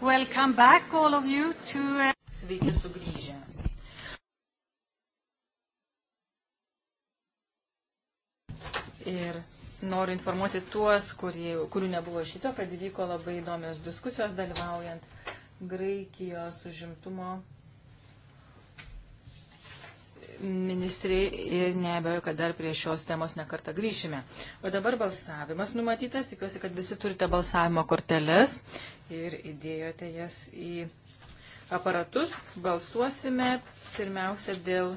Welcome back all of you to... Uh, Sveiki sugrįžę. Ir noriu informuoti tuos, kurie, kurių nebuvo šito, kad vyko labai įdomios diskusijos dalyvaujant Graikijos užimtumo ministrai ir nebejoju, kad dar prie šios temos nekartą grįšime. O dabar balsavimas numatytas, tikiuosi, kad visi turite balsavimo korteles ir įdėjote jas į aparatus. Balsuosime pirmiausia dėl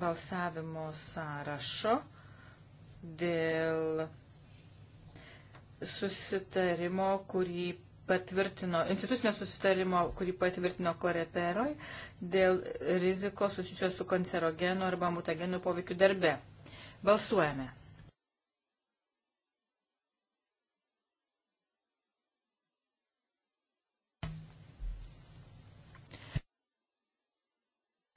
balsavimo sąrašo, dėl susitarimo, kurį patvirtino, institucinio susitarimo, kurį patvirtino Koreperoj dėl rizikos susijusios su kancerogenu arba mutagenu poveikiu darbe. Balsuojame.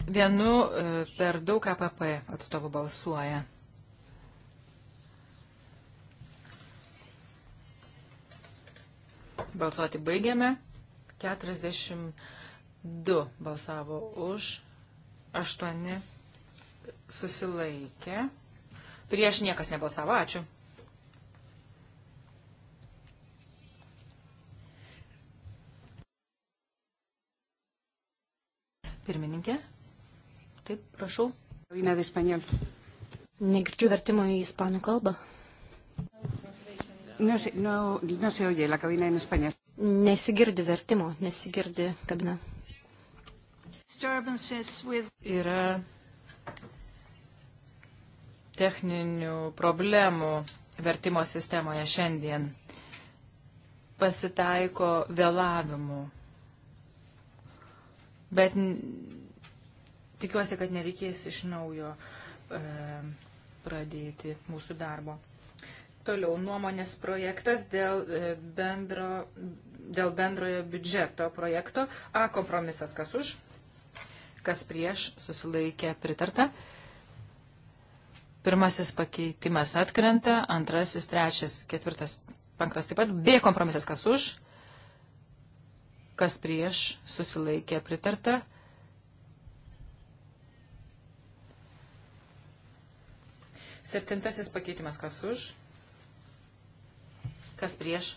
Vienu e, per daug APP e atstovų balsuoja. Balsuoti baigiame. 42 balsavo už, 8 susilaikė. Prieš niekas nebalsavo. Ačiū. Pirmininkė. Taip, prašau. Negirdžiu vertimo į ispanų kalbą. No, no, no se oye la cabina en España. Nesigirdi vertimo, nesigirdi kabina. With... Yra techninių problemų vertimo sistemoje šiandien. Pasitaiko vėlavimų. Bet tikiuosi, kad nereikės iš naujo e, pradėti mūsų darbo. Toliau nuomonės projektas dėl, e, bendro, dėl bendrojo biudžeto projekto. A kompromisas kas už, kas prieš, susilaikė pritarta. Pirmasis pakeitimas atkrenta, antrasis, trečias, ketvirtas, penktas taip pat. B kompromisas kas už, kas prieš, susilaikė pritarta. Septintasis pakeitimas kas už kas prieš,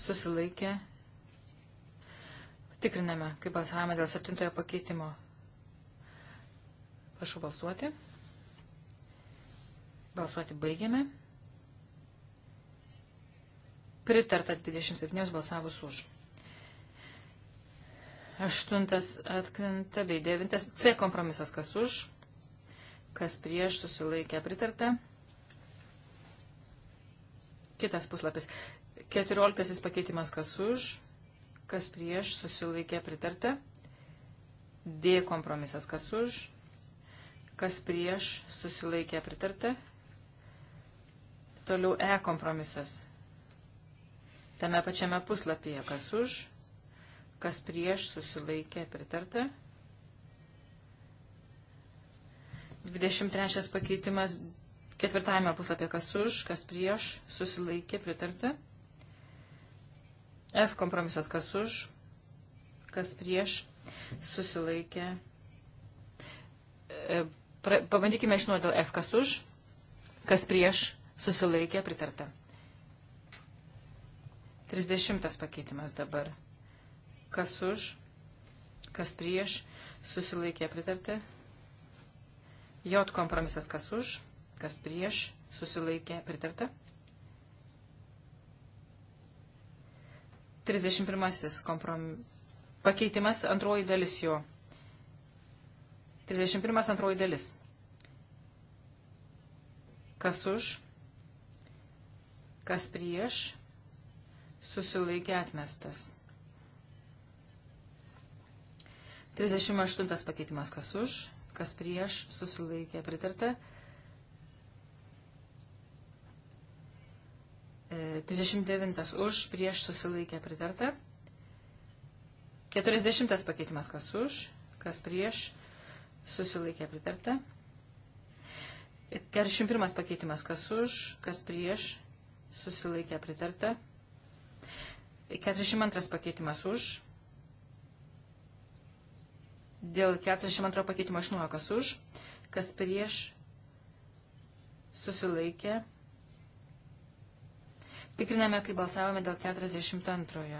susilaikė. Tikriname, kaip balsavome dėl septintojo pakeitimo. Prašau balsuoti. Balsuoti baigiame. Pritarta 27 balsavus už. Aštuntas atkrenta bei devintas. C kompromisas kas už, kas prieš susilaikė pritarta. Kitas puslapis. Keturioliktasis pakeitimas kas už, kas prieš, susilaikė pritarta. D kompromisas kas už, kas prieš, susilaikė pritarta. Toliau E kompromisas. Tame pačiame puslapyje kas už, kas prieš, susilaikė pritarta. 23 pakeitimas Ketvirtajame puslapyje kas už, kas prieš, susilaikė pritarti. F kompromisas kas už, kas prieš, susilaikė. E, pra, pabandykime iš nuo dėl F kas už, kas prieš, susilaikė pritarti. 30 pakeitimas dabar. Kas už, kas prieš, susilaikė pritarti. J kompromisas kas už, kas prieš, susilaikė, pritarta. 31 komprom... pakeitimas antroji dalis jo. 31 antroji dalis. Kas už, kas prieš, susilaikė atmestas. 38 pakeitimas kas už, kas prieš, susilaikė pritarta. 39 e, už, prieš susilaikė pritarta. 40 pakeitimas kas už, kas prieš susilaikė pritarta. 41 pakeitimas kas už, kas prieš susilaikė pritarta. 42 pakeitimas už. Dėl 42 pakeitimo aš nuokas už, kas prieš susilaikė pritarta Tikriname, kai balsavome dėl 42.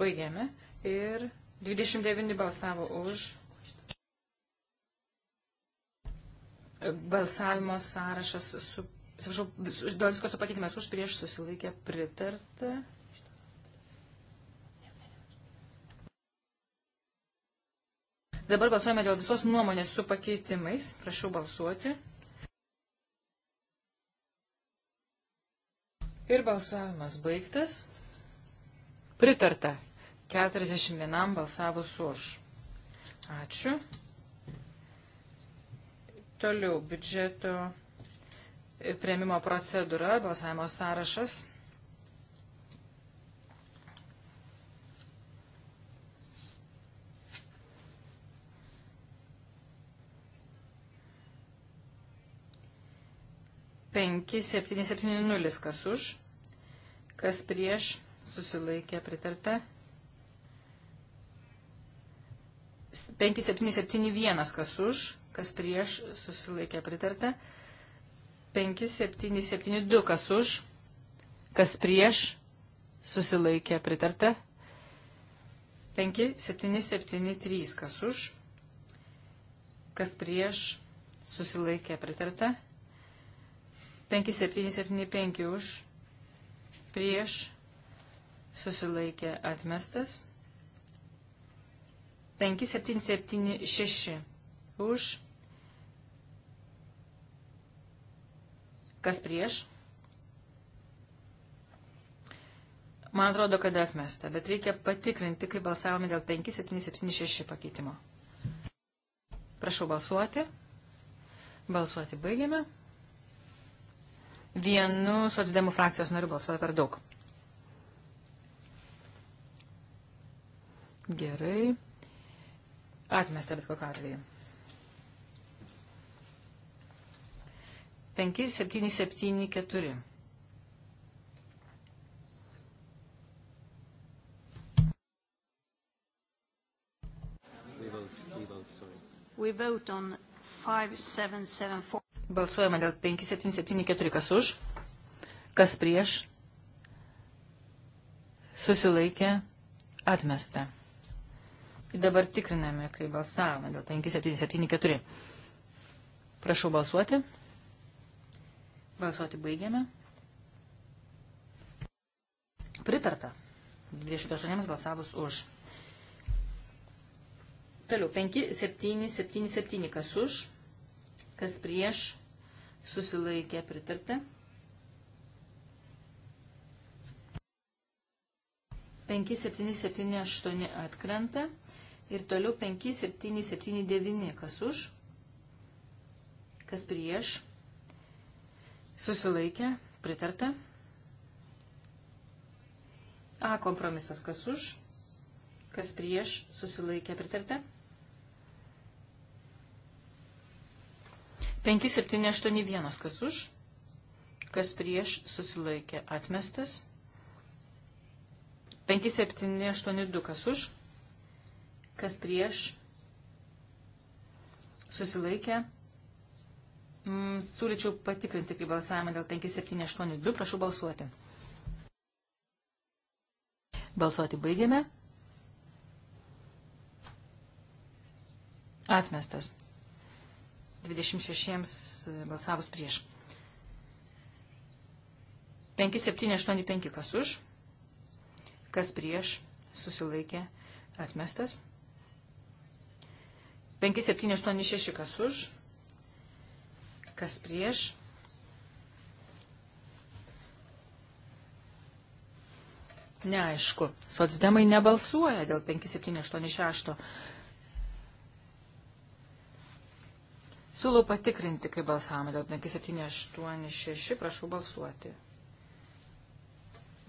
Baigėme ir 29 balsavo už. Balsavimo sąrašas su, atsiprašau, dėl visko su pakeitimais už prieš susilaikė pritarta. Dabar balsuojame dėl visos nuomonės su pakeitimais. Prašau balsuoti. Ir balsavimas baigtas. Pritarta. 41 balsavus už. Ačiū. Toliau biudžeto prieimimo procedūra, balsavimo sąrašas. 5770, kas už, kas prieš, susilaikė pritarta. 5771, kas už, kas prieš, susilaikė pritarta. 5772, kas už, kas prieš, susilaikė pritarta. 5773, kas už, kas prieš, susilaikė pritarta. 5773, 5775 už, prieš, susilaikė atmestas. 5776 už, kas prieš. Man atrodo, kad atmesta, bet reikia patikrinti, kaip balsavome dėl 5776 pakeitimo. Prašau balsuoti. Balsuoti baigiame. Vienu socdemų frakcijos nariu balsuoja per daug. Gerai. Atmesta bet kokiu atveju. 5774. We vote on 5774. Balsuojama dėl 5774, kas už, kas prieš, susilaikė, atmesta. Ir dabar tikriname, kai balsavome dėl 5774. Prašau balsuoti. Balsuoti baigiame. Pritarta. 28 balsavus už. Toliau, 5777, kas už, kas prieš, susilaikė pritarta. 5778 atkrenta ir toliau 5779 kas už, kas prieš, susilaikė pritarta. A kompromisas kas už, kas prieš, susilaikė pritarta. 5781 kas už, kas prieš susilaikė atmestas. 5782 kas už, kas prieš susilaikė. Mm, Sūlyčiau patikrinti, kaip balsavimą dėl 5782, prašau balsuoti. Balsuoti baigėme. Atmestas. 26 e, balsavus prieš. 5785 kas už, kas prieš, susilaikė, atmestas. 5786 kas už, kas prieš. Neaišku, socdemai nebalsuoja dėl 5786. Siūlau patikrinti, kaip balsavome dėl 786. Prašau balsuoti.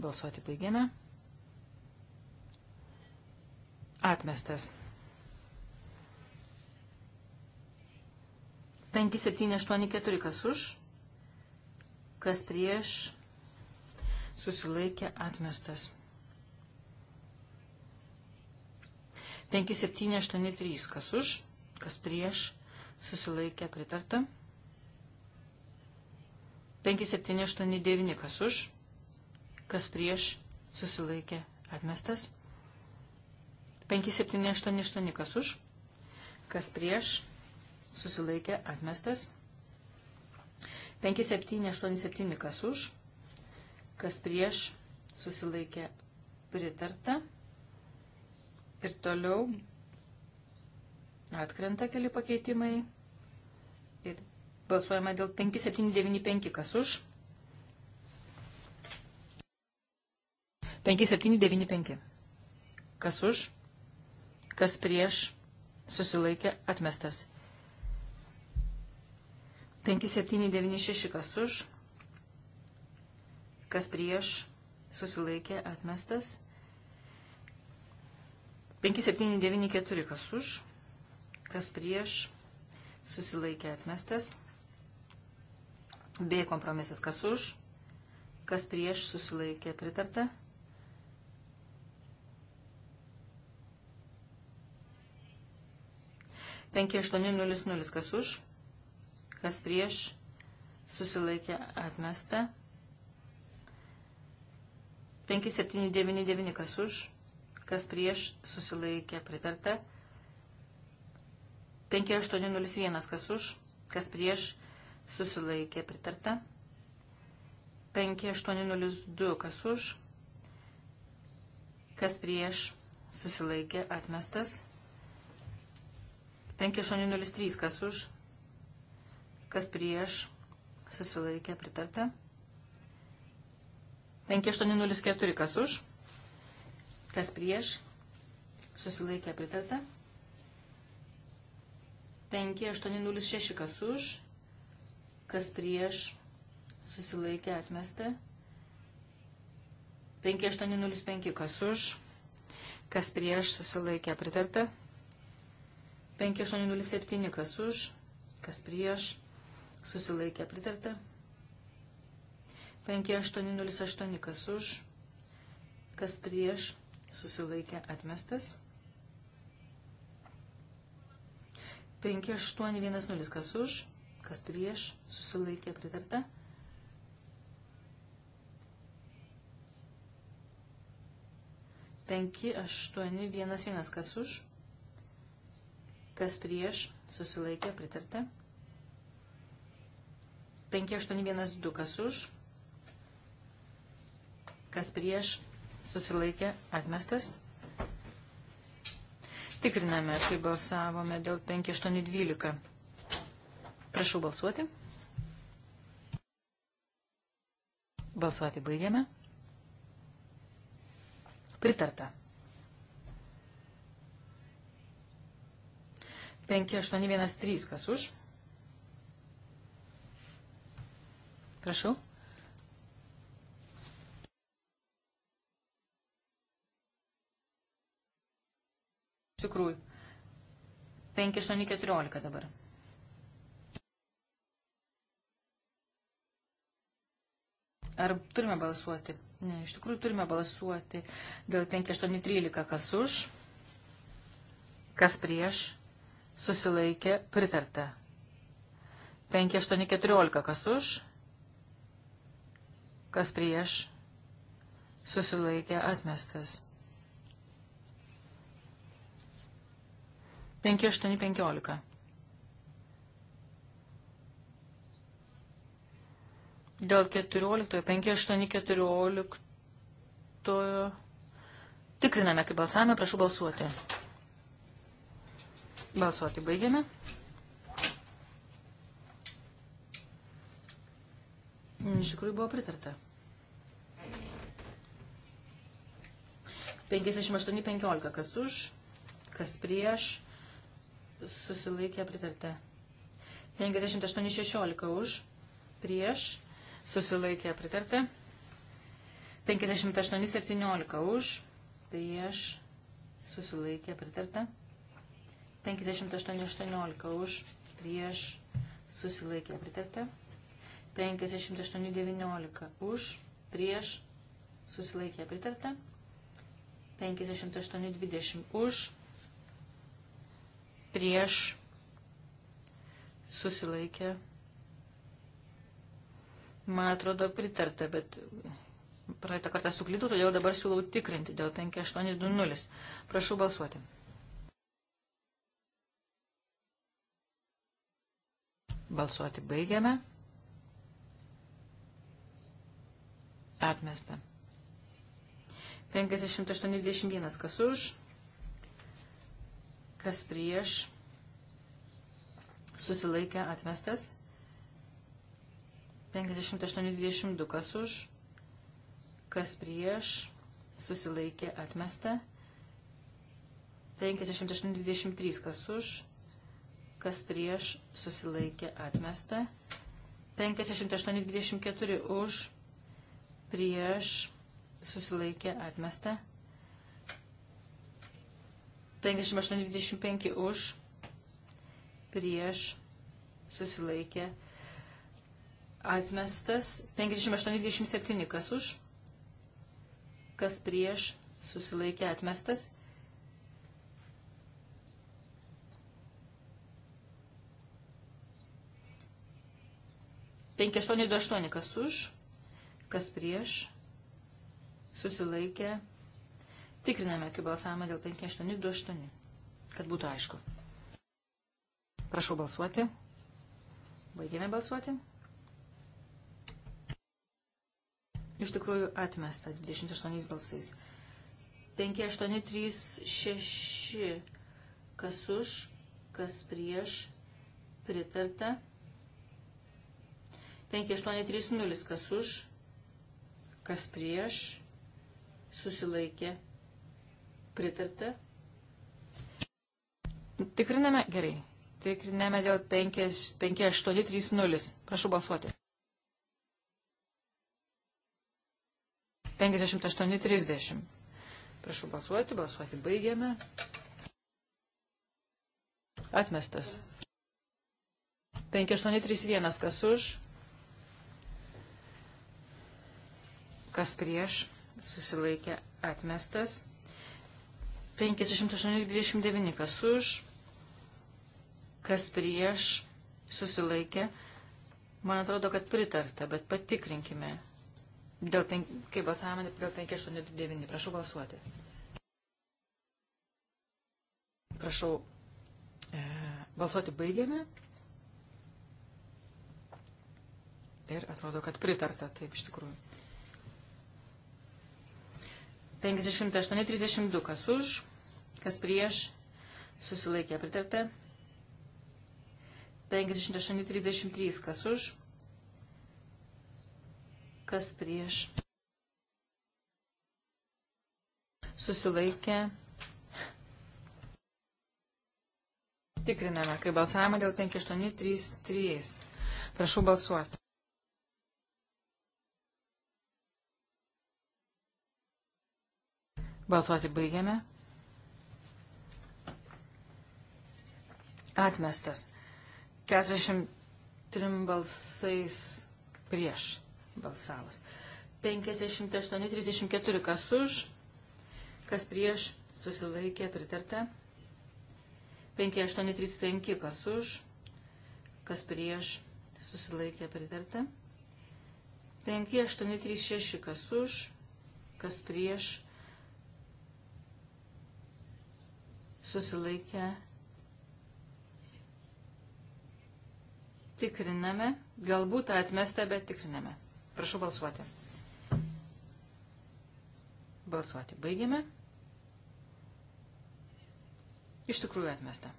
Balsuoti baigėme. Atmestas. 5784 kas už, kas prieš, susilaikė atmestas. 5783 kas už, kas prieš, susilaikė pritarta. 5789 kas už, kas prieš, susilaikė atmestas. 5788 kas už, kas prieš, susilaikė atmestas. 5787 kas už, kas prieš, susilaikė pritarta. Ir toliau Atkrenta keli pakeitimai. Ir balsuojama dėl 5795, kas už. 5795. Kas už, kas prieš, susilaikė, atmestas. 5796, kas už, kas prieš, susilaikė, atmestas. 5794, kas už kas prieš, susilaikė atmestas. B kompromisas, kas už, kas prieš, susilaikė pritarta. Penki aštuoni nulis nulis, kas už, kas prieš, susilaikė atmesta. 5799 kas už, kas prieš susilaikė pritarta. 5801, kas už, kas prieš, susilaikė pritarta. 5802, kas už, kas prieš, susilaikė atmestas. 5803, kas už, kas prieš, susilaikė pritarta. 5804, kas už, kas prieš, susilaikė pritarta. 5804, kas už, kas prieš, susilaikė pritarta. 5806 kas už, kas prieš, susilaikė atmesta. 5805 kas už, kas prieš, susilaikė pritarta. 5807 kas už, kas prieš, susilaikė pritarta. 5808 kas už, kas prieš, susilaikė atmestas. 5808 5810 kas už, kas prieš, susilaikė pritarta. Penki, aštuoni, vienas, vienas, kas už, kas prieš, susilaikė, pritarta. Penki, aštuoni, vienas, du, kas už, kas prieš, susilaikė, atmestas. 5, 8, 1, 2, Tikriname, kai balsavome dėl 5812. Prašau balsuoti. Balsuoti baigiame. Pritarta. 5813 kas už? Prašau. Iš tikrųjų, 5814 dabar. Ar turime balsuoti? Ne, iš tikrųjų turime balsuoti dėl 5813, kas už, kas prieš, susilaikė, pritarta. 5814, kas už, kas prieš, susilaikė, atmestas. 5815. Dėl 14, 5814. Tikriname, kaip balsavome, prašau balsuoti. Balsuoti baigiame. Iš tikrųjų buvo pritarta. 58.15. Kas už, kas prieš, susilaikė pritarta. 58.16 už, prieš, susilaikė pritarta. 58.17 už, prieš, susilaikė pritarta. 58.18 už, prieš, susilaikė pritarta. 58.19 už, prieš, susilaikė pritarta. 58.20 už, prieš susilaikė. Man atrodo pritarta, bet praeitą kartą suklydau, todėl dabar siūlau tikrinti dėl 5820. Prašau balsuoti. Balsuoti baigiame. Atmesta. 5821. Kas už? kas prieš, susilaikė atmestas, 58-22, kas už, kas prieš, susilaikė atmesta, 58-23, kas už, kas prieš, susilaikė atmesta, 58-24 už, prieš, susilaikė atmesta, 58-25 už, prieš, susilaikė, atmestas. 58-27 kas už, kas prieš, susilaikė, atmestas. 5828 kas už, kas prieš, susilaikė, Tikriname, kaip balsavome dėl 5828, kad būtų aišku. Prašau balsuoti. Baigėme balsuoti. Iš tikrųjų atmesta 28 balsais. 5836. Kas už, kas prieš, pritarta. 5830. Kas už, kas prieš, susilaikė, Pritarta. Tikriname, gerai. Tikriname dėl 5830. Prašau balsuoti. 5830. Prašau balsuoti, balsuoti baigiame. Atmestas. 5831. Kas už? Kas prieš? Susilaikė atmestas. 58-29, kas už, kas prieš, susilaikė. Man atrodo, kad pritarta, bet patikrinkime. Dėl pen... Kaip balsavome dėl 5829, prašau balsuoti. Prašau, e, balsuoti baigiame. Ir atrodo, kad pritarta, taip iš tikrųjų. 58-32, kas už, Kas prieš? Susilaikė pritarta. 58.33. Kas už? Kas prieš? Susilaikė. Tikriname, kai balsavimą dėl 5833. Prašau balsuoti. Balsuoti baigiame. Atmestas. 43 balsais prieš balsavus. 58-34 kas už, kas prieš susilaikė pritarta. 5835 kas už, kas prieš susilaikė pritarta. 5836 kas už, kas prieš susilaikė pritarta Tikriname. Galbūt atmesta, bet tikriname. Prašau balsuoti. Balsuoti. Baigiame. Iš tikrųjų atmesta.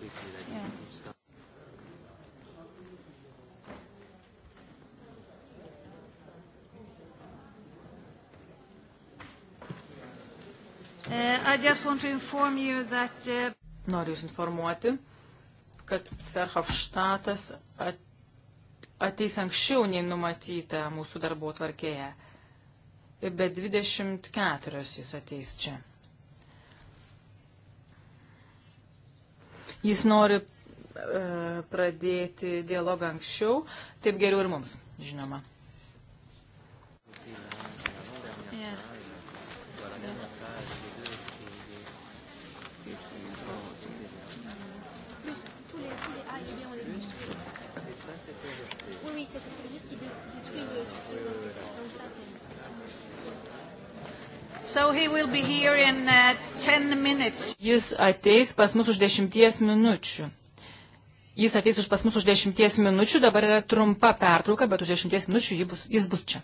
quickly that yeah. you can start. Uh, that, uh... Noriu Jūs informuoti, kad Ferhofštatas at, ateis anksčiau nei numatyta mūsų darbo tvarkėje. Be 24 jis ateis čia. jis nori e, pradėti dialogą anksčiau, taip geriau ir mums, žinoma. Oui, oui, c'est juste qu'ils détruisent. Donc ça, c'est. So he will be here in uh, 10 minutes. Jis ateis pas mus už 10 minučių. Jis ateis už pas mus už 10 minučių, dabar yra trumpa pertrauka, bet už 10 minučių jis bus, jis bus čia.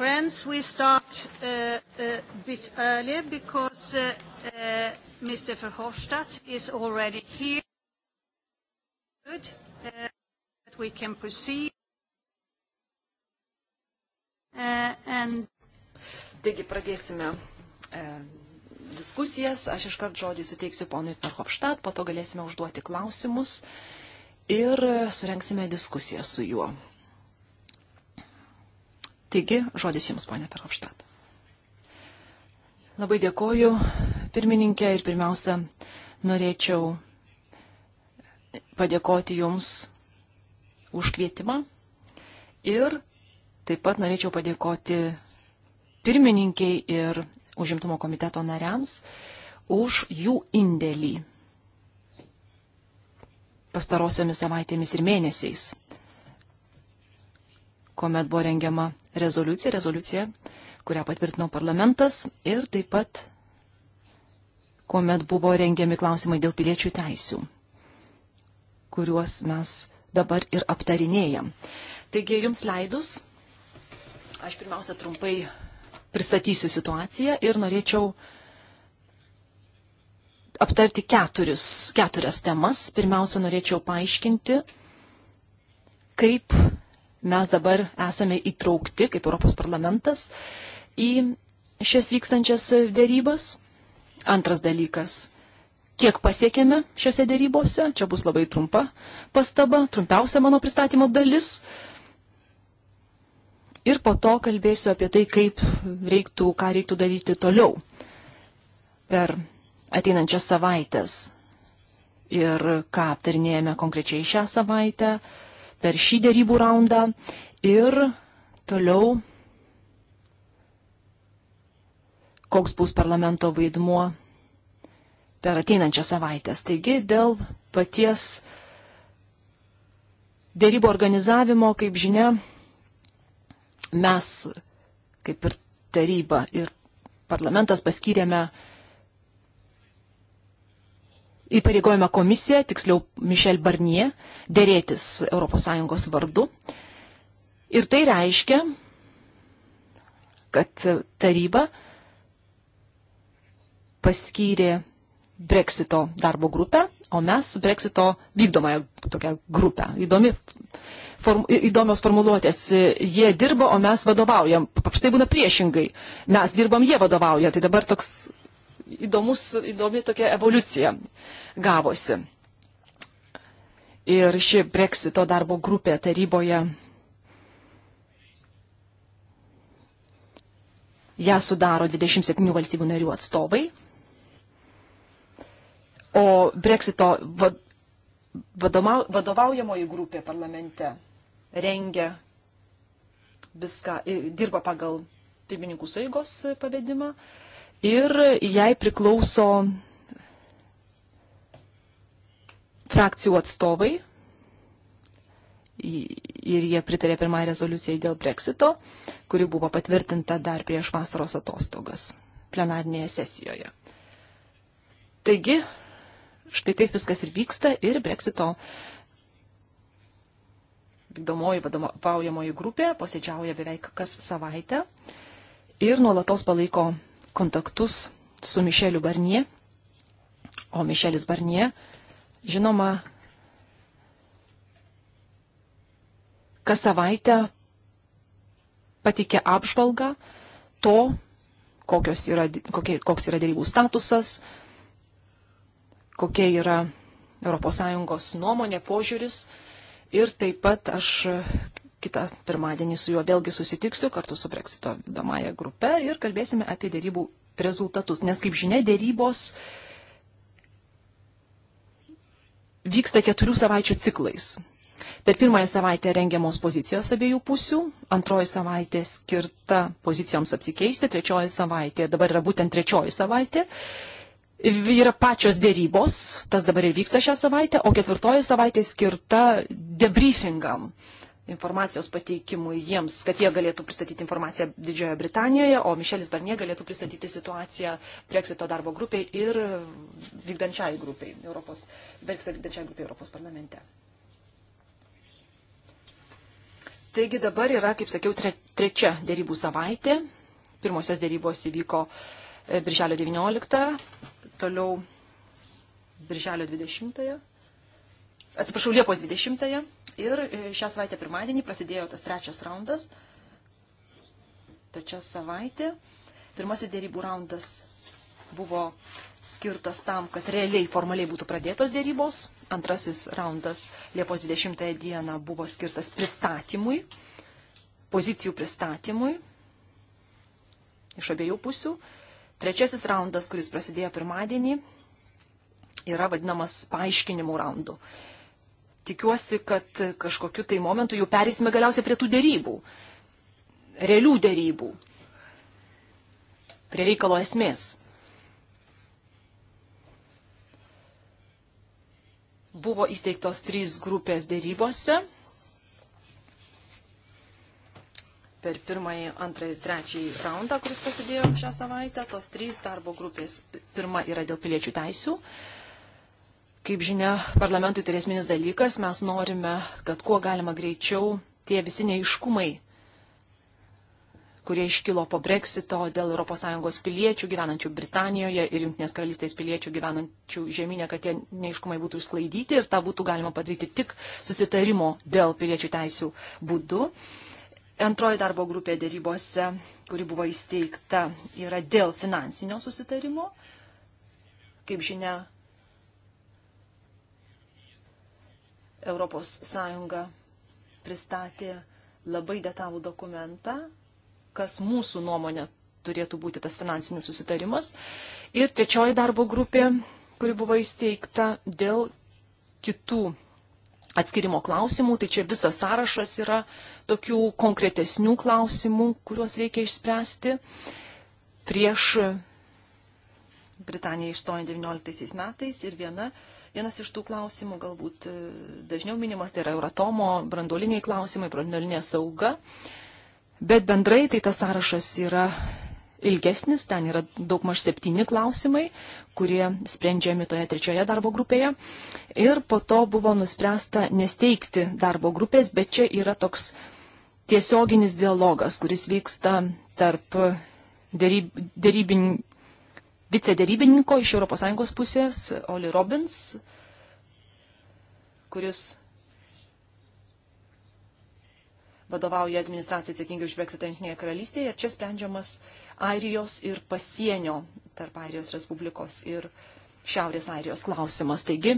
Friends, we start uh, a uh, bit early because uh, uh, Mr. Verhofstadt is already here. Good. Uh, we can proceed. Uh, and... Taigi pradėsime uh, diskusijas. Aš iškart žodį suteiksiu ponui Verhofstadt, po to galėsime užduoti klausimus ir uh, surenksime diskusiją su juo. Taigi, žodis Jums, ponė Perhofštat. Labai dėkoju, pirmininkė, ir pirmiausia, norėčiau padėkoti Jums už kvietimą ir taip pat norėčiau padėkoti pirmininkiai ir užimtumo komiteto nariams už jų indėlį pastarosiomis savaitėmis ir mėnesiais kuomet buvo rengiama rezoliucija, rezoliucija, kurią patvirtino parlamentas ir taip pat kuomet buvo rengiami klausimai dėl piliečių teisių, kuriuos mes dabar ir aptarinėjam. Taigi jums leidus, aš pirmiausia trumpai pristatysiu situaciją ir norėčiau aptarti keturis, keturias temas. Pirmiausia, norėčiau paaiškinti, kaip mes dabar esame įtraukti kaip Europos parlamentas į šias vykstančias dėrybas. Antras dalykas, kiek pasiekėme šiuose dėrybose, čia bus labai trumpa pastaba, trumpiausia mano pristatymo dalis. Ir po to kalbėsiu apie tai, kaip reiktų, ką reiktų daryti toliau per ateinančias savaitės ir ką aptarinėjame konkrečiai šią savaitę per šį dėrybų raundą ir toliau koks bus parlamento vaidmuo per ateinančią savaitę. Taigi dėl paties dėrybų organizavimo, kaip žinia, mes, kaip ir taryba ir parlamentas, paskyrėme uh, įpareigojame komisiją, tiksliau Mišel Barnie, dėrėtis ES vardu. Ir tai reiškia, kad taryba paskyrė Brexito darbo grupę, o mes Brexito vykdomąją tokią grupę. Įdomi, form, įdomios formuluotės. Jie dirba, o mes vadovaujam. Paprastai būna priešingai. Mes dirbam, jie vadovauja. Tai dabar toks įdomus, įdomi tokia evoliucija gavosi. Ir ši Brexito darbo grupė taryboje ją sudaro 27 valstybių narių atstovai. O Brexito vadovaujamoji grupė parlamente rengia viską, dirba pagal pirmininkų saigos pavedimą ir jai priklauso frakcijų atstovai ir jie pritarė pirmąją rezoliuciją dėl breksito, kuri buvo patvirtinta dar prieš vasaros atostogas plenarnėje sesijoje. Taigi, štai taip viskas ir vyksta ir breksito vykdomoji vadovaujamoji grupė posėdžiauja beveik kas savaitę ir nuolatos palaiko kontaktus su Mišeliu Barnie. O Mišelis Barnie, žinoma, kas savaitę patikė apžvalgą to, yra, kokie, koks yra dėrybų statusas, kokia yra ES nuomonė, požiūris. Ir taip pat aš kitą pirmadienį su juo vėlgi susitiksiu kartu su Brexito vykdomąją grupę ir kalbėsime apie dėrybų rezultatus. Nes, kaip žinia, dėrybos vyksta keturių savaičių ciklais. Per pirmąją savaitę rengiamos pozicijos abiejų pusių, antroji savaitė skirta pozicijoms apsikeisti, trečioji savaitė, dabar yra būtent trečioji savaitė, yra pačios dėrybos, tas dabar ir vyksta šią savaitę, o ketvirtoji savaitė skirta debriefingam. Uh, informacijos pateikimui jiems, kad jie galėtų pristatyti informaciją Didžiojo Britanijoje, o Mišelis Barnie galėtų pristatyti situaciją Brexito darbo grupiai ir vykdančiai grupiai Europos, Brexito vykdančiai grupiai Europos parlamente. Taigi dabar yra, kaip sakiau, tre, trečia dėrybų savaitė. Pirmosios dėrybos įvyko e, Birželio 19, toliau Birželio 20. -ąją atsiprašau, Liepos 20-ąją ir e, šią savaitę pirmadienį prasidėjo tas trečias raundas. Tačia savaitė. Pirmasis dėrybų raundas buvo skirtas tam, kad realiai formaliai būtų pradėtos dėrybos. Antrasis raundas Liepos 20 dieną buvo skirtas pristatymui, pozicijų pristatymui iš abiejų pusių. Trečiasis raundas, kuris prasidėjo pirmadienį, yra vadinamas paaiškinimų raundu tikiuosi, kad kažkokiu tai momentu jau perėsime galiausiai prie tų dėrybų, realių dėrybų, prie reikalo esmės. Buvo įsteigtos trys grupės dėrybose. Per pirmąjį, antrąjį ir trečiąjį raundą, kuris prasidėjo šią savaitę, tos trys darbo grupės. Pirma yra dėl piliečių teisių, Kaip žinia, parlamentui tai esminis dalykas, mes norime, kad kuo galima greičiau tie visi neiškumai, kurie iškilo po breksito dėl ES piliečių gyvenančių Britanijoje ir Junktinės karalystės piliečių gyvenančių žemynė, kad tie neiškumai būtų išsklaidyti ir tą būtų galima padaryti tik susitarimo dėl piliečių teisių būdu. Antroji darbo grupė dėrybose, kuri buvo įsteigta, yra dėl finansinio susitarimo. Kaip žinia, ES pristatė labai detalų dokumentą, kas mūsų nuomonė turėtų būti tas finansinis susitarimas. Ir trečioji darbo grupė, kuri buvo įsteigta dėl kitų atskirimo klausimų, tai čia visas sąrašas yra tokių konkretesnių klausimų, kuriuos reikia išspręsti prieš Britaniją išstojant 19 metais ir viena Vienas iš tų klausimų galbūt e, dažniau minimas, tai yra Euratomo brandoliniai klausimai, brandolinė sauga. Bet bendrai tai tas sąrašas yra ilgesnis, ten yra daug maž septyni klausimai, kurie sprendžiami toje trečioje darbo grupėje. Ir po to buvo nuspręsta nesteigti darbo grupės, bet čia yra toks tiesioginis dialogas, kuris vyksta tarp dėryb, dėrybin, vicederybininko iš ES pusės, Oli Robbins, kuris vadovauja administracijai atsakingi už Brexitą Junktinėje karalystėje. Čia sprendžiamas Airijos ir pasienio tarp Airijos Respublikos ir Šiaurės Airijos klausimas. Taigi,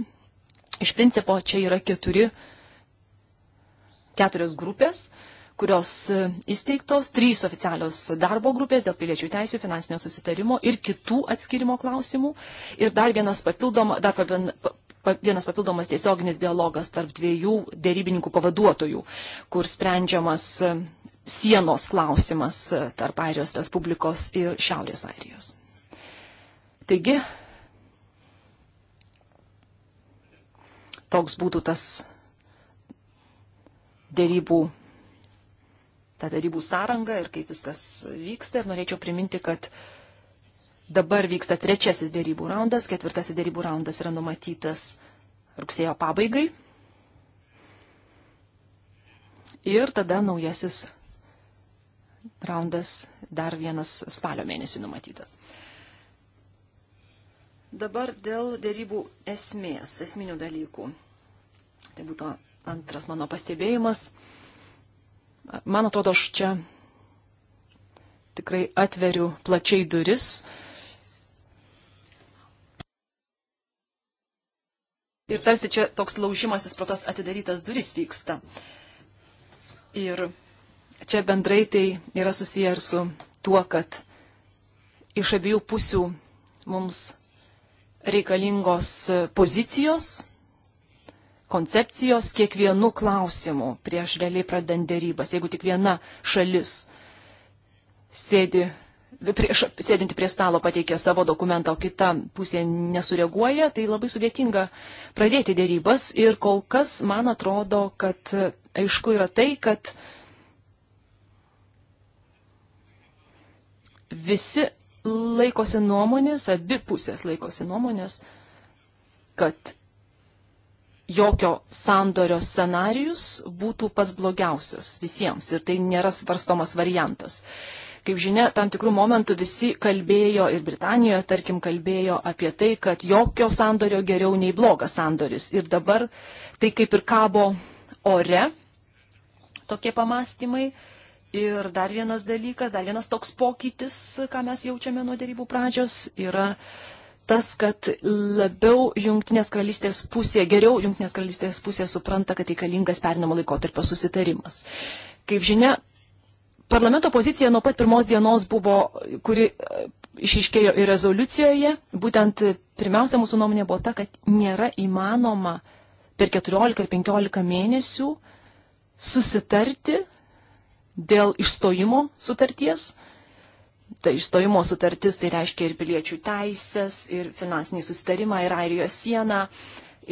iš principo, čia yra keturi, keturios grupės kurios e, įsteigtos, trys oficialios darbo grupės dėl piliečių teisų, finansinio susitarimo ir kitų atskirimo klausimų. Ir dar vienas, papildoma, dar vienas papildomas tiesioginis dialogas tarp dviejų dėrybininkų pavaduotojų, kur sprendžiamas e, sienos klausimas e, tarp Airijos Respublikos ir Šiaurės Airijos. Taigi, toks būtų tas dėrybų tą darybų sąrangą ir kaip viskas vyksta. Ir norėčiau priminti, kad dabar vyksta trečiasis darybų raundas, ketvirtasis darybų raundas yra numatytas rugsėjo pabaigai. Ir tada naujasis raundas dar vienas spalio mėnesį numatytas. Dabar dėl dėrybų esmės, esminių dalykų. Tai būtų antras mano pastebėjimas. Man atrodo, aš čia tikrai atveriu plačiai duris. Ir tarsi čia toks laužimasis pro tas atidarytas duris vyksta. Ir čia bendrai tai yra susiję ir su tuo, kad iš abiejų pusių mums reikalingos pozicijos koncepcijos kiekvienu klausimu prieš realiai pradant dėrybas. Jeigu tik viena šalis sėdi, prieš, sėdinti prie stalo pateikia savo dokumentą, o kita pusė nesureaguoja, tai labai sudėtinga pradėti dėrybas. Ir kol kas man atrodo, kad aišku yra tai, kad visi laikosi nuomonės, abi pusės laikosi nuomonės, kad jokio sandorio scenarius būtų pats blogiausias visiems ir tai nėra svarstomas variantas. Kaip žinia, tam tikrų momentų visi kalbėjo ir Britanijoje, tarkim, kalbėjo apie tai, kad jokio sandorio geriau nei blogas sandoris. Ir dabar tai kaip ir kabo ore tokie pamastymai. Ir dar vienas dalykas, dar vienas toks pokytis, ką mes jaučiame nuo dėrybų pradžios, yra uh, tas, kad labiau Junktinės karalystės pusė, geriau Junktinės karalystės pusė supranta, kad reikalingas perinamo laikotarpio susitarimas. Kaip žinia, parlamento pozicija nuo pat pirmos dienos buvo, kuri e, išiškėjo ir rezoliucijoje, būtent pirmiausia mūsų nuomonė buvo ta, kad nėra įmanoma per 14 ar 15 mėnesių susitarti dėl išstojimo sutarties tai išstojimo sutartis, tai reiškia ir piliečių teisės, ir finansinį sustarimą, ir Airijos sieną,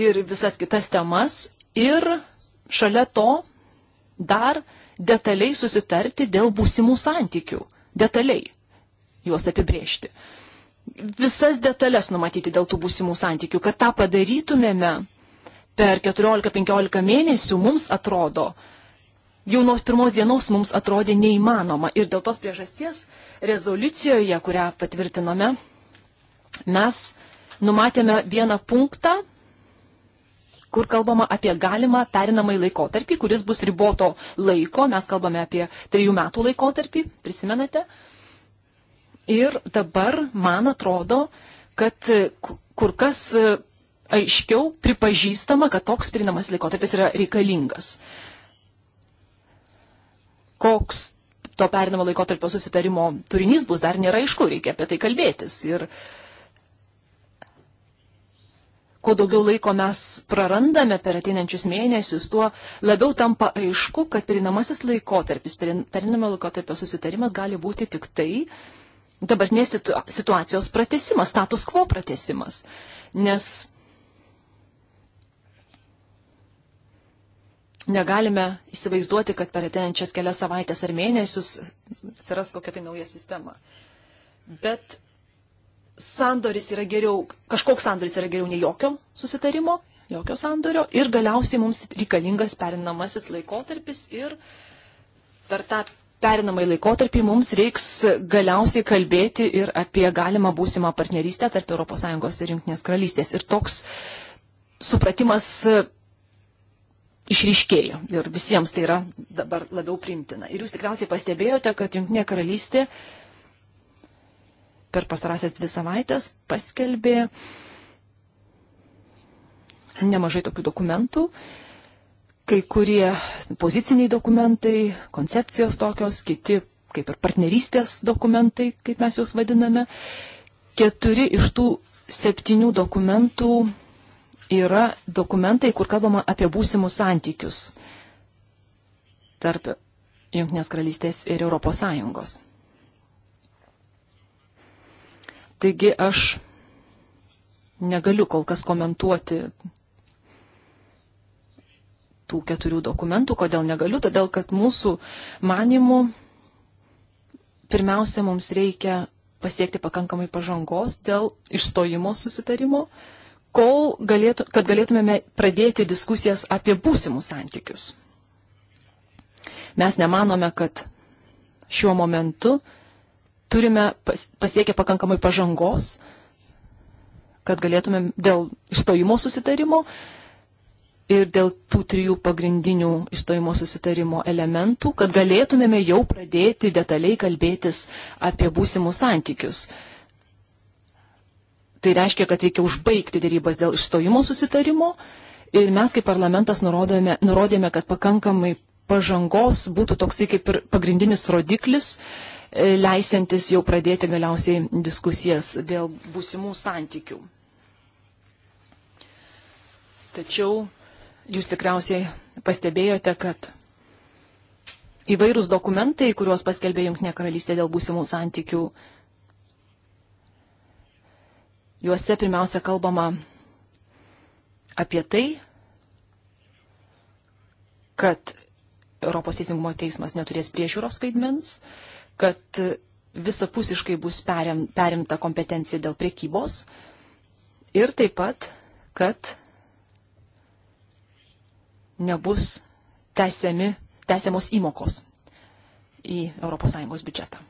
ir visas kitas temas. Ir šalia to dar detaliai susitarti dėl būsimų santykių. Detaliai juos apibriežti. Visas detalės numatyti dėl tų būsimų santykių. Kad tą padarytumėme per 14-15 mėnesių, mums atrodo, jau nuo pirmos dienos mums atrodė neįmanoma. Ir dėl tos priežasties rezoliucijoje, kurią patvirtinome, mes numatėme vieną punktą, kur kalbama apie galimą perinamąjį laikotarpį, kuris bus riboto laiko, mes kalbame apie trijų metų laikotarpį, prisimenate. Ir dabar, man atrodo, kad kur kas aiškiau pripažįstama, kad toks perinamas laikotarpis yra reikalingas. Koks to perinamo laikotarpio susitarimo turinys bus, dar nėra aišku, reikia apie tai kalbėtis. Ir kuo daugiau laiko mes prarandame per ateinančius mėnesius, tuo labiau tampa aišku, kad perinamasis laikotarpis, perinamo laikotarpio susitarimas gali būti tik tai dabartinės situacijos pratesimas, status quo pratesimas. Nes negalime įsivaizduoti, kad per ateinančias kelias savaitės ar mėnesius atsiras kokia tai nauja sistema. Bet sandoris yra geriau, kažkoks sandoris yra geriau nei jokio susitarimo, jokio sandorio ir galiausiai mums reikalingas perinamasis laikotarpis ir per tą perinamąjį laikotarpį mums reiks galiausiai kalbėti ir apie galimą būsimą partnerystę tarp ES ir Junktinės karalystės. Ir toks supratimas išryškėjo ir visiems tai yra dabar labiau primtina. Ir jūs tikriausiai pastebėjote, kad Junktinė karalystė per pastarąsias dvi savaitės paskelbė nemažai tokių dokumentų, kai kurie poziciniai dokumentai, koncepcijos tokios, kiti kaip ir partnerystės dokumentai, kaip mes juos vadiname. Keturi iš tų septynių dokumentų yra dokumentai, kur kalbama apie būsimus santykius tarp Junktinės karalystės ir Europos Sąjungos. Taigi aš negaliu kol kas komentuoti tų keturių dokumentų. Kodėl negaliu? Todėl, kad mūsų manimų pirmiausia mums reikia pasiekti pakankamai pažangos dėl išstojimo susitarimo. Uh, kol galėtų, kad galėtumėme pradėti diskusijas apie būsimus santykius. Mes nemanome, kad šiuo momentu turime pasiekę pakankamai pažangos, kad galėtumėm dėl išstojimo susitarimo ir dėl tų trijų pagrindinių išstojimo susitarimo elementų, kad galėtumėme jau pradėti detaliai kalbėtis apie būsimus santykius. Tai reiškia, kad reikia užbaigti dėrybas dėl išstojimo susitarimo ir mes kaip parlamentas nurodėme, nurodėme kad pakankamai pažangos būtų toksai kaip ir pagrindinis rodiklis, e, leisantis jau pradėti galiausiai diskusijas dėl būsimų santykių. Tačiau jūs tikriausiai pastebėjote, kad įvairūs dokumentai, kuriuos paskelbė Junktinė karalystė dėl būsimų santykių, Juose pirmiausia kalbama apie tai, kad Europos teisingumo teismas neturės priežiūros vaidmens, kad visapusiškai bus perim, perimta kompetencija dėl priekybos ir taip pat, kad nebus tęsiami, tęsiamos įmokos į ES biudžetą.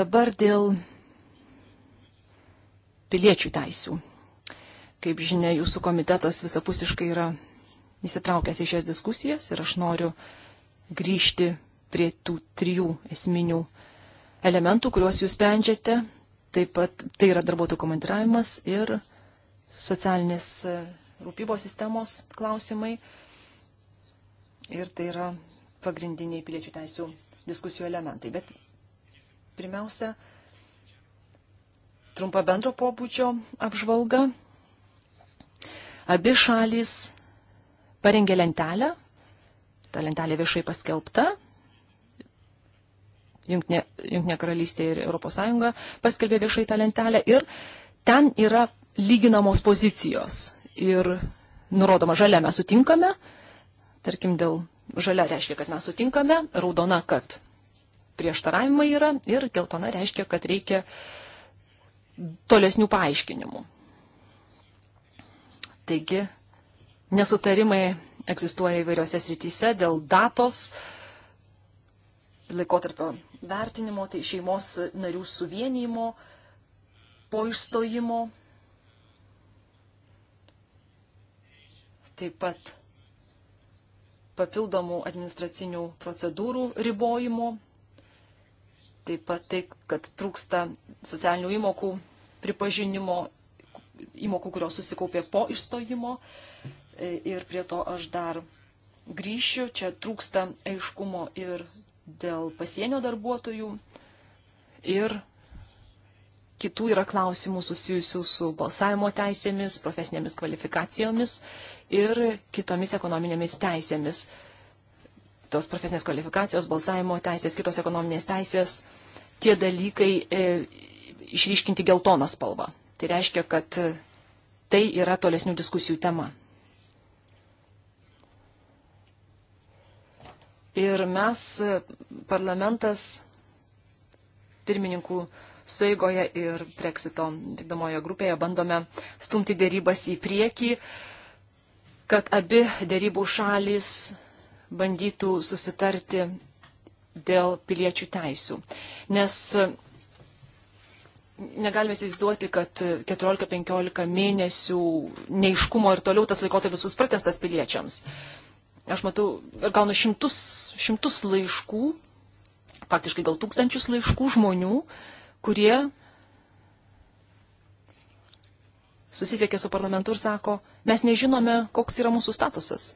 Dabar dėl piliečių teisų. Kaip žinia, jūsų komitetas visapusiškai yra įsitraukęs į šias diskusijas ir aš noriu grįžti prie tų trijų esminių elementų, kuriuos jūs sprendžiate. Taip pat tai yra darbuotojų komandiravimas ir socialinės e, rūpybos sistemos klausimai. Ir tai yra pagrindiniai piliečių teisų diskusijų elementai. Bet pirmiausia, trumpa bendro pobūdžio apžvalga. Abi šalis parengė lentelę, ta lentelė viešai paskelbta. Junknė, Junknė karalystė ir ES paskelbė viešai tą lentelę ir ten yra lyginamos pozicijos ir nurodoma žalia mes sutinkame, tarkim dėl žalia reiškia, kad mes sutinkame, raudona, kad prieštaravimai yra ir geltona reiškia, kad reikia uh, tolesnių paaiškinimų. Taigi, nesutarimai egzistuoja įvairiose srityse dėl datos, laikotarpio vertinimo, tai šeimos narių suvienijimo, po išstojimo, taip pat papildomų administracinių procedūrų ribojimo taip pat tai, kad trūksta socialinių įmokų pripažinimo, įmokų, kurios susikaupė po išstojimo. E, ir prie to aš dar grįšiu. Čia trūksta aiškumo ir dėl pasienio darbuotojų. Ir kitų yra klausimų susijusių su balsavimo teisėmis, profesinėmis kvalifikacijomis ir kitomis ekonominėmis teisėmis tos profesinės kvalifikacijos, balsavimo teisės, kitos ekonominės teisės, tie dalykai e, išryškinti geltoną spalvą. Tai reiškia, kad e, tai yra tolesnių diskusijų tema. Ir mes, e, parlamentas, pirmininkų sueigoje ir Brexito vykdomojo grupėje bandome stumti dėrybas į priekį, kad abi dėrybų šalis bandytų susitarti dėl piliečių teisių. Nes negalime įsivaizduoti, kad 14-15 mėnesių neiškumo ir toliau tas laikotarpis bus pratestas piliečiams. Aš matau, gaunu šimtus, šimtus laiškų, faktiškai gal tūkstančius laiškų žmonių, kurie susisiekė su parlamentu ir sako, mes nežinome, koks yra mūsų statusas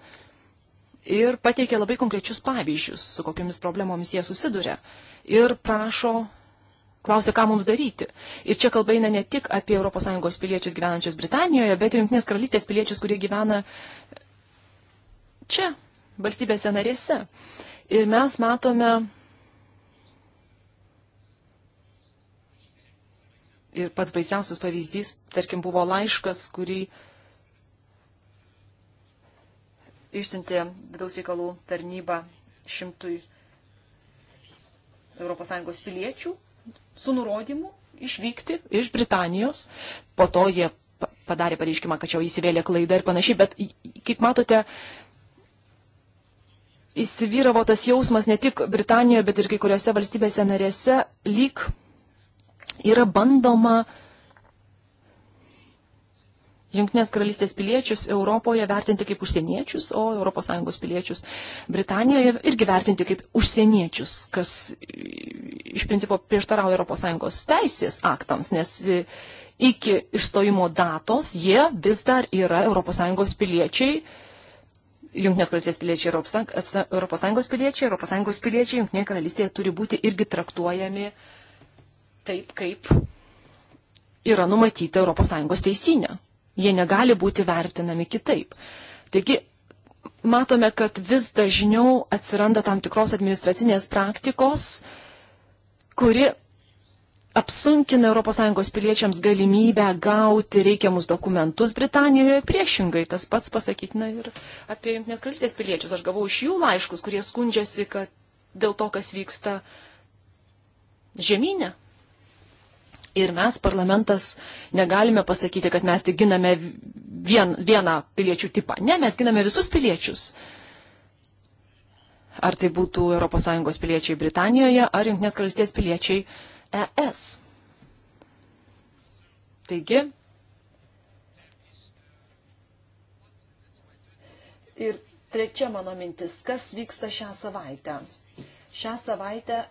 ir pateikė labai konkrečius pavyzdžius, su kokiamis problemomis jie susiduria. Ir prašo, klausia, ką mums daryti. Ir čia kalba eina ne tik apie ES piliečius gyvenančius Britanijoje, bet ir Junktinės karalystės piliečius, kurie gyvena čia, valstybėse narėse. Ir mes matome. Ir pats baisiausias pavyzdys, tarkim, buvo laiškas, kurį uh, išsintė vidaus reikalų tarnybą šimtui ES piliečių su nurodymu išvykti iš Britanijos. Po to jie padarė pareiškimą, kad čia įsivėlė klaida ir panašiai, bet kaip matote, įsivyravo tas jausmas ne tik Britanijoje, bet ir kai kuriuose valstybėse narėse, lyg yra bandoma uh, Junktinės karalystės piliečius Europoje vertinti kaip užsieniečius, o ES piliečius Britanijoje irgi vertinti kaip užsieniečius, kas iš principo prieštarauja ES teisės aktams, nes iki išstojimo datos jie vis dar yra ES piliečiai. Junktinės karalystės piliečiai, ES piliečiai, ES piliečiai Junktinėje karalystėje turi būti irgi traktuojami taip, kaip yra numatyta ES teisinė jie negali būti vertinami kitaip. Taigi, matome, kad vis dažniau atsiranda tam tikros administracinės praktikos, kuri apsunkina ES piliečiams galimybę gauti reikiamus dokumentus Britanijoje priešingai. Tas pats pasakytina ir apie Junktinės karalystės piliečius. Aš gavau iš jų laiškus, kurie skundžiasi, kad dėl to, kas vyksta žemynė Ir mes, parlamentas, negalime pasakyti, kad mes tik giname vien, vieną piliečių tipą. Ne, mes giname visus piliečius. Ar tai būtų ES piliečiai Britanijoje, ar Junktinės karalystės piliečiai ES. Taigi. Ir trečia mano mintis, kas vyksta šią savaitę. Šią savaitę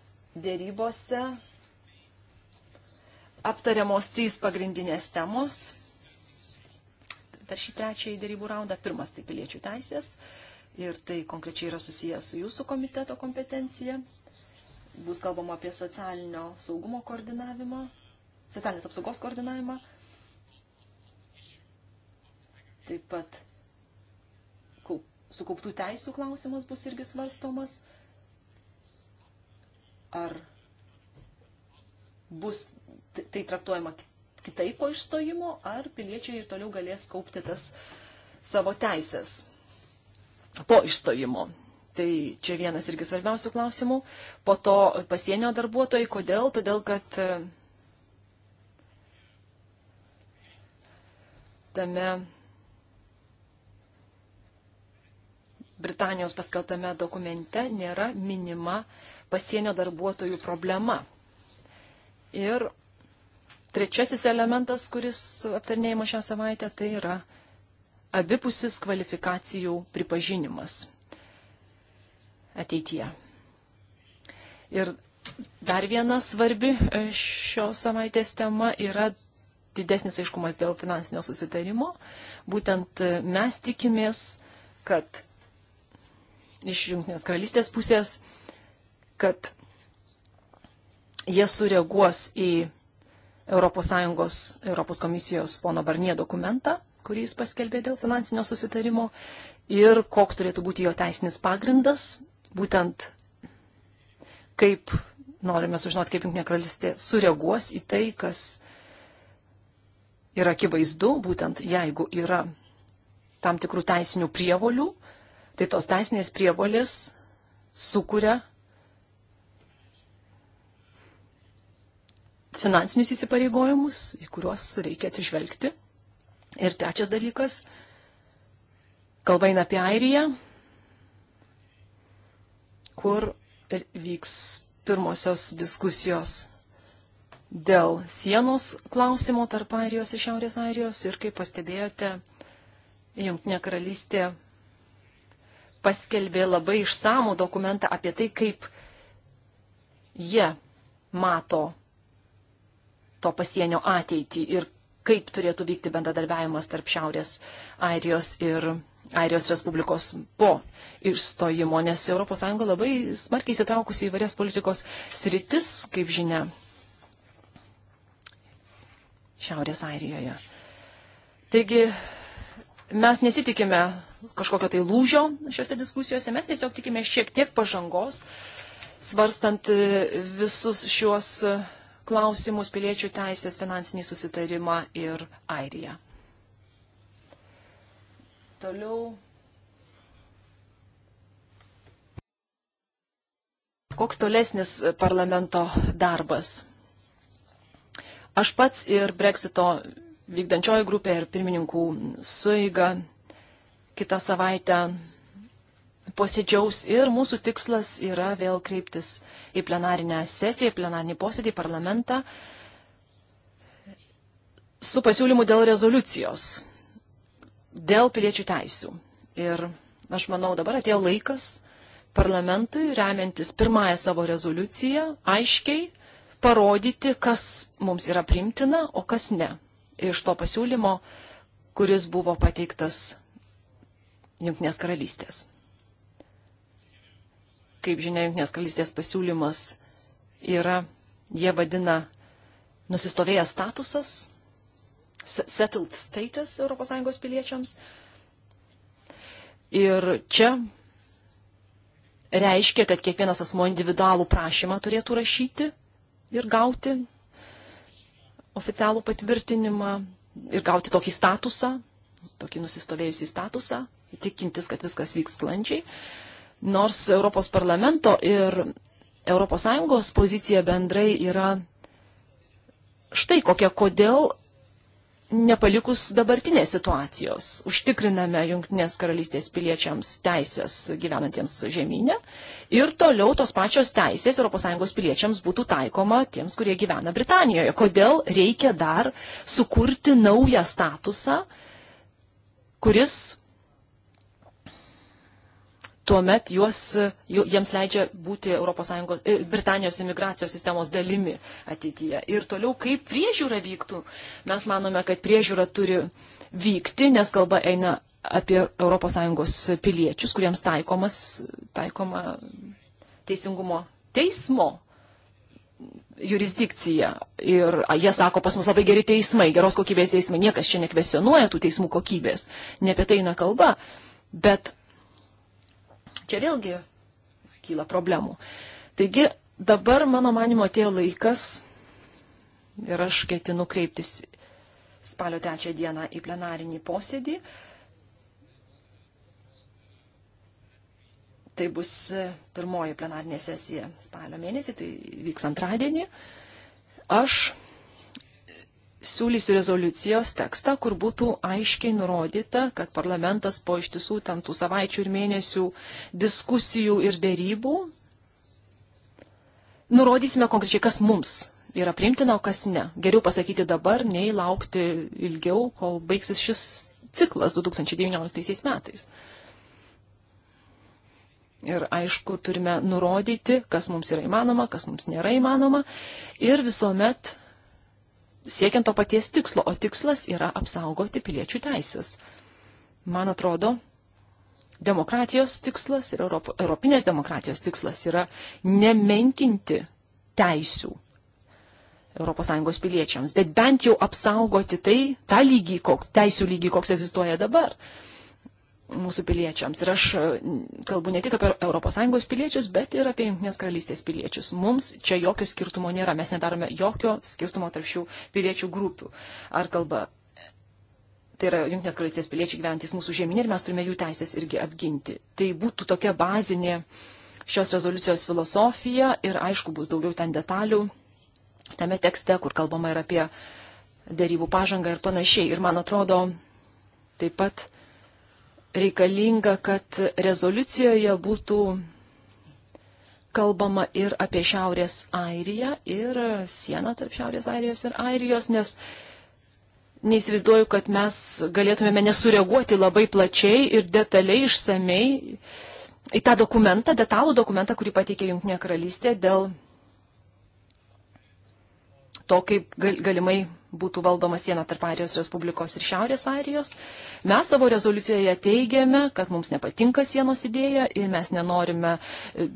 dėrybose aptariamos trys pagrindinės temos per šį trečiąjį dėrybų raundą. Pirmas tai piliečių teisės ir tai konkrečiai yra susijęs su jūsų komiteto kompetencija. Bus kalbama apie socialinio saugumo koordinavimą, socialinės apsaugos koordinavimą. Taip pat sukauptų teisų klausimas bus irgi svarstomas. Ar bus Tai, tai traktuojama kitaip po išstojimo, ar piliečiai ir toliau galės kaupti tas savo teisės po išstojimo. Tai čia vienas irgi svarbiausių klausimų. Po to pasienio darbuotojai, kodėl? Todėl, kad e, tame Britanijos paskeltame dokumente nėra minima pasienio darbuotojų problema. Ir trečiasis elementas, kuris aptarnėjimo šią savaitę, tai yra abipusis kvalifikacijų pripažinimas ateityje. Ir dar viena svarbi e, šios savaitės tema yra didesnis aiškumas dėl finansinio susitarimo. Būtent e, mes tikimės, kad iš Junktinės karalystės pusės, kad jie sureaguos į ES, ES komisijos pono Barnie dokumentą, kurį jis paskelbė dėl finansinio susitarimo ir koks turėtų būti jo teisinis pagrindas, būtent kaip norime sužinoti, kaip Junktinė karalystė sureaguos į tai, kas yra akivaizdu, būtent jeigu yra tam tikrų teisinių prievolių, tai tos teisinės prievolės sukuria finansinius įsipareigojimus, į kuriuos reikia atsižvelgti. Ir trečias dalykas, kalba eina apie Airiją, kur vyks pirmosios diskusijos dėl sienos klausimo tarp Airijos ir Šiaurės Airijos. Ir kaip pastebėjote, Junktinė karalystė paskelbė labai išsamų dokumentą apie tai, kaip jie mato to pasienio ateitį ir kaip turėtų vykti bendradarbiavimas tarp Šiaurės Airijos ir Airijos Respublikos po išstojimo, nes ES labai smarkiai įsitraukusi į varias politikos sritis, kaip žinia, Šiaurės Airijoje. Taigi mes nesitikime kažkokio tai lūžio šiuose diskusijose, mes tiesiog tikime šiek tiek pažangos, svarstant visus šiuos klausimus, piliečių teisės, finansinį susitarimą ir Airiją. Toliau. Koks tolesnis parlamento darbas? Aš pats ir Brexito vykdančioji grupė ir pirmininkų suiga kitą savaitę posėdžiaus ir mūsų tikslas yra vėl kreiptis į plenarinę sesiją, į plenarinį posėdį, į parlamentą su pasiūlymu dėl rezoliucijos, dėl piliečių teisių. Ir aš manau, dabar atėjo laikas parlamentui, remiantis pirmąją savo rezoliuciją, aiškiai parodyti, kas mums yra primtina, o kas ne. Iš to pasiūlymo, kuris buvo pateiktas Junktinės karalystės kaip žinia, Junktinės karalystės pasiūlymas yra, jie vadina nusistovėjęs statusas, settled status ES piliečiams. Ir čia reiškia, kad kiekvienas asmo individualų prašymą turėtų rašyti ir gauti oficialų patvirtinimą ir gauti tokį statusą, tokį nusistovėjusį statusą, įtikintis, kad viskas vyks sklandžiai. Uh, nors Europos parlamento ir ES pozicija bendrai yra štai kokia, kodėl nepalikus dabartinės situacijos užtikriname Junktinės karalystės piliečiams teisės gyvenantiems žemynę ir toliau tos pačios teisės ES piliečiams būtų taikoma tiems, kurie gyvena Britanijoje. Kodėl reikia dar sukurti naują statusą, kuris tuomet juos, jiems leidžia būti ES, e, Britanijos imigracijos sistemos dalimi ateityje. Ir toliau, kaip priežiūra vyktų, mes manome, kad priežiūra turi vykti, nes kalba eina apie ES piliečius, kuriems taikomas, taikoma teisingumo teismo jurisdikcija. Ir jie sako, pas mus labai geri teismai, geros kokybės teismai, niekas čia nekvesionuoja tų teismų kokybės, ne apie tai eina kalba. Bet Čia vėlgi kyla problemų. Taigi dabar, mano manimo, atėjo laikas ir aš ketinu kreiptis spalio trečią dieną į plenarinį posėdį. Tai bus pirmoji plenarinė sesija spalio mėnesį, tai vyks antradienį. Aš siūlysiu rezoliucijos tekstą, kur būtų aiškiai nurodyta, kad parlamentas po ištisų ten tų savaičių ir mėnesių diskusijų ir dėrybų nurodysime konkrečiai, kas mums yra priimtina, o kas ne. Geriau pasakyti dabar, nei laukti ilgiau, kol baigsis šis ciklas 2019 metais. Ir aišku, turime nurodyti, kas mums yra įmanoma, kas mums nėra įmanoma. Ir visuomet siekiant to paties tikslo, o tikslas yra apsaugoti piliečių teisės. Man atrodo, demokratijos tikslas ir Europo, europinės demokratijos tikslas yra nemenkinti teisių ES piliečiams, bet bent jau apsaugoti tai, tą lygį, kok, teisų lygį, koks egzistuoja dabar mūsų piliečiams. Ir aš e, kalbu ne tik apie ES piliečius, bet ir apie Junktinės karalystės piliečius. Mums čia jokio skirtumo nėra, mes nedarome jokio skirtumo tarp šių piliečių grupių. Ar kalba, tai yra Junktinės karalystės piliečiai gyventys mūsų žemynė ir mes turime jų teisės irgi apginti. Tai būtų tokia bazinė šios rezoliucijos filosofija ir aišku bus daugiau ten detalių tame tekste, kur kalbama ir apie dėrybų pažangą ir panašiai. Ir man atrodo, taip pat reikalinga, kad rezoliucijoje būtų kalbama ir apie Šiaurės Airiją ir sieną tarp Šiaurės Airijos ir Airijos, nes neįsivaizduoju, kad mes galėtumėme nesureaguoti labai plačiai ir detaliai išsamei į tą dokumentą, detalų dokumentą, kurį pateikė Junktinė karalystė dėl to, kaip galimai būtų valdoma siena tarp Airijos Respublikos ir Šiaurės Airijos. Mes savo rezoliucijoje teigiame, kad mums nepatinka sienos idėja ir mes nenorime e,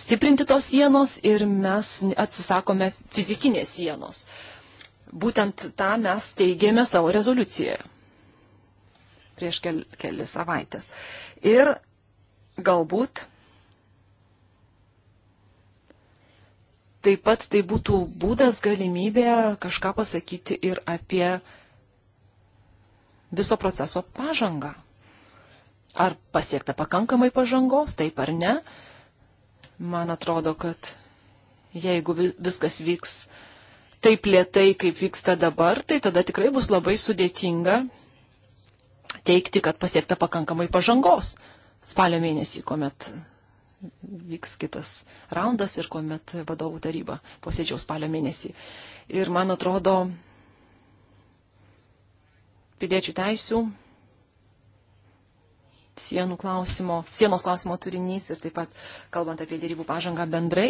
stiprinti tos sienos ir mes atsisakome fizikinės sienos. Būtent tą mes teigėme savo rezoliucijoje prieš kel, kelias savaitės. Ir galbūt taip pat tai būtų būdas, galimybė kažką pasakyti ir apie viso proceso pažangą. Ar pasiekta pakankamai pažangos, taip ar ne? Man atrodo, kad jeigu viskas vyks taip lietai, kaip vyksta dabar, tai tada tikrai bus labai sudėtinga teikti, kad pasiekta pakankamai pažangos spalio mėnesį, kuomet vyks kitas raundas ir kuomet vadovų taryba posėdžiaus spalio mėnesį. Ir man atrodo, piliečių teisių, sienų klausimo, sienos klausimo turinys ir taip pat kalbant apie dėrybų pažangą bendrai,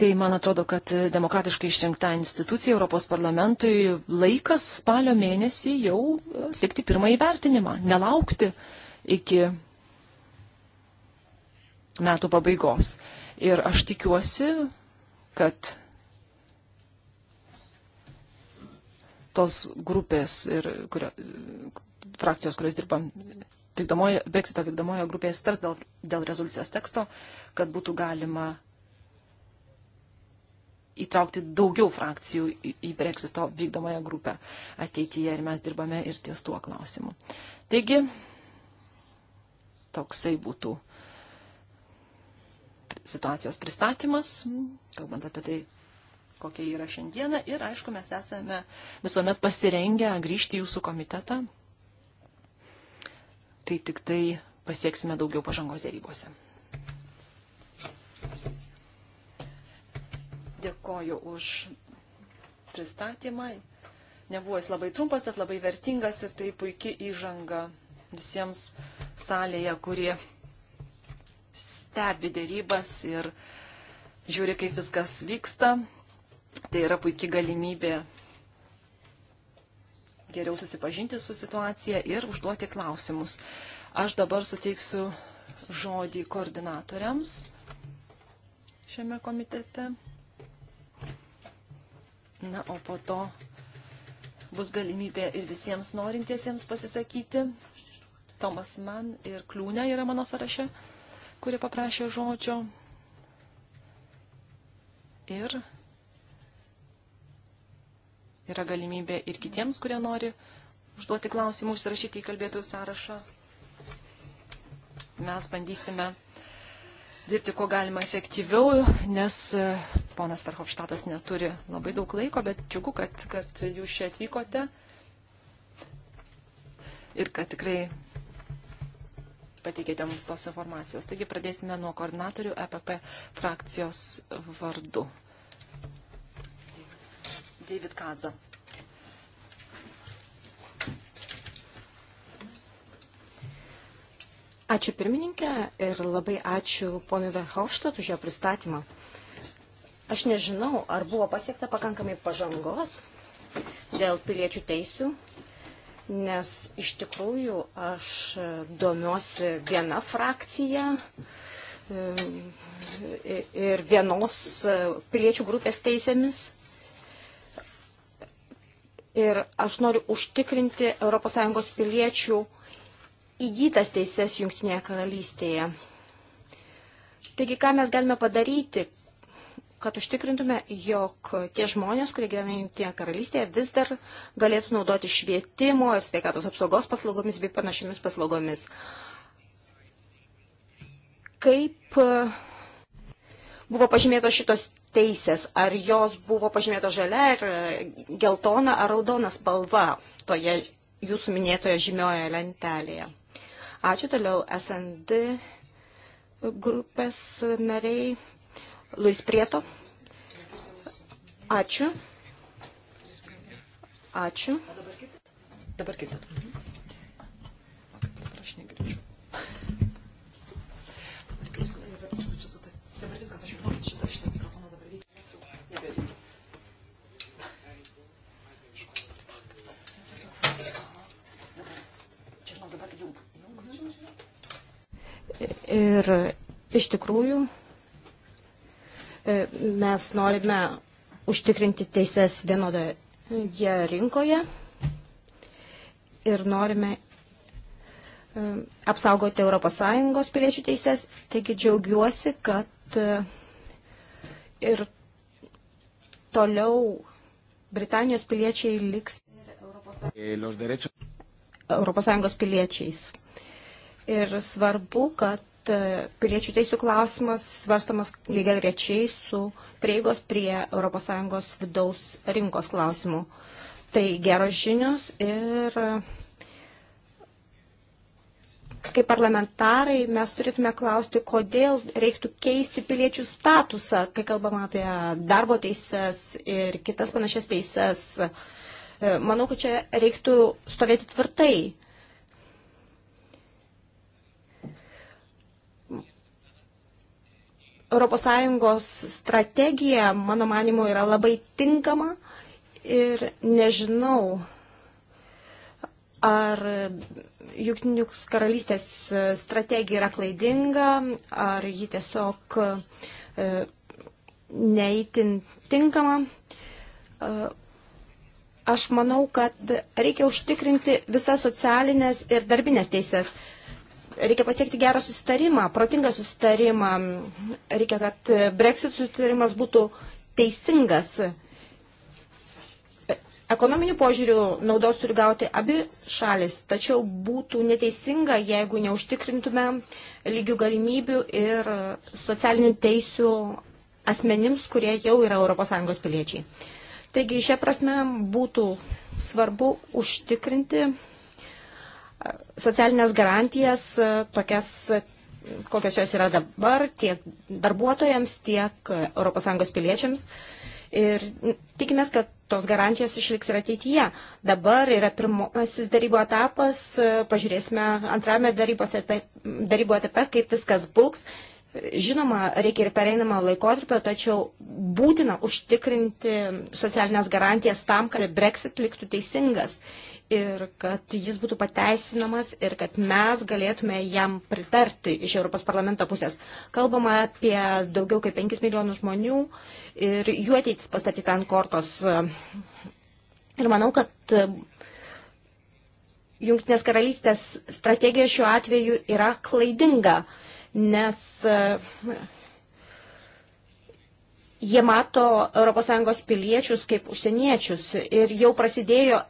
tai man atrodo, kad demokratiškai išrinkta institucija Europos parlamentui laikas spalio mėnesį jau atlikti pirmąjį vertinimą, nelaukti iki metų pabaigos. Ir aš tikiuosi, kad tos grupės ir kurio, frakcijos, kurios dirba vykdomojo, Brexito vykdomojo grupėje, sutars dėl, dėl rezoliucijos teksto, kad būtų galima įtraukti daugiau frakcijų į, į Brexito vykdomąją grupę ateityje ir mes dirbame ir ties tuo klausimu. Taigi, toksai būtų situacijos pristatymas, kalbant apie tai, kokia yra šiandiena. Ir aišku, mes esame visuomet pasirengę grįžti į jūsų komitetą, kai tik tai pasieksime daugiau pažangos dėrybose. Dėkoju už pristatymą. Nebuvo jis labai trumpas, bet labai vertingas ir tai puikiai įžanga visiems salėje, kurie stebi dėrybas ir žiūri, kaip viskas vyksta. Tai yra puikia galimybė geriau susipažinti su situacija ir užduoti klausimus. Aš dabar suteiksiu žodį koordinatoriams šiame komitete. Na, o po to bus galimybė ir visiems norintiesiems pasisakyti. Tomas Man ir Kliūne yra mano sąraše kurie paprašė žodžio. Ir yra galimybė ir kitiems, kurie nori užduoti klausimų, užsirašyti į kalbėtojų sąrašą. Mes bandysime dirbti kuo galima efektyviau, nes e, ponas Verhofštatas neturi labai daug laiko, bet džiugu, kad, kad jūs čia atvykote ir kad tikrai pateikėte mums tos informacijos. Taigi pradėsime nuo koordinatorių EPP frakcijos vardu. David Kaza. Ačiū pirmininkė ir labai ačiū ponui Verhofštat už jo pristatymą. Aš nežinau, ar buvo pasiekta pakankamai pažangos dėl piliečių teisių nes iš tikrųjų aš domiuosi viena frakcija e, ir vienos piliečių grupės teisėmis. Ir aš noriu užtikrinti ES piliečių įgytas teises Junktinėje karalystėje. Taigi, ką mes galime padaryti, kad užtikrintume, jog tie žmonės, kurie gyvena Junktinėje karalystėje, vis dar galėtų naudoti švietimo ir sveikatos apsaugos paslaugomis bei panašiamis paslaugomis. Kaip e, buvo pažymėtos šitos teisės, ar jos buvo pažymėtos žalia, ar e, geltona, ar raudona spalva toje jūsų minėtoje žymioje lentelėje. Ačiū toliau SND grupės nariai, Luis Prieto. Ačiū. Ačiū. Dabar kitą. Aš negrįžau. Dabar viskas, aš žinau, šitas, šitas mikrofonas dabar veikia. Nebeveikia. Čia žinau, dabar jau. Ir iš tikrųjų. E, mes norime užtikrinti teises vienodoje rinkoje ir norime e, apsaugoti ES piliečių teises. Taigi džiaugiuosi, kad e, ir toliau Britanijos piliečiai liks ES eh, piliečiais. Ir svarbu, kad E, piliečių teisų klausimas svarstomas lygiai grečiai su prieigos prie ES vidaus rinkos klausimu. Tai geros žinios ir e, kaip parlamentarai mes turėtume klausti, kodėl reiktų keisti piliečių statusą, kai kalbam apie darbo teises ir kitas panašias teises. E, manau, kad čia reiktų stovėti tvirtai ES strategija, mano manimu, yra labai tinkama ir nežinau, ar Junktinės karalystės strategija yra klaidinga, ar ji tiesiog e, neįtin tinkama. E, aš manau, kad reikia užtikrinti visas socialinės ir darbinės teisės. Reikia pasiekti gerą susitarimą, protingą susitarimą. Reikia, kad Brexit susitarimas būtų teisingas. Ekonominių požiūrių naudos turi gauti abi šalis, tačiau būtų neteisinga, jeigu neužtikrintume lygių galimybių ir socialinių teisių asmenims, kurie jau yra ES piliečiai. Taigi, šią prasme būtų svarbu užtikrinti socialinės garantijas, e, tokias, e, kokios jos yra dabar, tiek darbuotojams, tiek e, ES piliečiams. Ir tikimės, kad tos garantijos išliks ir ateityje. Dabar yra pirmasis darybo etapas, pažiūrėsime antrame darybos etape, darybo etape, kaip viskas būks. Žinoma, reikia ir pereinamą laikotarpio, tačiau būtina užtikrinti socialinės garantijas tam, kad Brexit liktų teisingas. Uh, ir kad jis būtų pateisinamas ir kad mes galėtume jam pritarti iš Europos parlamento pusės. Kalbama apie daugiau kaip 5 milijonų žmonių ir jų ateitis pastatyta ant kortos. Ir manau, kad e, Junktinės karalystės strategija šiuo atveju yra klaidinga, nes e, jie mato ES piliečius kaip užsieniečius ir jau prasidėjo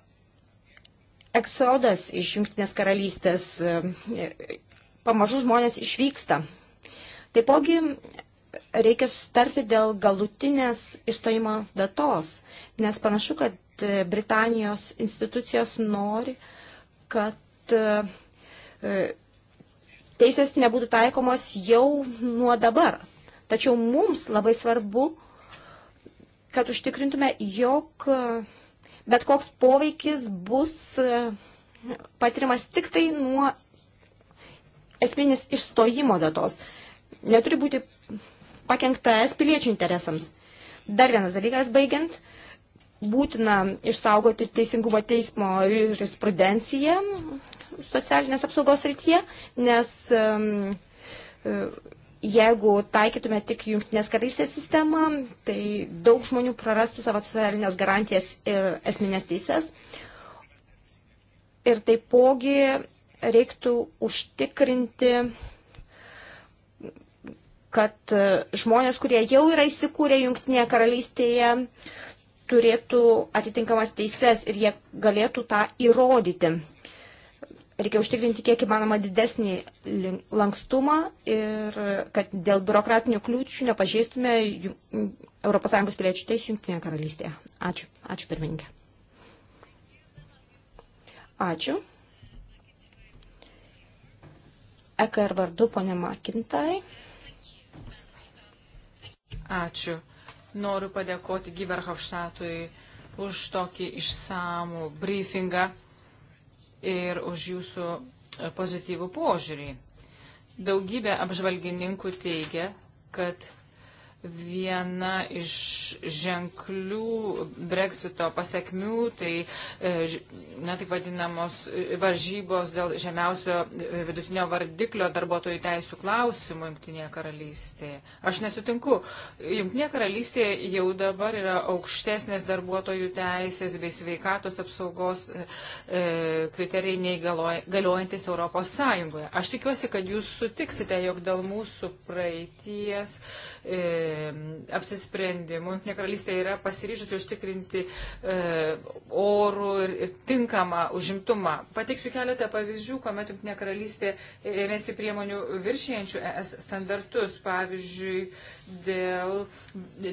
eksodas iš Junktinės karalystės, e, pamažu žmonės išvyksta. Taipogi reikia sustarti dėl galutinės išstojimo datos, nes panašu, kad e, Britanijos institucijos nori, kad e, teisės nebūtų taikomos jau nuo dabar. Tačiau mums labai svarbu, kad užtikrintume, jog bet koks poveikis bus e, patirimas tik tai nuo esminis išstojimo datos. Neturi būti pakengta es piliečių interesams. Dar vienas dalykas baigiant, būtina išsaugoti teisingumo teismo jurisprudenciją socialinės apsaugos rytyje, nes um, jeigu taikytume tik jungtinės karalystės sistemą, tai daug žmonių prarastų savo socialinės garantijas ir esminės teises. Ir taipogi reiktų užtikrinti, kad žmonės, kurie jau yra įsikūrę jungtinėje karalystėje, turėtų atitinkamas teises ir jie galėtų tą įrodyti. Reikia užtikrinti kiek įmanoma didesnį lankstumą ir kad dėl biurokratinių kliūčių nepažeistume ES piliečių teisų Junktinėje karalystėje. Ačiū. Ačiū pirmininkė. Ačiū. EKR er vardu ponė Makintai. Ačiū. Noriu padėkoti Giverhofštatui už tokį išsamų briefingą ir už jūsų e, pozityvų požiūrį. Daugybė apžvalgininkų teigia, kad Viena iš ženklių breksito pasiekmių tai, e, na, taip vadinamos e, varžybos dėl žemiausio e, vidutinio vardiklio darbuotojų teisų klausimų Junktinėje karalystėje. Aš nesutinku. Junktinėje karalystėje jau dabar yra aukštesnės darbuotojų teisės bei sveikatos apsaugos e, kriterijai nei galiojantis Europos Sąjungoje. Aš tikiuosi, kad jūs sutiksite, jog dėl mūsų praeities. E, E, apsisprendimų. Jungtinė karalystė yra pasiryžusi užtikrinti e, orų ir, ir tinkamą užimtumą. Pateiksiu keletą pavyzdžių, kuomet Jungtinė karalystė ėmėsi priemonių viršijančių ES standartus. Pavyzdžiui, dėl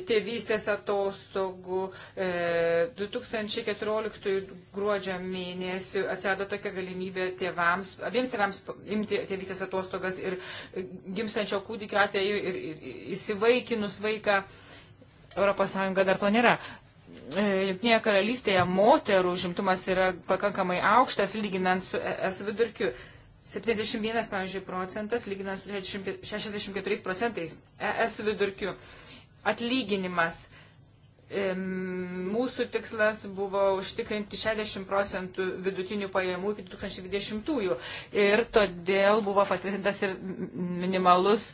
tėvystės atostogų. 2014 e, gruodžio mėnesį atsirado tokia galimybė tėvams, abiems tėvams imti tėvystės atostogas ir gimstančio kūdikio atveju ir, ir įsivaikinus vaiką. ES dar to nėra. E, Junktinėje karalystėje moterų žimtumas yra pakankamai aukštas, lyginant su es vidurkiu. 71, pavyzdžiui, procentas, lyginant su 64 procentais ES vidurkiu. Atlyginimas. Mūsų tikslas buvo užtikrinti 60 procentų vidutinių pajamų iki 2020-ųjų ir todėl buvo patvirtintas ir minimalus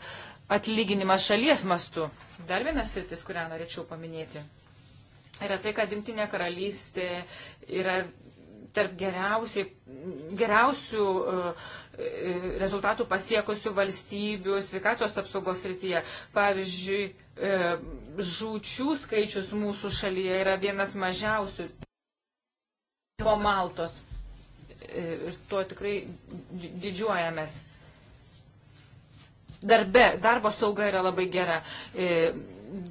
atlyginimas šalies mastu. Dar vienas sritis, kurią norėčiau paminėti, yra tai, kad Junktinė karalystė yra tarp geriausių uh, E, rezultatų pasiekusių valstybių sveikatos apsaugos srityje. Pavyzdžiui, e, žūčių skaičius mūsų šalyje yra vienas mažiausių po Maltos. E, ir tuo tikrai didžiuojamės. Darbe, darbo sauga yra labai gera.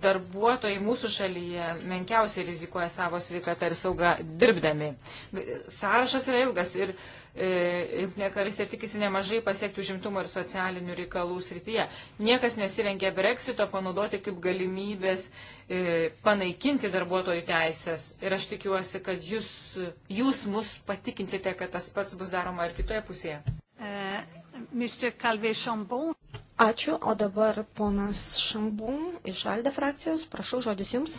Darbuotojai mūsų šalyje menkiausiai rizikuoja savo sveikatą ir saugą dirbdami. Sąrašas yra ilgas ir uh, E, Junktinė karalystė tikisi nemažai pasiekti užimtumo ir socialinių reikalų srityje. Niekas nesirengia breksito panaudoti kaip galimybės e, panaikinti darbuotojų teisės. Ir aš tikiuosi, kad jūs, jūs mus patikinsite, kad tas pats bus daroma ir kitoje pusėje. E, Ačiū, o dabar ponas Šambum iš Alde frakcijos, prašau žodis jums.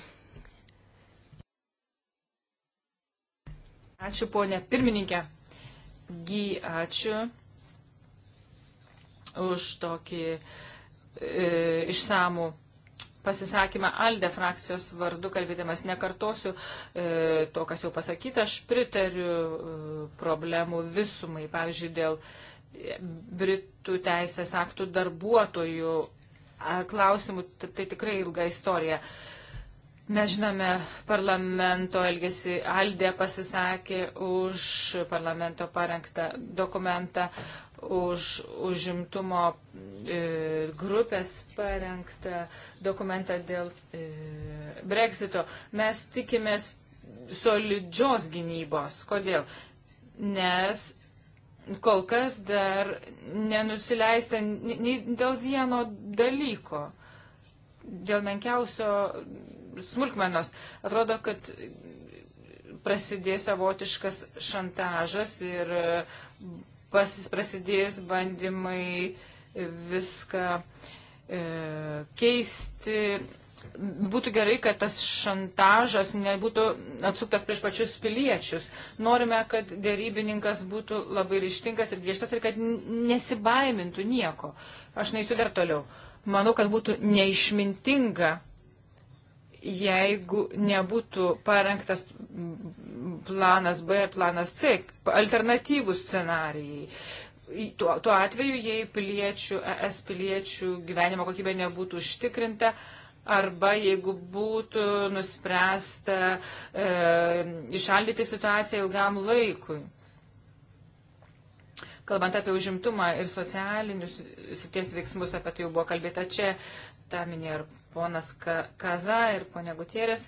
Ačiū, ponė pirmininkė. Gy, ačiū už tokį e, išsamų pasisakymą Alde frakcijos vardu, kalbėdamas nekartosiu e, to, kas jau pasakyta, aš pritariu e, problemų visumai, pavyzdžiui, dėl e, Britų teisės aktų darbuotojų klausimų, tai, tai tikrai ilga istorija. E, Mes žinome parlamento elgesį, Aldė pasisakė už parlamento parengtą dokumentą, už užimtumo e, grupės parengtą dokumentą dėl e, Brexito. Mes tikimės solidžios gynybos. Kodėl? Nes kol kas dar nenusileista nei dėl vieno dalyko, dėl menkiausio smulkmenos. Atrodo, kad prasidės savotiškas šantažas ir e, pas, prasidės bandymai viską e, keisti. Būtų gerai, kad tas šantažas nebūtų atsuktas prieš pačius piliečius. Norime, kad dėrybininkas būtų labai ryštingas ir griežtas ir kad nesibaimintų nieko. Aš neįsiu dar toliau. Manau, kad būtų neišmintinga jeigu nebūtų parengtas planas B ir planas C, alternatyvų scenarijai. Tuo, tuo atveju, jei piliečių, es piliečių gyvenimo kokybė nebūtų užtikrinta, arba jeigu būtų nuspręsta e, išaldyti situaciją ilgam laikui. Kalbant apie užimtumą ir socialinius sėties veiksmus, apie tai jau buvo kalbėta čia, tą minėjo ir ponas Kaza, ir ponė Gutierės.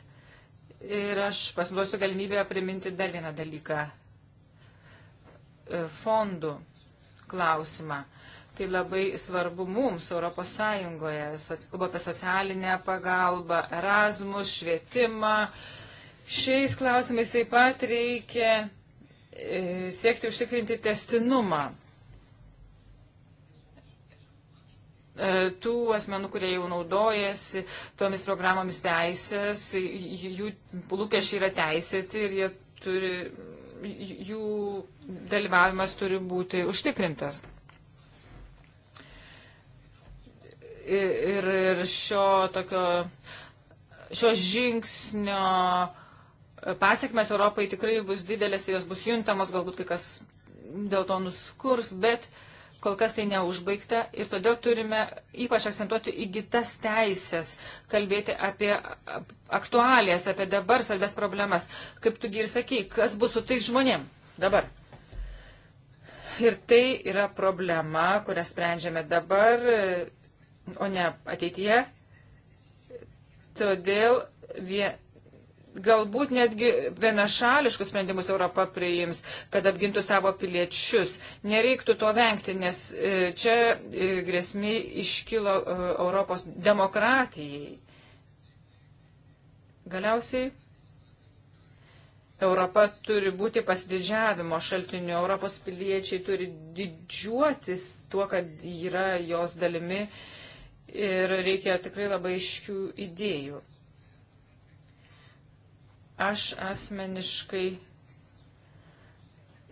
Ir aš pasiduosiu galimybę priminti dar vieną dalyką. E, fondų klausimą. Tai labai svarbu mums Europos Sąjungoje. Kalba apie socialinę pagalbą, Erasmus, švietimą. Šiais klausimais taip pat reikia e, siekti užtikrinti testinumą E, tų asmenų, kurie jau naudojasi tomis programomis teisės, jų lūkesčiai yra teisėti ir jie turi, jų dalyvavimas turi būti užtikrintas. Ir, ir šio, tokio, šio žingsnio pasiekmes Europai tikrai bus didelės ir tai jos bus juntamos, galbūt kai kas dėl to nuskurs, bet uh, kol kas tai neužbaigta ir todėl turime ypač akcentuoti įgytas teisės, kalbėti apie aktualijas, apie dabar svarbės problemas, kaip tu ir sakei, kas bus su tais žmonėm dabar. Ir tai yra problema, kurią sprendžiame dabar, o ne ateityje. Todėl vie, galbūt netgi vienašališkus sprendimus Europa priims, kad apgintų savo piliečius. Nereiktų to vengti, nes e, čia e, grėsmė iškilo e, Europos demokratijai. Galiausiai Europa turi būti pasididžiavimo šaltiniu, Europos piliečiai turi didžiuotis tuo, kad yra jos dalimi ir reikia tikrai labai iškių idėjų. Aš asmeniškai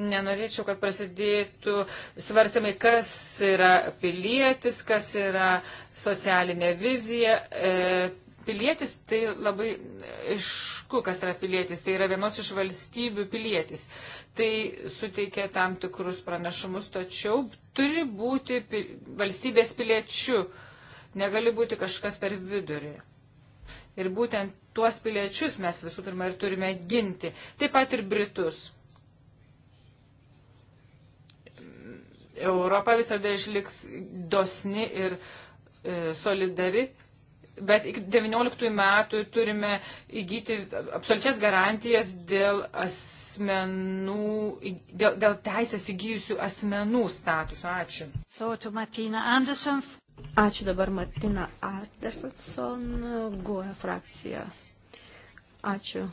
nenorėčiau, kad prasidėtų svarstymai, kas yra pilietis, kas yra socialinė vizija. E, pilietis tai labai išku, kas yra pilietis, tai yra vienos iš valstybių pilietis. Tai suteikia tam tikrus pranašumus, tačiau turi būti valstybės piliečių, negali būti kažkas per vidurį. Ir būtent tuos piliečius mes visų pirma ir turime ginti. Taip pat ir Britus. Europa visada išliks dosni ir e, solidari, bet iki 19 metų turime įgyti absoliučias garantijas dėl asmenų, dėl, dėl teisės įgyjusių asmenų statusą. Ačiū. So, Martina Anderson. Ačiū dabar Martina Adelson, GUE frakcija. Ačiū.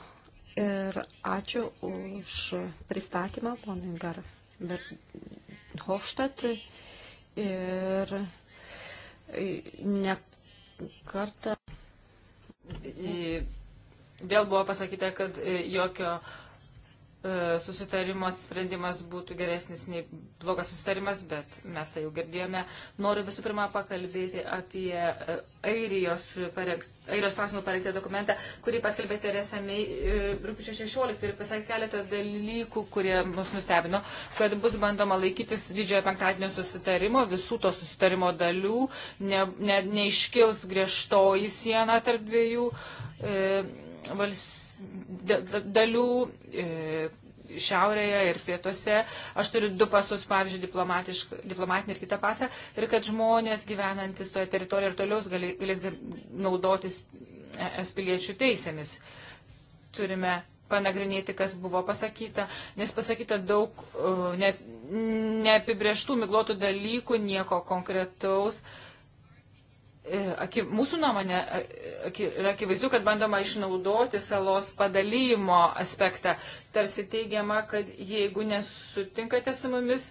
Ir ačiū už pristatymą, ponai Garhofštat. Ir ne kartą. Vėl buvo pasakyta, kad jokio E, susitarimo sprendimas būtų geresnis nei blogas susitarimas, bet mes tai jau girdėjome. Noriu visų pirma pakalbėti apie e, Airijos, pareng, Airijos klausimų parengtą dokumentą, kurį paskelbė Teresa May e, rūpiučio 16 ir pasakė keletą dalykų, kurie mus nustebino, kad bus bandoma laikytis didžiojo penktadienio susitarimo, visų to susitarimo dalių, ne, ne, neiškils griežtoji siena tarp dviejų e, valstybių dalių e, šiaurėje ir pietuose. Aš turiu du pasus, pavyzdžiui, diplomatinį ir kitą pasą. Ir kad žmonės gyvenantis toje teritorijoje ir toliau galės naudotis es piliečių teisėmis. Turime panagrinėti, kas buvo pasakyta, nes pasakyta daug e, ne, neapibrieštų, miglotų dalykų, nieko konkretaus. Uh, E, aki, mūsų nuomonė e, yra akivaizdu, kad bandoma išnaudoti salos padalymo aspektą. Tarsi teigiama, kad jeigu nesutinkate su mumis,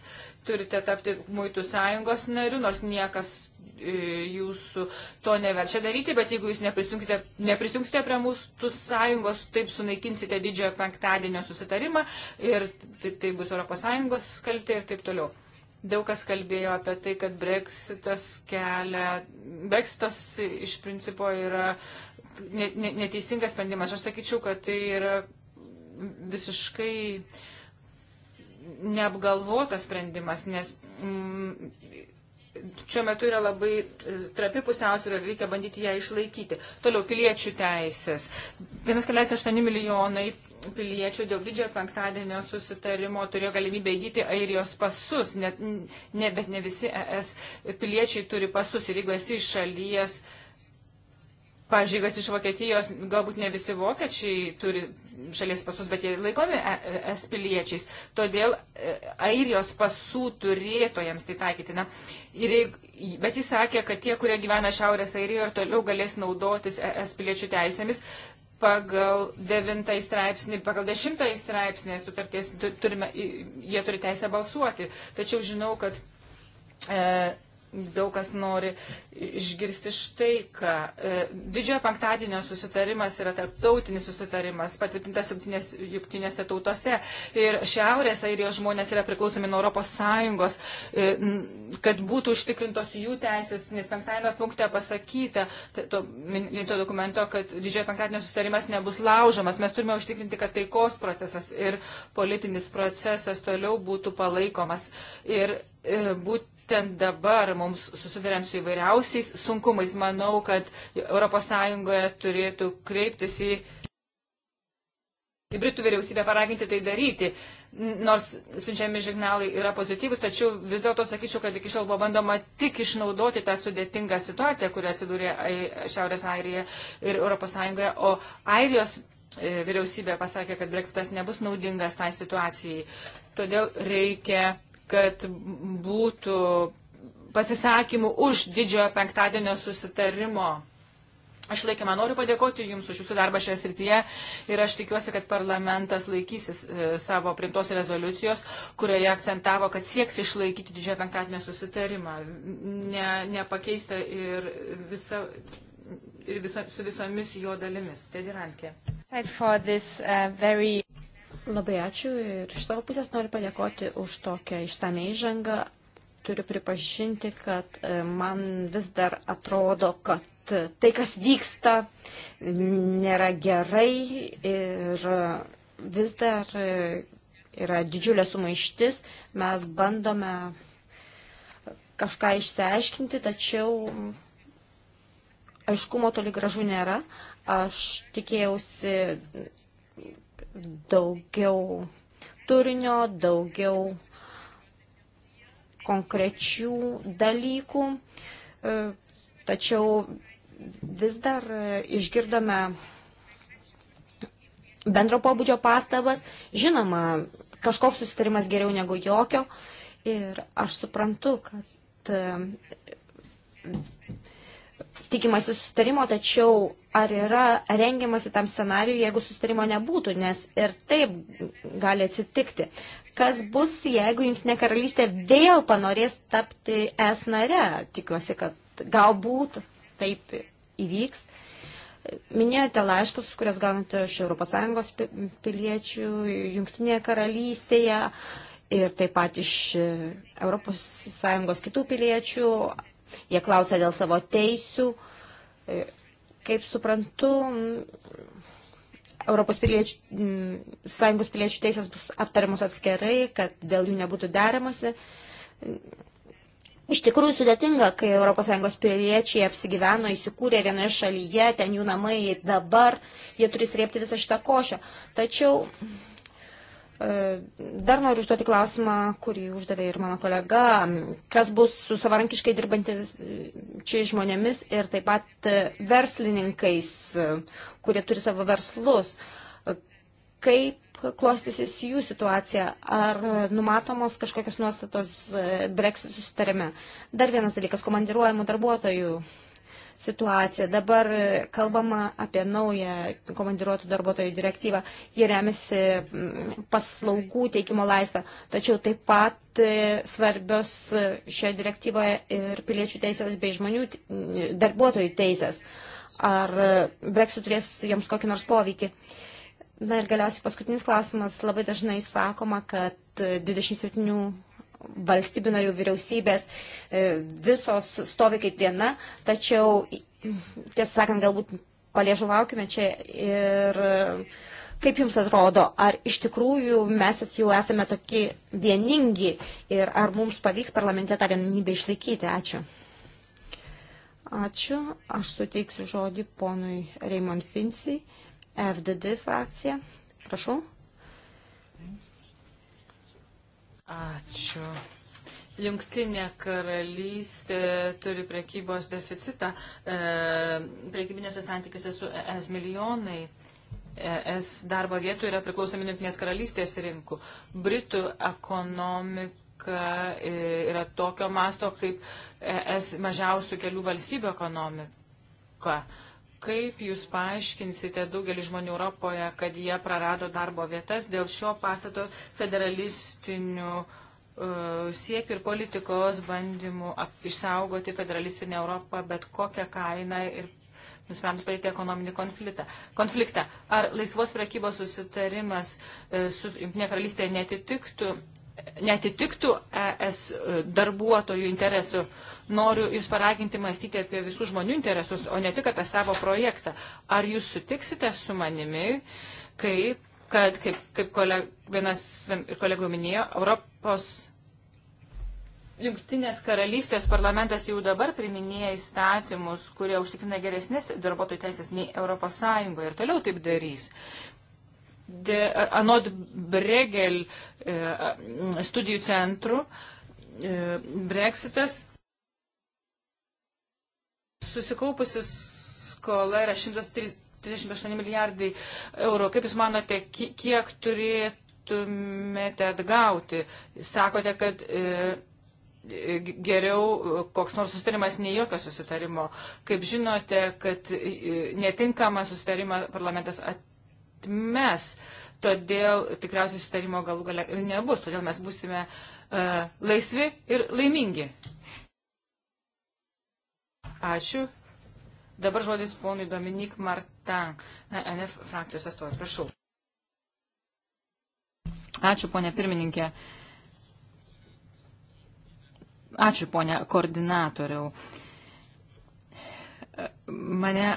turite tapti muitų sąjungos nariu, nors niekas e, jūsų to neverčia daryti, bet jeigu jūs neprisijungsite prie mūsų sąjungos, taip sunaikinsite didžiojo penktadienio susitarimą ir tai, tai bus ES kaltė ir taip toliau. Daug kas kalbėjo apie tai, kad Brexitas kelia, Brexitas iš principo yra neteisingas sprendimas. Aš sakyčiau, kad tai yra visiškai neapgalvotas sprendimas, nes mm, šiuo metu yra labai e, trapi pusiausvyrą ir reikia bandyti ją išlaikyti. Toliau piliečių teisės. 1,8 milijonai piliečių dėl didžiojo penktadienio susitarimo turėjo galimybę įgyti airijos pasus, net, ne, bet ne visi ES piliečiai turi pasus ir jeigu esi iš šalies Pavyzdžiui, kas iš Vokietijos, galbūt ne visi vokiečiai turi šalies pasus, bet jie laikomi e, e, es piliečiais. Todėl e, airijos pasų turėtojams tai taikytina. Ir, bet jis sakė, kad tie, kurie gyvena Šiaurės airijoje ir toliau galės naudotis es piliečių teisėmis. Pagal 9 straipsnį, pagal 10 straipsnį sutarties turime, jie turi teisę balsuoti. Tačiau žinau, kad e, daug kas nori išgirsti štai, ką e, didžiojo penktadienio susitarimas yra tarptautinis susitarimas, patvirtintas jungtinėse tautose ir Šiaurės airijos žmonės yra priklausomi nuo Europos Sąjungos, e, kad būtų užtikrintos jų teisės, nes penktadienio punkte pasakyta to, to dokumento, kad didžiojo penktadienio susitarimas nebus laužomas. Mes turime užtikrinti, kad taikos procesas ir politinis procesas toliau būtų palaikomas. Ir, e, būt, būtent dabar mums susidurėm su įvairiausiais sunkumais. Manau, kad ES turėtų kreiptis į, į Britų vyriausybę paraginti tai daryti. Nors siunčiami žignalai yra pozityvus, tačiau vis dėlto sakyčiau, kad iki šiol buvo bandoma tik išnaudoti tą sudėtingą situaciją, kurioje atsidūrė Šiaurės Airija ir ES, o Airijos e, vyriausybė pasakė, kad breksitas nebus naudingas tai situacijai. Todėl reikia kad būtų pasisakymų už didžiojo penktadienio susitarimo išlaikymą. Noriu padėkoti Jums už Jūsų darbą šioje srityje ir aš tikiuosi, kad parlamentas laikysis e, savo primtos rezoliucijos, kurioje akcentavo, kad sieks išlaikyti didžiojo penktadienio susitarimą, ne, nepakeista ir, visa, ir viso, su visomis jo dalimis. Tedi Rankė. Uh, very... Labai ačiū ir iš savo pusės noriu padėkoti už tokią išsame įžangą. Turiu pripažinti, kad e, man vis dar atrodo, kad tai, kas vyksta, nėra gerai ir vis dar e, yra didžiulė sumaištis. Mes bandome kažką išsiaiškinti, tačiau aiškumo toli gražu nėra. Aš tikėjausi daugiau turinio, daugiau konkrečių dalykų, e, tačiau vis dar išgirdome bendro pobūdžio pastabas. Žinoma, kažkoks susitarimas geriau negu jokio ir aš suprantu, kad tikimasi sustarimo, tačiau ar yra rengiamasi tam scenariui, jeigu sustarimo nebūtų, nes ir taip gali atsitikti. Kas bus, jeigu Junktinė karalystė vėl panorės tapti es nare? Tikiuosi, kad galbūt taip įvyks. Minėjote laiškus, kurias gaunate iš ES piliečių Junktinėje karalystėje ir taip pat iš ES kitų piliečių. Jie klausia dėl savo teisių. E, kaip suprantu, mm, Europos piliečių, mm, sąjungos piliečių teisės bus aptariamos atskirai, kad dėl jų nebūtų deramasi. Iš tikrųjų sudėtinga, kai ES piliečiai apsigyveno, įsikūrė vienoje šalyje, ten jų namai dabar, jie turi srėpti visą šitą košę. Tačiau E, dar noriu užduoti klausimą, kurį uždavė ir mano kolega, kas bus su savarankiškai dirbantis čia žmonėmis ir taip pat verslininkais, kurie turi savo verslus. Kaip klostysis jų situacija? Ar numatomos kažkokios nuostatos e, Brexit susitarime? Dar vienas dalykas - komandiruojamų darbuotojų situaciją. Dabar kalbama apie naują komandiruotų darbuotojų direktyvą. Ji remiasi mm, paslaugų teikimo laisvę, tačiau taip pat e, svarbios šioje direktyvoje ir piliečių teisės bei žmonių darbuotojų teisės. Ar e, Brexit turės jiems kokį nors poveikį? Na ir galiausiai paskutinis klausimas. Labai dažnai sakoma, kad 27 e, valstybių narių vyriausybės e, visos stovi kaip viena, tačiau, tiesą sakant, galbūt paliežuvaukime čia ir kaip jums atrodo, ar iš tikrųjų mes jau esame tokie vieningi ir ar mums pavyks parlamente tą vienybę išlaikyti? Ačiū. Ačiū. Aš suteiksiu žodį ponui Raymond Finsi, FDD frakcija. Prašau. Ačiū. Jungtinė karalystė turi prekybos deficitą, e, prekybinėse santykiuose su ES milijonai. ES darbo vietų yra priklausomi Jungtinės karalystės rinkų. Britų ekonomika e, yra tokio masto kaip ES mažiausių kelių valstybių ekonomika. E, Kaip Jūs paaiškinsite daugelį žmonių Europoje, kad jie prarado darbo vietas dėl šio pastato federalistinių uh, siekių ir politikos bandymų ap, išsaugoti federalistinę Europą bet kokią kainą ir nusprendus palikti ekonominį konfliktą. konfliktą. Ar laisvos prekybos susitarimas e, su Junktinė karalystė netitiktų netitiktų ES darbuotojų interesų. Noriu Jūs paraginti mąstyti apie visų žmonių interesus, o ne tik apie savo projektą. Ar Jūs sutiksite su manimi, kaip, kad, kaip, kaip koleg, vienas ir kolegų minėjo, Europos Junktinės karalystės parlamentas jau dabar priminėja įstatymus, kurie užtikrina geresnės darbuotojų teisės nei ES ir toliau taip darys de, anot Bregel e, studijų centrų, e, Brexitas susikaupusi skola yra 138 milijardai eurų. Kaip Jūs manote, kiek turėtumėte atgauti? Sakote, kad e, geriau koks nors susitarimas nei jokio susitarimo. Kaip žinote, kad e, netinkamą susitarimą parlamentas at, mes. Todėl tikriausiai sutarimo galų gale ir nebus. Todėl mes būsime uh, laisvi ir laimingi. Ačiū. Dabar žodis ponui Dominik Martin, e, NF frakcijos atstovai. Prašau. Ačiū, ponė pirmininkė. Ačiū, ponė koordinatoriau. E, mane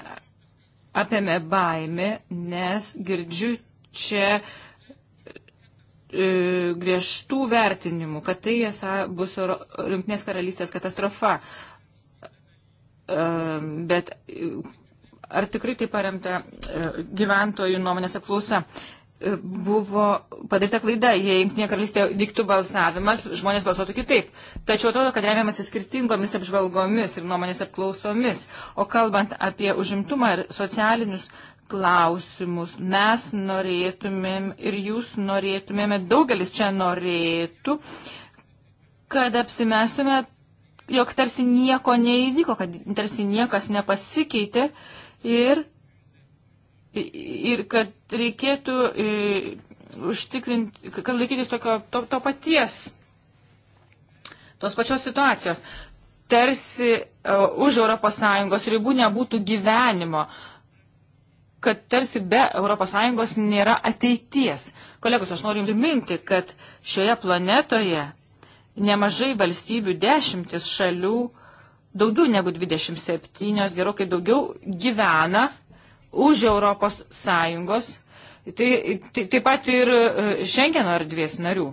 apėmė baimė, nes girdžiu čia e, griežtų vertinimų, kad tai esą bus Junktinės karalystės katastrofa. E, bet e, ar tikrai tai paremta gyventojų nuomonės apklausa? buvo padaryta klaida, jei Junktinė karalystė vyktų balsavimas, žmonės balsuotų kitaip. Tačiau atrodo, kad remiamasi skirtingomis apžvalgomis ir nuomonės apklausomis. O kalbant apie užimtumą ir socialinius klausimus, mes norėtumėm ir jūs norėtumėme, daugelis čia norėtų, kad apsimestume, jog tarsi nieko neįvyko, kad tarsi niekas nepasikeitė ir ir kad reikėtų e, užtikrinti, kad laikytis tokio, to, to paties, tos pačios situacijos. Tarsi uh, už ES ribų nebūtų gyvenimo, kad tarsi be ES nėra ateities. Kolegos, aš noriu Jums priminti, kad šioje planetoje nemažai valstybių, dešimtis šalių, daugiau negu 27, gerokai daugiau gyvena už Europos Sąjungos, tai, tai taip pat ir Šengeno e, erdvės narių.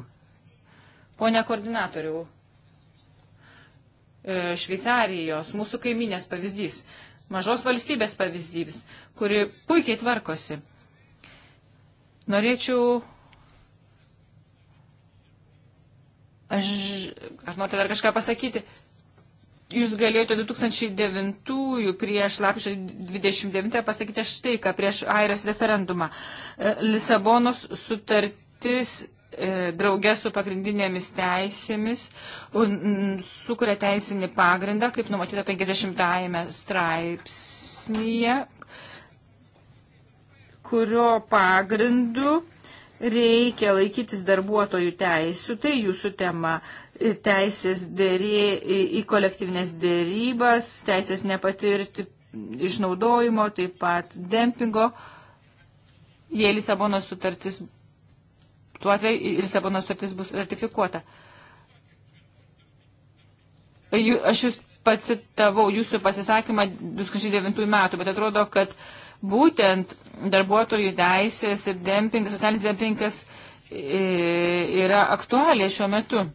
Pone koordinatoriau, e, Šveicarijos, mūsų kaiminės pavyzdys, mažos valstybės pavyzdys, kuri puikiai tvarkosi. Norėčiau. Aš, ar norite dar kažką pasakyti? jūs galėjote 2009 prieš lapšio 29 pasakyti štai, ką prieš Airijos referendumą. E, Lisabonos sutartis e, draugė su pagrindinėmis teisėmis sukuria teisinį pagrindą, kaip numatyta 50-ąjame straipsnyje, kurio pagrindu reikia laikytis darbuotojų teisų, tai jūsų tema teisės dėrė, į kolektyvinės dėrybas, teisės nepatirti išnaudojimo, taip pat dempingo. Jei Lisabonos sutartis, tuo atveju Lisabonos sutartis bus ratifikuota. Aš jūs pacitavau jūsų pasisakymą 2009 metų, bet atrodo, kad būtent darbuotojų teisės ir dempingas, socialinis dempingas yra aktualė šiuo metu.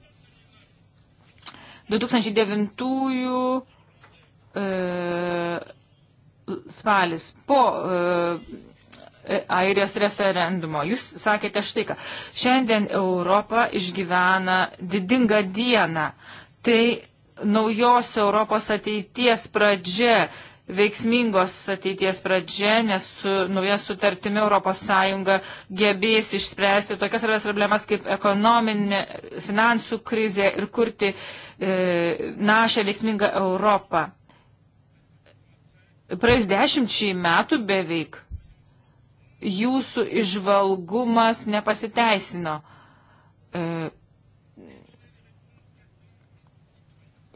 2009 e, spalis po e, Airijos referendumo. Jūs sakėte štai ką. Šiandien Europa išgyvena didingą dieną. Tai naujos Europos ateities pradžia veiksmingos ateities pradžia, nes su nauja sutartimi ES gebės išspręsti tokias svarbias problemas kaip ekonominė, finansų krizė ir kurti e, našę veiksmingą Europą. Praėjus dešimčiai metų beveik jūsų išvalgumas nepasiteisino. E,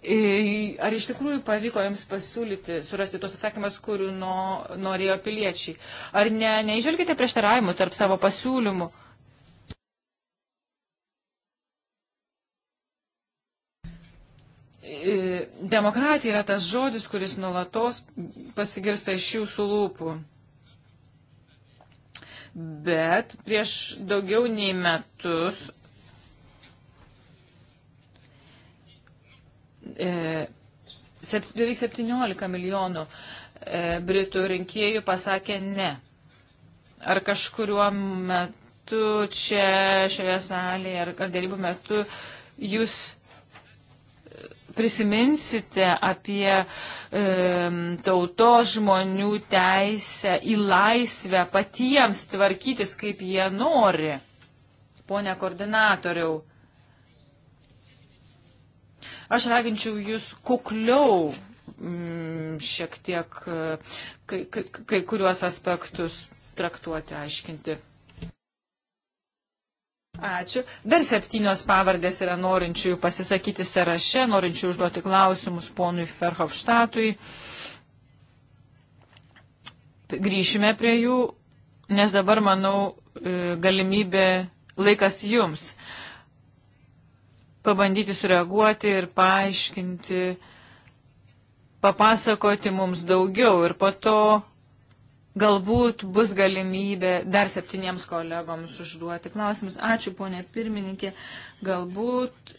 E, ar iš tikrųjų pavyko jums pasiūlyti, surasti tuos atsakymus, kurių no, norėjo piliečiai? Ar ne, neižvelgite prieštaravimų tarp savo pasiūlymų? E, demokratija yra tas žodis, kuris nuolatos pasigirsta iš jūsų lūpų. Bet prieš daugiau nei metus E, beveik 17 milijonų e, Britų rinkėjų pasakė ne. Ar kažkuriuo metu čia, šioje salėje, ar, ar dėlybų metu jūs e, prisiminsite apie e, tautos žmonių teisę į laisvę patiems tvarkytis, kaip jie nori. Pone koordinatoriau, Aš raginčiau jūs kukliau mm, šiek tiek e, kai, kai, kai kuriuos aspektus traktuoti, aiškinti. Ačiū. Dar septynios pavardės yra norinčiųjų pasisakyti sąraše, norinčių užduoti klausimus ponui Ferhofštatui. Grįšime prie jų, nes dabar, manau, e, galimybė laikas jums pabandyti sureaguoti ir paaiškinti, papasakoti mums daugiau ir po to galbūt bus galimybė dar septyniems kolegoms užduoti klausimus. Ačiū, ponė pirmininkė. Galbūt e,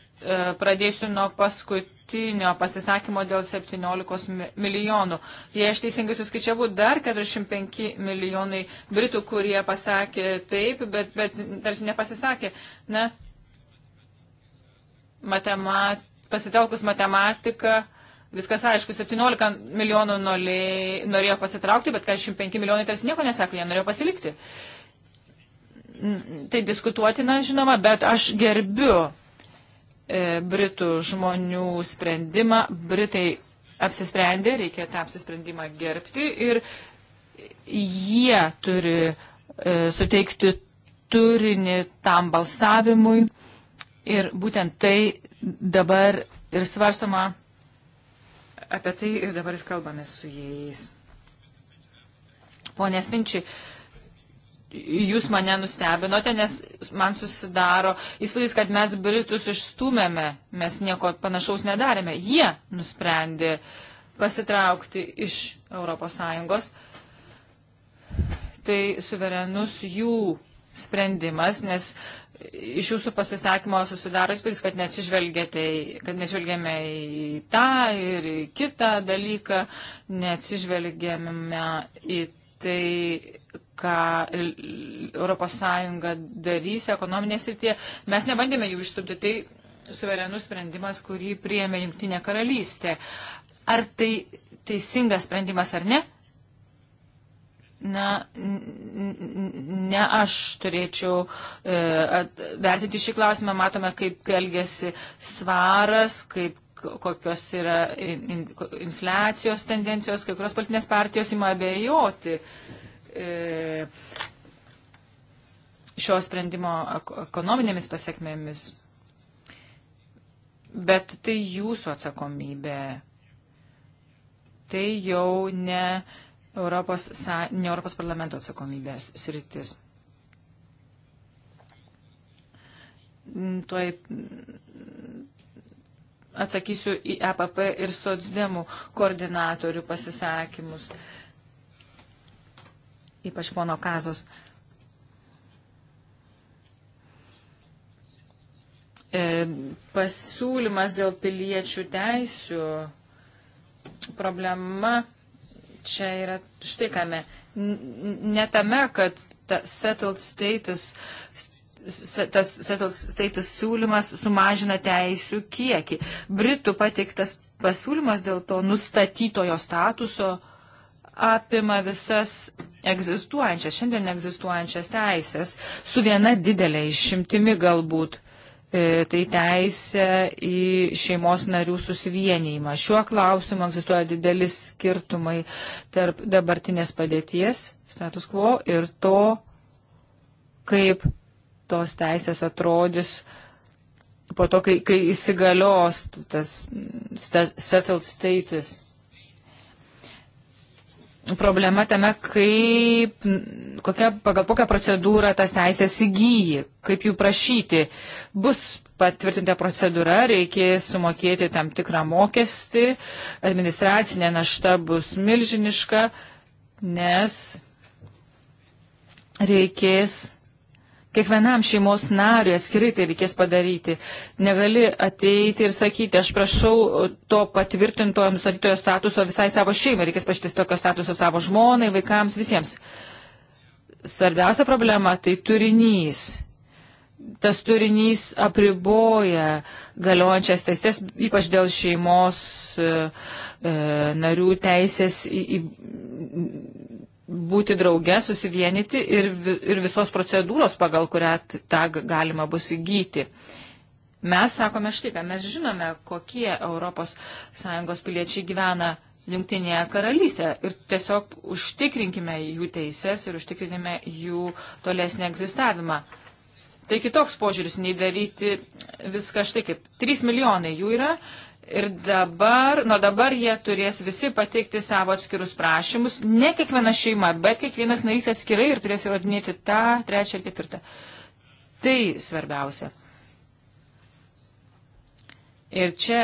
pradėsiu nuo paskutinio pasisakymo dėl 17 milijonų. Jei aš teisingai suskaičiavau, dar 45 milijonai britų, kurie pasakė taip, bet, bet tarsi nepasisakė. Na, ne? matemat, pasitelkus matematiką, viskas aišku, 17 milijonų nolė, norėjo pasitraukti, bet 45 milijonai tarsi nieko nesako, jie norėjo pasilikti. Tai diskutuotina, žinoma, bet aš gerbiu e, Britų žmonių sprendimą. Britai apsisprendė, reikia tą apsisprendimą gerbti ir jie turi e, suteikti turinį tam balsavimui. Ir būtent tai dabar ir svarstoma, apie tai ir dabar ir kalbame su jais. Pone Finčiai, jūs mane nustebinote, nes man susidaro įspūdis, kad mes Britus išstumėme, mes nieko panašaus nedarėme. Jie nusprendė pasitraukti iš ES. Tai suverenus jų sprendimas, nes iš jūsų pasisakymo susidaro įspūdis, kad neatsižvelgėte, kad neatsižvelgėme į tą ir į kitą dalyką, neatsižvelgėme į tai, ką ES darys ekonominės rytie. Mes nebandėme jų išstumti, tai suverenus sprendimas, kurį priėmė Junktinė karalystė. Ar tai teisingas sprendimas ar ne? Na, ne aš turėčiau e, at, vertinti šį klausimą, matome, kaip elgesi svaras, kaip kokios yra in, in, infliacijos tendencijos, kai kurios politinės partijos ima abejoti e, šio sprendimo ekonominėmis pasiekmėmis. Bet tai jūsų atsakomybė. Tai jau ne. E, Europos, ne Europos parlamento atsakomybės sritis. Mm, tuoj mm, atsakysiu į EPP ir socdemų koordinatorių pasisakymus, ypač pono Kazos. E, pasiūlymas dėl piliečių teisių problema čia yra štai kame. Ne tame, kad ta settled status, tas settled status siūlymas sumažina teisių kiekį. Britų pateiktas pasiūlymas dėl to nustatytojo statuso apima visas egzistuojančias, šiandien egzistuojančias teisės, su viena didelė išimtimi galbūt E, tai teisė į šeimos narių susivienijimą. Šiuo klausimu egzistuoja didelis skirtumai tarp dabartinės padėties, status quo, ir to, kaip tos teisės atrodys po to, kai, kai įsigalios tas settled status problema tame, kaip, kokia, pagal kokią procedūrą tas teisės įgyji, kaip jų prašyti. Bus patvirtinta procedūra, reikės sumokėti tam tikrą mokestį, administracinė našta bus milžiniška, nes reikės Kiekvienam šeimos nariui atskirai tai reikės padaryti. Negali ateiti ir sakyti, aš prašau to patvirtintojo nusatytojo statuso visai savo šeimai, reikės paštis tokio statuso savo žmonai, vaikams, visiems. Svarbiausia problema tai turinys tas turinys apriboja galiojančias teisės, ypač dėl šeimos e, e, narių teisės į, į būti drauge, susivienyti ir, ir visos procedūros, pagal kurią tą galima bus įgyti. Mes sakome štai, kad mes žinome, kokie ES piliečiai gyvena Junktinėje karalystėje ir tiesiog užtikrinkime jų teises ir užtikrinkime jų tolesnį egzistavimą. Tai kitoks požiūris nei daryti viską štai kaip. 3 milijonai jų yra, Ir dabar, nuo dabar jie turės visi pateikti savo atskirus prašymus, ne kiekviena šeima, bet kiekvienas narys atskirai ir turės įrodinėti tą, trečią ir ketvirtą. Tai svarbiausia. Ir čia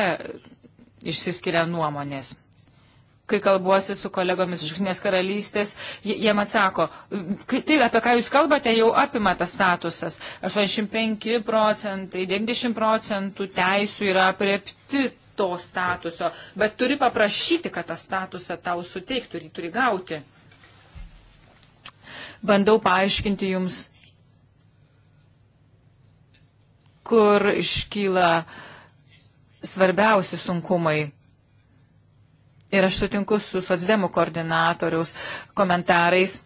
išsiskiria nuomonės. Kai kalbuosi su kolegomis iš Junktinės karalystės, jiem atsako, tai apie ką jūs kalbate, jau apima tas statusas. 85 procentai, 90 procentų teisų yra apriepti to statuso, bet turi paprašyti, kad tą statusą tau suteiktų ir jį turi gauti. Bandau paaiškinti jums, kur iškyla svarbiausi sunkumai. Ir aš sutinku su socdemų koordinatoriaus komentarais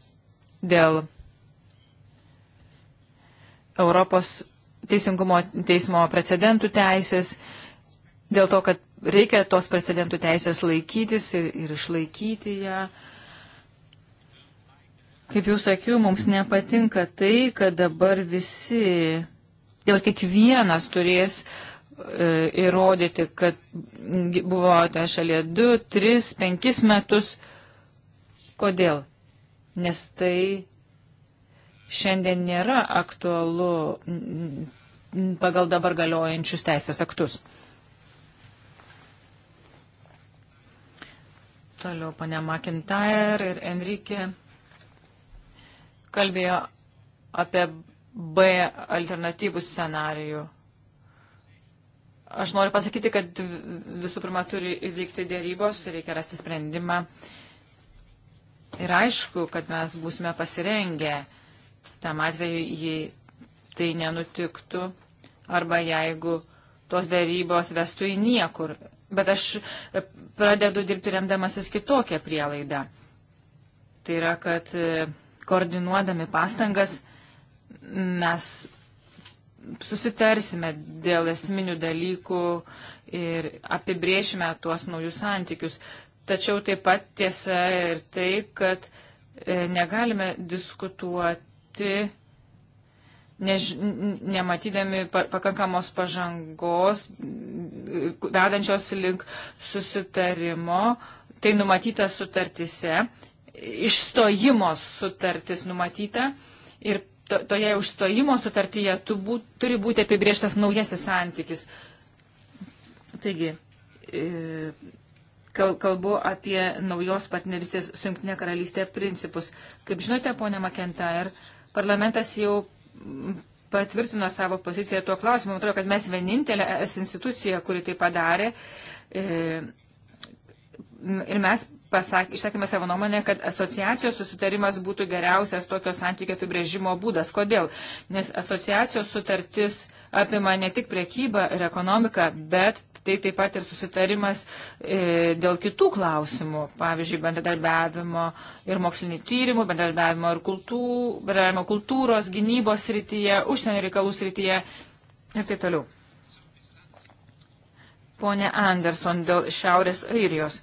dėl Europos teisingumo teismo precedentų teisės dėl to, kad reikia tos precedentų teisės laikytis ir, ir išlaikyti ją. Kaip jau sakiau, mums nepatinka tai, kad dabar visi, dėl kiekvienas turės e, įrodyti, kad buvo toje šalyje 2, 3, 5 metus. Kodėl? Nes tai šiandien nėra aktualu pagal dabar galiojančius teisės aktus. Toliau ponia McIntyre ir Enrique kalbėjo apie B alternatyvų scenarijų. Aš noriu pasakyti, kad visų pirma turi įvykti dėrybos, reikia rasti sprendimą. Ir aišku, kad mes būsime pasirengę tam atveju, jei tai nenutiktų, arba jeigu tos dėrybos vestų į niekur bet aš e, pradedu dirbti remdamasis kitokią prielaidą. Tai yra, kad e, koordinuodami pastangas mes susitarsime dėl esminių dalykų ir apibriešime tuos naujus santykius. Tačiau taip pat tiesa ir tai, kad e, negalime diskutuoti než, nematydami pakankamos pažangos, vedančios link susitarimo, tai numatyta sutartise, išstojimo sutartis numatyta ir to, toje užstojimo sutartyje būt, turi būti apibrieštas naujasis santykis. Taigi, e, kalbu apie naujos partnerystės su Junktinė karalystė principus. Kaip žinote, ponė McIntyre, parlamentas jau patvirtino savo poziciją tuo klausimu. Man atrodo, kad mes vienintelė es institucija, kuri tai padarė. E, ir mes pasak, išsakėme savo nuomonę, kad asociacijos susitarimas būtų geriausias tokio santykio apibrėžimo būdas. Kodėl? Nes asociacijos sutartis apima ne tik priekybą ir ekonomiką, bet tai taip pat ir susitarimas e, dėl kitų klausimų, pavyzdžiui, bendradarbiavimo ir mokslinio tyrimų, bendradarbiavimo ir kultū, bendradarbiavimo kultūros, gynybos srityje, užsienio reikalų srityje ir taip toliau. Pone Anderson dėl Šiaurės Airijos.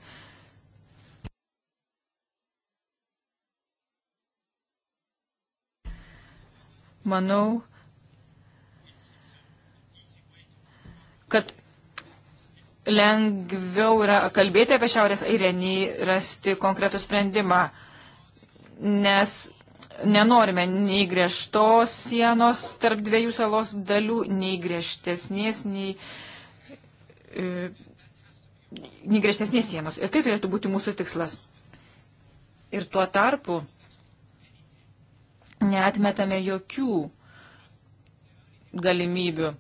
Manau, kad lengviau yra kalbėti apie Šiaurės Airiją, nei rasti konkretų sprendimą, nes nenorime nei griežtos sienos tarp dviejų salos dalių, nei griežtesnės, nei, e, nei griežtesnės sienos. Ir tai turėtų būti mūsų tikslas. Ir tuo tarpu neatmetame jokių galimybių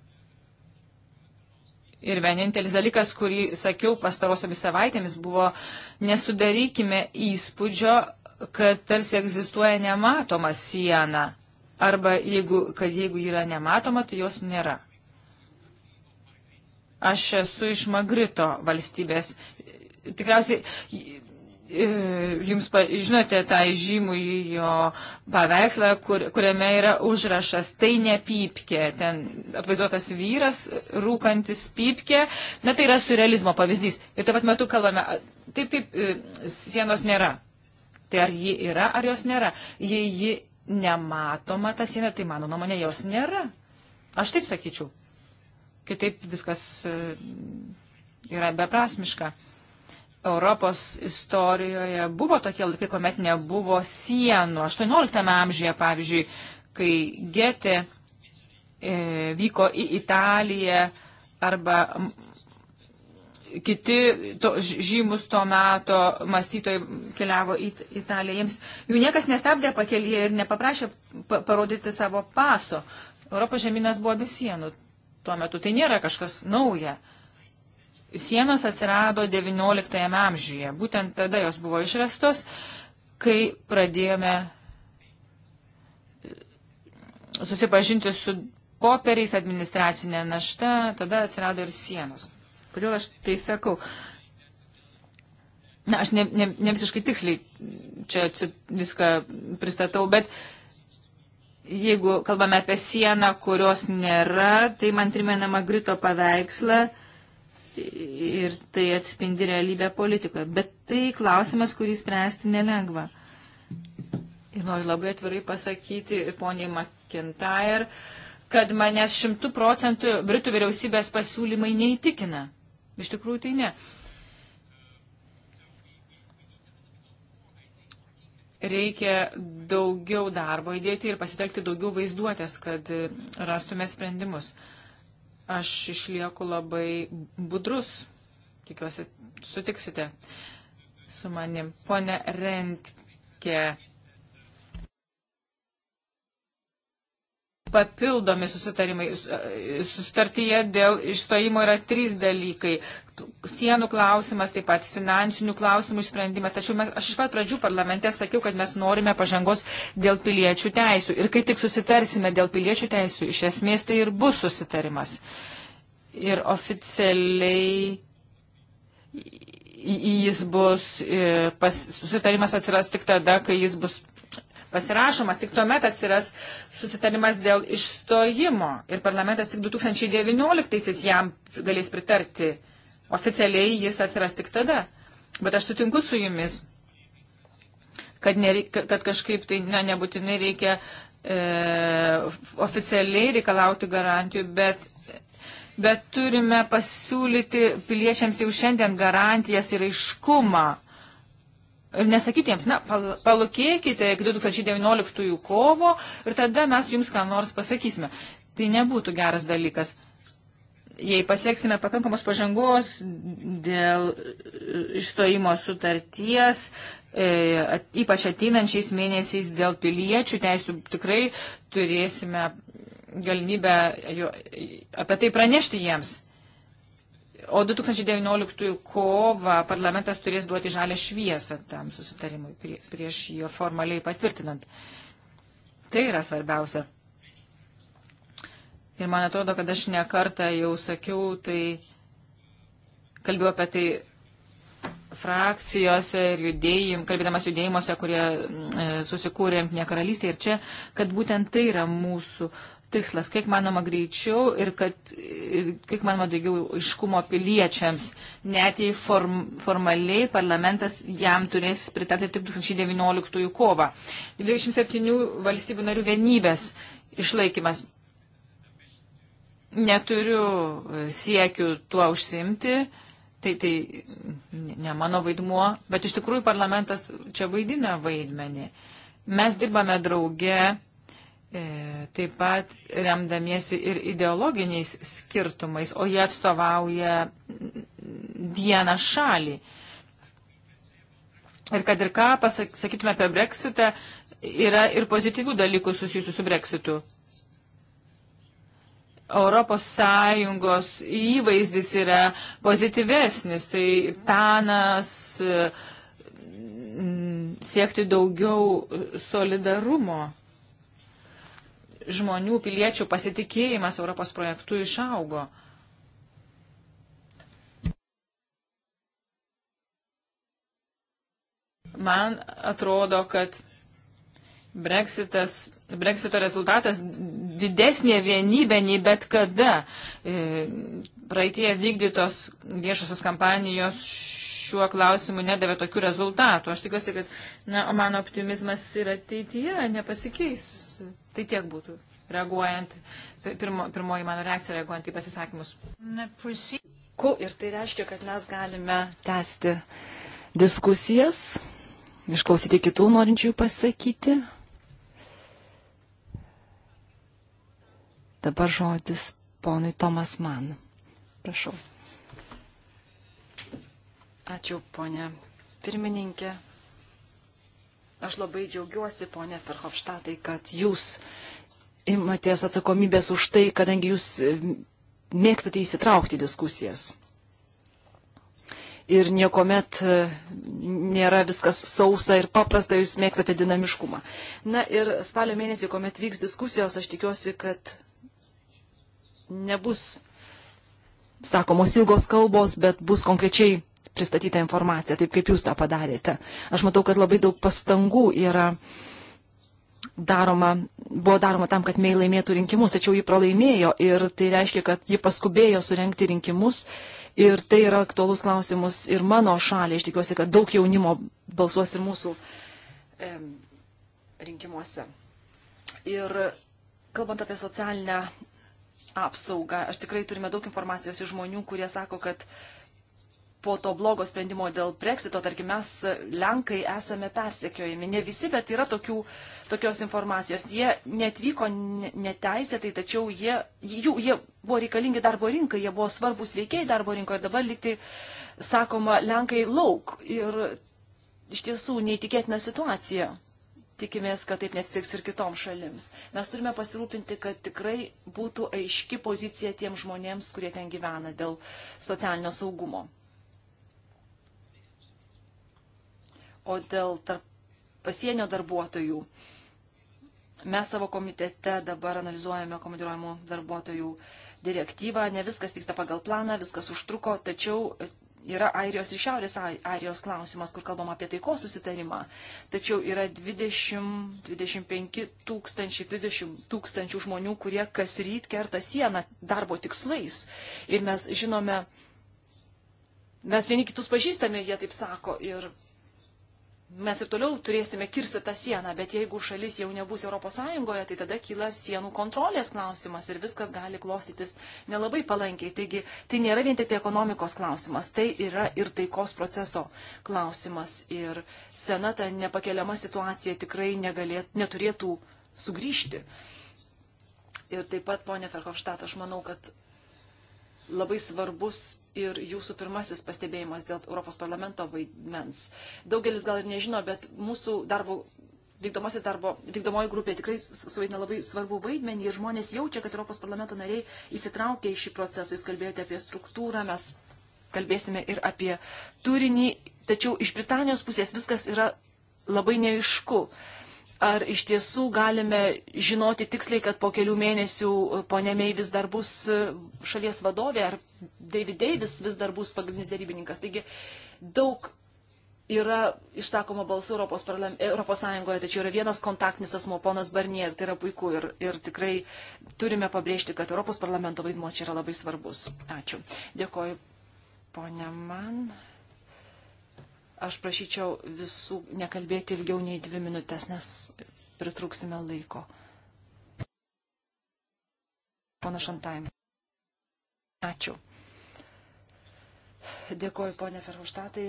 Ir vienintelis dalykas, kurį sakiau pastarosiomis savaitėmis, buvo nesudarykime įspūdžio, kad tarsi egzistuoja nematoma siena. Arba jeigu, kad jeigu yra nematoma, tai jos nėra. Aš esu iš Magrito valstybės. Tikriausiai E, jums žinote tą žymų jo paveikslą, kur, kuriame yra užrašas, tai ne pypkė, ten atvaizduotas vyras, rūkantis pypkė, na tai yra surrealizmo pavyzdys. Ir taip pat metu kalbame, taip, taip, e, sienos nėra. Tai ar ji yra, ar jos nėra. Jei ji nematoma ta siena, tai mano nuomonė jos nėra. Aš taip sakyčiau. Kitaip viskas e, yra beprasmiška. Europos istorijoje buvo tokie laikai, kuomet nebuvo sienų. 18 amžiuje, pavyzdžiui, kai Getė e, vyko į Italiją arba kiti to, žymus to meto mąstytojai keliavo į Italiją. Jiems, jų niekas nestabdė pakelyje ir nepaprašė pa parodyti savo paso. Europos žemynas buvo be sienų tuo metu. Tai nėra kažkas nauja. E, Sienos atsirado XIX amžiuje. Būtent tada jos buvo išrastos, kai pradėjome e, susipažinti su popieriais, administracinė našta, tada atsirado ir sienos. Kodėl aš tai sakau? Na, aš ne, ne, ne visiškai tiksliai čia viską pristatau, bet jeigu kalbame apie sieną, kurios nėra, tai man primenama Grito paveikslą ir tai atspindi realybę politikoje. Bet tai klausimas, kurį spręsti nelengva. Ir noriu labai atvirai pasakyti poniai McIntyre, kad manęs šimtų procentų Britų vyriausybės pasiūlymai neįtikina. Iš tikrųjų tai ne. Reikia daugiau darbo įdėti ir pasitelkti daugiau vaizduotės, kad rastume sprendimus. Uh, aš išlieku labai budrus. Tikiuosi, sutiksite su manim. Pone Rentke, papildomi susitarimai. E, Sustartyje dėl išstojimo yra trys dalykai. Sienų klausimas, taip pat finansinių klausimų išsprendimas. Tačiau mes, aš iš pat pradžių parlamente sakiau, kad mes norime pažangos dėl piliečių teisų. Ir kai tik susitarsime dėl piliečių teisų, iš esmės tai ir bus susitarimas. Ir oficialiai jis bus, e, pas, susitarimas atsiras tik tada, kai jis bus pasirašomas, tik tuomet atsiras susitarimas dėl išstojimo ir parlamentas tik 2019 jam galės pritarti. Oficialiai jis atsiras tik tada. Bet aš sutinku su jumis, kad, nereik, kad kažkaip tai ne, nebūtinai reikia e, oficialiai reikalauti garantijų, bet bet turime pasiūlyti piliečiams jau šiandien garantijas ir aiškumą nesakyti jiems, na, palūkėkite iki 2019 kovo ir tada mes jums ką nors pasakysime. Tai nebūtų geras dalykas. Jei pasieksime pakankamos pažangos dėl e, išstojimo sutarties, e, ypač ateinančiais mėnesiais dėl piliečių teisų, tikrai turėsime galimybę e, apie tai pranešti jiems. O 2019 kovą parlamentas turės duoti žalę šviesą tam susitarimui prie, prieš jo formaliai patvirtinant. Tai yra svarbiausia. Ir man atrodo, kad aš ne kartą jau sakiau, tai kalbėjau apie tai frakcijose ir judėjim, kalbėdamas judėjimuose, kurie mm, e, susikūrė Junktinė karalystė ir čia, kad būtent tai yra mūsų tikslas, kiek manoma greičiau ir kad, kiek manoma daugiau iškumo piliečiams, net jei form, formaliai parlamentas jam turės pritarti tik 2019 kovą. 27 valstybių narių vienybės išlaikymas. Neturiu e, siekių tuo užsimti tai, tai ne mano vaidmuo, bet iš tikrųjų parlamentas čia vaidina vaidmenį. Mes dirbame drauge, E, taip pat remdamiesi ir ideologiniais skirtumais, o jie atstovauja vieną šalį. Ir kad ir ką pasakytume apie breksitą, yra ir pozityvių dalykų susijusių su breksitu. Europos Sąjungos įvaizdis yra pozityvesnis, tai penas e, siekti daugiau solidarumo žmonių, piliečių pasitikėjimas Europos projektu išaugo. Man atrodo, kad Brexitas, Brexito rezultatas didesnė vienybė nei bet kada. E, praeitie vykdytos viešosios kampanijos šiuo klausimu nedavė tokių rezultatų. Aš tikiuosi, kad na, mano optimizmas ir ateityje nepasikeis. Tai tiek būtų, reaguojant, pirmo, pirmoji mano reakcija reaguojant į pasisakymus. Ir tai reiškia, kad mes galime tęsti diskusijas, išklausyti kitų norinčių pasakyti. Dabar žodis ponui Tomas Man. Prašau. Ačiū, ponė pirmininkė. Aš labai džiaugiuosi, ponė Ferhofštatai, kad jūs imatės atsakomybės už tai, kadangi jūs e, mėgstate įsitraukti diskusijas. Ir niekuomet e, nėra viskas sausa ir paprasta, jūs mėgstate dinamiškumą. Na ir spalio mėnesį, kuomet vyks diskusijos, aš tikiuosi, kad nebus sakomos ilgos kalbos, bet bus konkrečiai pristatytą informaciją, taip kaip jūs tą padarėte. Aš matau, kad labai daug pastangų yra daroma, buvo daroma tam, kad mei laimėtų rinkimus, tačiau ji pralaimėjo ir tai reiškia, kad ji paskubėjo surenkti rinkimus ir tai yra aktuolus klausimus ir mano šaliai. Aš tikiuosi, kad daug jaunimo balsuos ir mūsų e, rinkimuose. Ir kalbant apie socialinę apsaugą, aš tikrai turime daug informacijos iš žmonių, kurie sako, kad po to blogo sprendimo dėl breksito, tarkim, mes, e, Lenkai, esame persekiojami. Ne visi, bet yra tokių, tokios informacijos. Jie netvyko neteisėtai, tačiau jie, jų, jie buvo reikalingi darbo rinkai, jie buvo svarbus veikiai darbo rinkoje ir dabar liktai sakoma, Lenkai lauk. Ir iš tiesų neįtikėtina situacija. Tikimės, kad taip nesitiks ir kitoms šalims. Mes turime pasirūpinti, kad tikrai būtų aiški pozicija tiem žmonėms, kurie ten gyvena dėl socialinio saugumo O dėl tarp pasienio darbuotojų mes savo komitete dabar analizuojame komandiruojamų darbuotojų direktyvą. Ne viskas vyksta pagal planą, viskas užtruko, tačiau yra Airijos ir Šiaurės Airijos klausimas, kur kalbam apie taikos susitarimą. Tačiau yra 20, 25 tūkstančiai, 30 tūkstančių žmonių, kurie kas ryt kerta sieną darbo tikslais. Ir mes žinome, mes vieni kitus pažįstame, jie taip sako. Ir mes ir toliau turėsime kirsti tą sieną, bet jeigu šalis jau nebus ES, tai tada kyla sienų kontrolės klausimas ir viskas gali klostytis nelabai palankiai. Taigi tai nėra vien tik tai ekonomikos klausimas, tai yra ir taikos proceso klausimas. Ir sena ta nepakeliama situacija tikrai negalėt, neturėtų sugrįžti. Ir taip pat, ponė Ferhofštat, aš manau, kad labai svarbus ir jūsų pirmasis pastebėjimas dėl Europos parlamento vaidmens. Daugelis gal ir nežino, bet mūsų darbo. Vykdomasis darbo, vykdomoji grupė tikrai suvaidina labai svarbu vaidmenį ir žmonės jaučia, kad Europos parlamento nariai įsitraukia į šį procesą. Jūs kalbėjote apie struktūrą, mes kalbėsime ir apie turinį, tačiau iš Britanijos pusės viskas yra labai neišku ar iš tiesų galime žinoti tiksliai, kad po kelių mėnesių e, ponė Mei vis dar bus e, šalies vadovė, ar David Davis vis dar bus pagrindinis darybininkas. Taigi daug yra išsakoma balsų Europos, parlam, Europos Sąjungoje, tačiau yra vienas kontaktinis asmo, ponas Barnier, tai yra puiku ir, ir tikrai turime pabrėžti, kad Europos parlamento vaidmo čia yra labai svarbus. Ačiū. Dėkoju, ponė man. Aš prašyčiau visų nekalbėti ilgiau nei dvi minutės, nes pritruksime laiko. Pana Šantaim. Ačiū. Dėkoju, ponė Ferhuštatai,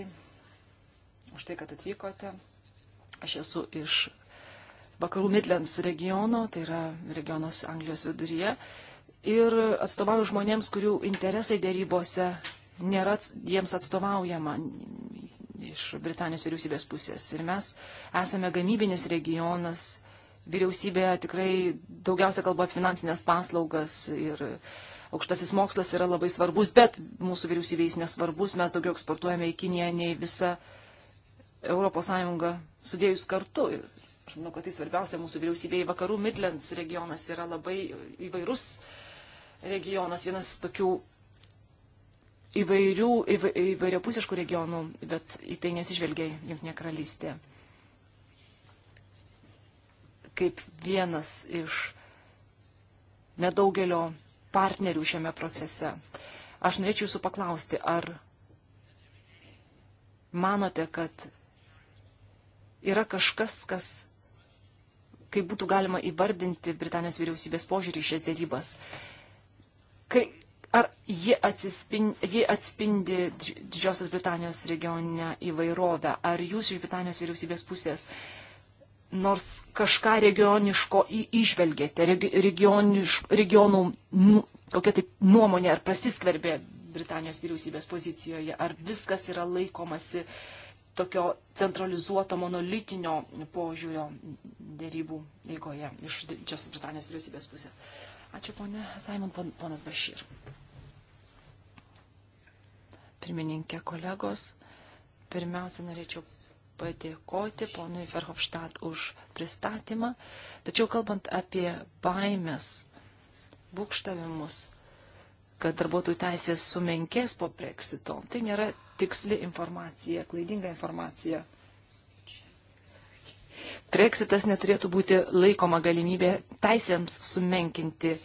už tai, kad atvykote. Aš esu iš Vakarų Midlands regiono, tai yra regionas Anglijos viduryje. Ir atstovauju žmonėms, kurių interesai dėrybose nėra jiems atstovaujama iš Britanijos vyriausybės pusės. Ir mes esame gamybinis regionas. Vyriausybė tikrai daugiausia kalba apie finansinės paslaugas ir aukštasis mokslas yra labai svarbus, bet mūsų vyriausybė jis nesvarbus. Mes daugiau eksportuojame į Kiniją nei visą ES sudėjus kartu. Ir aš manau, kad tai svarbiausia mūsų vyriausybėje. Vakarų Midlands regionas yra labai įvairus regionas, vienas tokių įvairių, įvairiapusiškų regionų, bet į tai nesižvelgia Junktinė karalystė. Kaip vienas iš nedaugelio partnerių šiame procese. Aš norėčiau jūsų paklausti, ar manote, kad yra kažkas, kas, kaip būtų galima įvardinti Britanijos vyriausybės požiūrį į šias dėrybas? Kai, Ar ji atsispindi, ji atspindi Didžiosios Britanijos regioninę įvairovę? Ar jūs iš Britanijos vyriausybės pusės nors kažką regioniško į, išvelgėte, regioniš, regionų nu, kokia taip nuomonė ar prasiskverbė Britanijos vyriausybės pozicijoje, ar viskas yra laikomasi tokio centralizuoto monolitinio požiūrio dėrybų eigoje iš Didžiosios Britanijos vyriausybės pusės. Ačiū ponė Simon, ponas Bašyr pirmininkė, kolegos. Pirmiausia, norėčiau padėkoti ponui Verhofstadt už pristatymą. Tačiau kalbant apie baimės, būkštavimus, kad darbuotojų teisės sumenkės po Brexito, tai nėra tiksli informacija, klaidinga informacija. Brexitas neturėtų būti laikoma galimybė teisėms sumenkinti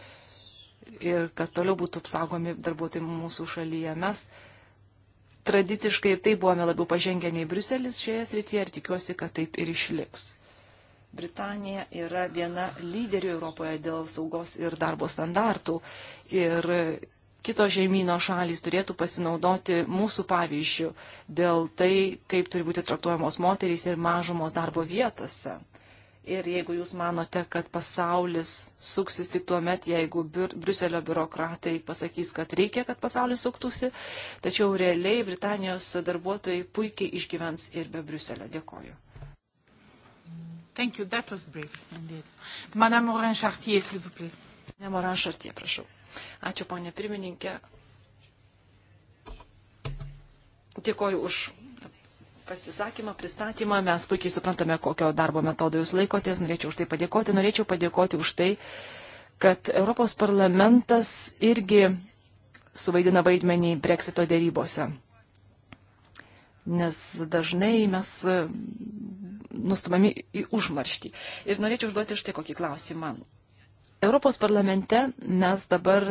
ir kad toliau būtų apsaugomi darbuotojai mūsų šalyje. Mes tradiciškai ir taip buvome labiau pažengę nei Bruselis šioje srityje ir tikiuosi, kad taip ir išliks. Britanija yra viena lyderių Europoje dėl saugos ir darbo standartų ir kitos žemynų šalys turėtų pasinaudoti mūsų pavyzdžių dėl tai, kaip turi būti traktuojamos moterys ir mažumos darbo vietose. Ir jeigu jūs manote, kad pasaulis suksis tik tuo met, jeigu biur, Bruselio biurokratai pasakys, kad reikia, kad pasaulis suktųsi, tačiau realiai Britanijos darbuotojai puikiai išgyvens ir be Bruselio. Dėkoju. Thank you. That was brief. Indeed. Madame Morin Chartier, s'il vous plaît. Ne Morin Chartier, prašau. Ačiū, ponė pirmininkė. Dėkoju už pasisakymą, pristatymą. Mes puikiai suprantame, kokio darbo metodo jūs laikotės. Norėčiau už tai padėkoti. Norėčiau padėkoti už tai, kad Europos parlamentas irgi suvaidina vaidmenį breksito dėrybose. Nes dažnai mes e, nustumami į užmarštį. Ir norėčiau užduoti štai kokį klausimą. Europos parlamente mes dabar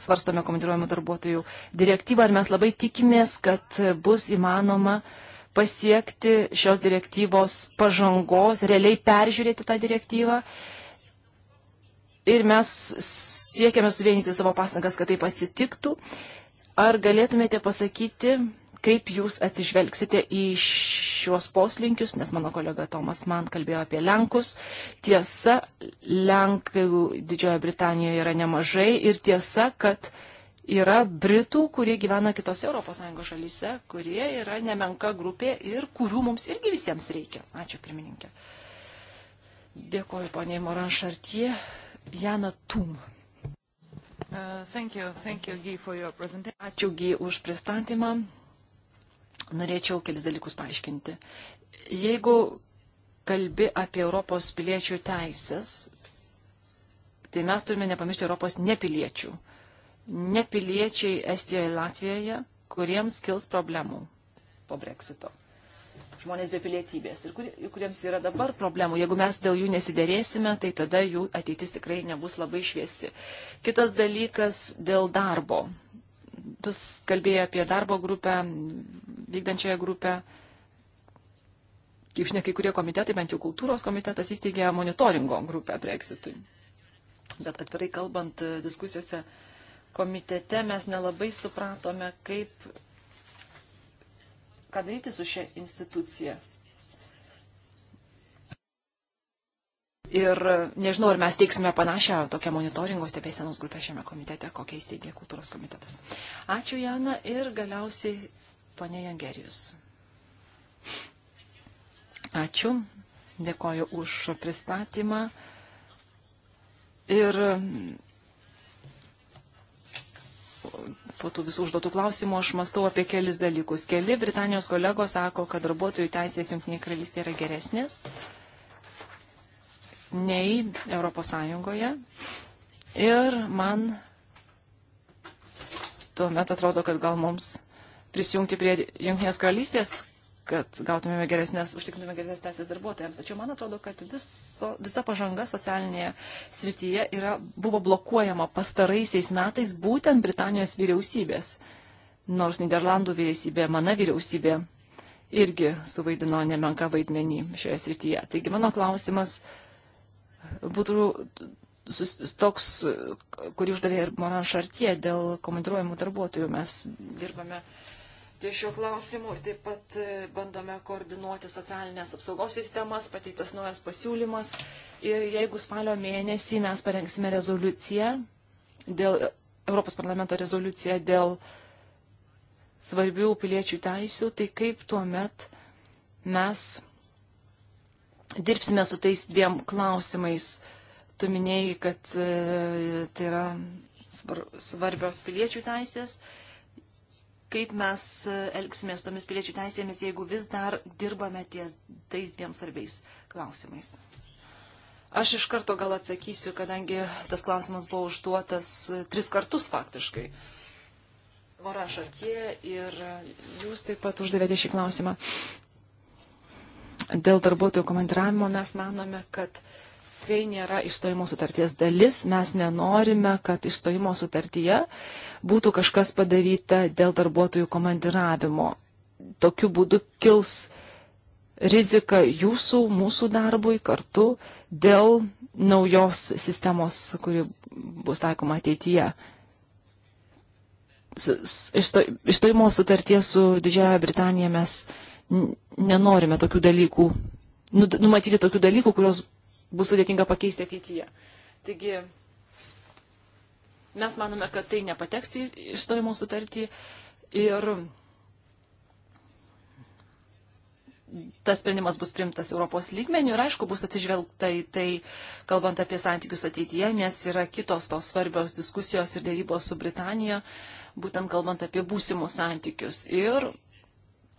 svarstome komandiruojamų darbuotojų direktyvą ir mes labai tikimės, kad bus įmanoma uh, pasiekti šios direktyvos pažangos, realiai peržiūrėti tą direktyvą. Ir mes siekiame suvienyti savo pastangas, kad taip atsitiktų. Ar galėtumėte pasakyti, kaip jūs atsižvelgsite į šiuos poslinkius, nes mano kolega Tomas man kalbėjo apie Lenkus. Tiesa, Lenkai Didžiojo Britanijoje yra nemažai ir tiesa, kad uh, yra Britų, kurie gyvena kitose ES šalyse, kurie yra nemenka grupė ir kurių mums irgi visiems reikia. Ačiū, pirmininkė. Dėkoju, poniai Moran Šartie. Jana Tum. Uh, thank you, thank you, Guy, Ačiū, Gy, už pristatymą. Norėčiau kelis dalykus paaiškinti. Jeigu kalbi apie Europos piliečių teisės, tai mes turime nepamiršti Europos nepiliečių. Uh, nepiliečiai Estijoje ir Latvijoje, kuriems kils problemų po breksito. Žmonės be pilietybės ir kur, kuriems yra dabar problemų. Jeigu mes dėl jų nesiderėsime, tai tada jų ateitis tikrai nebus labai šviesi. Kitas dalykas dėl darbo. Tu kalbėjai apie darbo grupę, vykdančiąją grupę. Kaip žinia, kai kurie komitetai, bent jau kultūros komitetas, įsteigė monitoringo grupę Brexitui. Bet atvirai kalbant, e, diskusijose uh, komitete mes nelabai supratome, kaip, ką daryti su šia institucija. Ir nežinau, ar mes teiksime panašią tokią monitoringo stebėsenos grupę šiame komitete, kokia įsteigė kultūros komitetas. Ačiū, Jana, ir galiausiai ponė Jangerijus. Ačiū, dėkoju už pristatymą. Ir po tų visų užduotų klausimų aš mastau apie kelis dalykus. Keli Britanijos kolegos sako, kad darbuotojų teisės Junktinėje karalystėje yra geresnės nei Europos Sąjungoje. Ir man tuomet atrodo, kad gal mums prisijungti prie Junktinės karalystės kad gautumėme geresnės, užtikrintume geresnės teisės darbuotojams. Tačiau man atrodo, kad viso, visa pažanga socialinėje srityje yra, buvo blokuojama pastaraisiais metais būtent Britanijos vyriausybės. Nors Niderlandų vyriausybė, mano vyriausybė irgi suvaidino nemenka vaidmenį šioje srityje. Taigi mano klausimas būtų toks, kurį uždavė ir Moran Šartie dėl komandiruojamų darbuotojų. Mes dirbame dirbti šiuo klausimu. Taip pat e, bandome koordinuoti socialinės apsaugos sistemas, pateiktas naujas pasiūlymas. Ir jeigu spalio mėnesį mes parengsime rezoliuciją, dėl, Europos parlamento rezoliuciją dėl svarbių piliečių teisių, tai kaip tuo met mes dirbsime su tais dviem klausimais. Tu minėjai, kad e, tai yra svarbios piliečių teisės kaip mes elgsimės tomis piliečių teisėmis, jeigu vis dar dirbame ties tais dviem svarbiais klausimais. Aš iš karto gal atsakysiu, kadangi tas klausimas buvo užduotas e, tris kartus faktiškai. Mora Šartie ir jūs taip pat uždavėte šį klausimą. Dėl darbuotojų komandiravimo mes manome, kad uh, tai nėra išstojimo sutarties dalis, mes nenorime, kad išstojimo sutartyje būtų kažkas padaryta dėl darbuotojų komandiravimo. Tokiu būdu kils rizika jūsų, mūsų darbui kartu dėl naujos sistemos, kuri bus taikoma ateityje. Išstojimo sutarties su Didžiaja Britanija mes nenorime tokių dalykų, numatyti tokių dalykų, kurios bus sudėtinga pakeisti ateityje. Taigi mes manome, kad tai nepateks į išstojimo sutartį ir tas sprendimas bus primtas Europos lygmenių ir aišku bus atsižvelgta į tai, kalbant apie santykius ateityje, nes yra kitos tos svarbios diskusijos ir dėrybos su Britanija, būtent kalbant apie būsimus santykius. Ir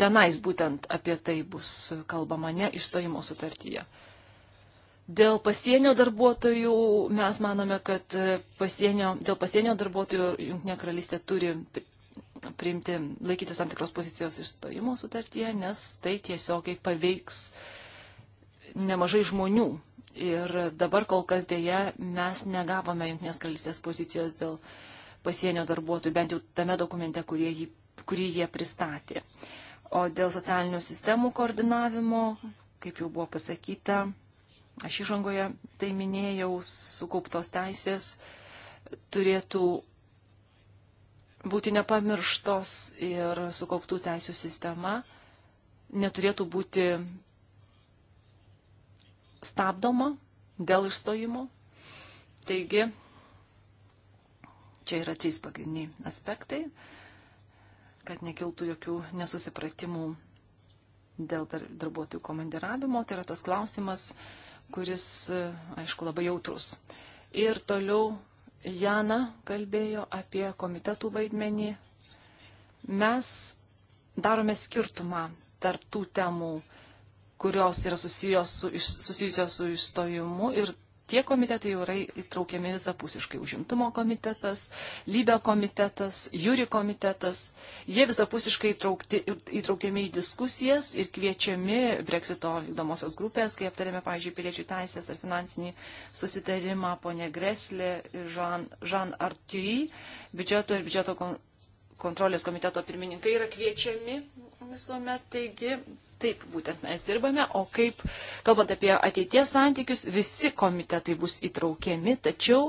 tenais būtent apie tai bus kalbama ne išstojimo sutartyje. Dėl pasienio darbuotojų mes manome, kad e, pasienio, dėl pasienio darbuotojų Junktinė karalystė turi priimti, laikytis tam tikros pozicijos išstojimo sutartyje, nes tai tiesiogiai paveiks nemažai žmonių. Ir dabar kol kas dėja mes negavome Junktinės karalystės pozicijos dėl pasienio darbuotojų, bent jau tame dokumente, kurį, jį, kurį jie pristatė. O dėl socialinių sistemų koordinavimo, kaip jau buvo pasakyta, aš įžangoje tai minėjau, sukauptos teisės turėtų būti nepamirštos ir sukauptų teisų sistema neturėtų būti stabdoma dėl išstojimo. Taigi, čia yra trys pagrindiniai aspektai, kad nekiltų jokių nesusipratimų dėl dar, darbuotojų komandiravimo. Tai yra tas klausimas, uh, kuris, e, aišku, labai jautrus. Ir toliau Jana kalbėjo apie komitetų vaidmenį. Mes darome skirtumą tarp tų temų, kurios yra susijusios su, susijusios su išstojimu ir tie komitetai jau yra įtraukiami visapusiškai. Užimtumo komitetas, lybė komitetas, jūri komitetas. Jie visapusiškai įtraukti, įtraukiami į diskusijas ir kviečiami Brexito vykdomosios grupės, kai aptarėme, pavyzdžiui, piliečių teisės ar finansinį susitarimą, ponė Greslė, Žan, Žan Artui, biudžeto ir biudžeto kon kontrolės komiteto pirmininkai yra kviečiami visuomet, taigi taip būtent mes dirbame, o kaip, kalbant apie ateities santykius, visi komitetai bus įtraukiami, tačiau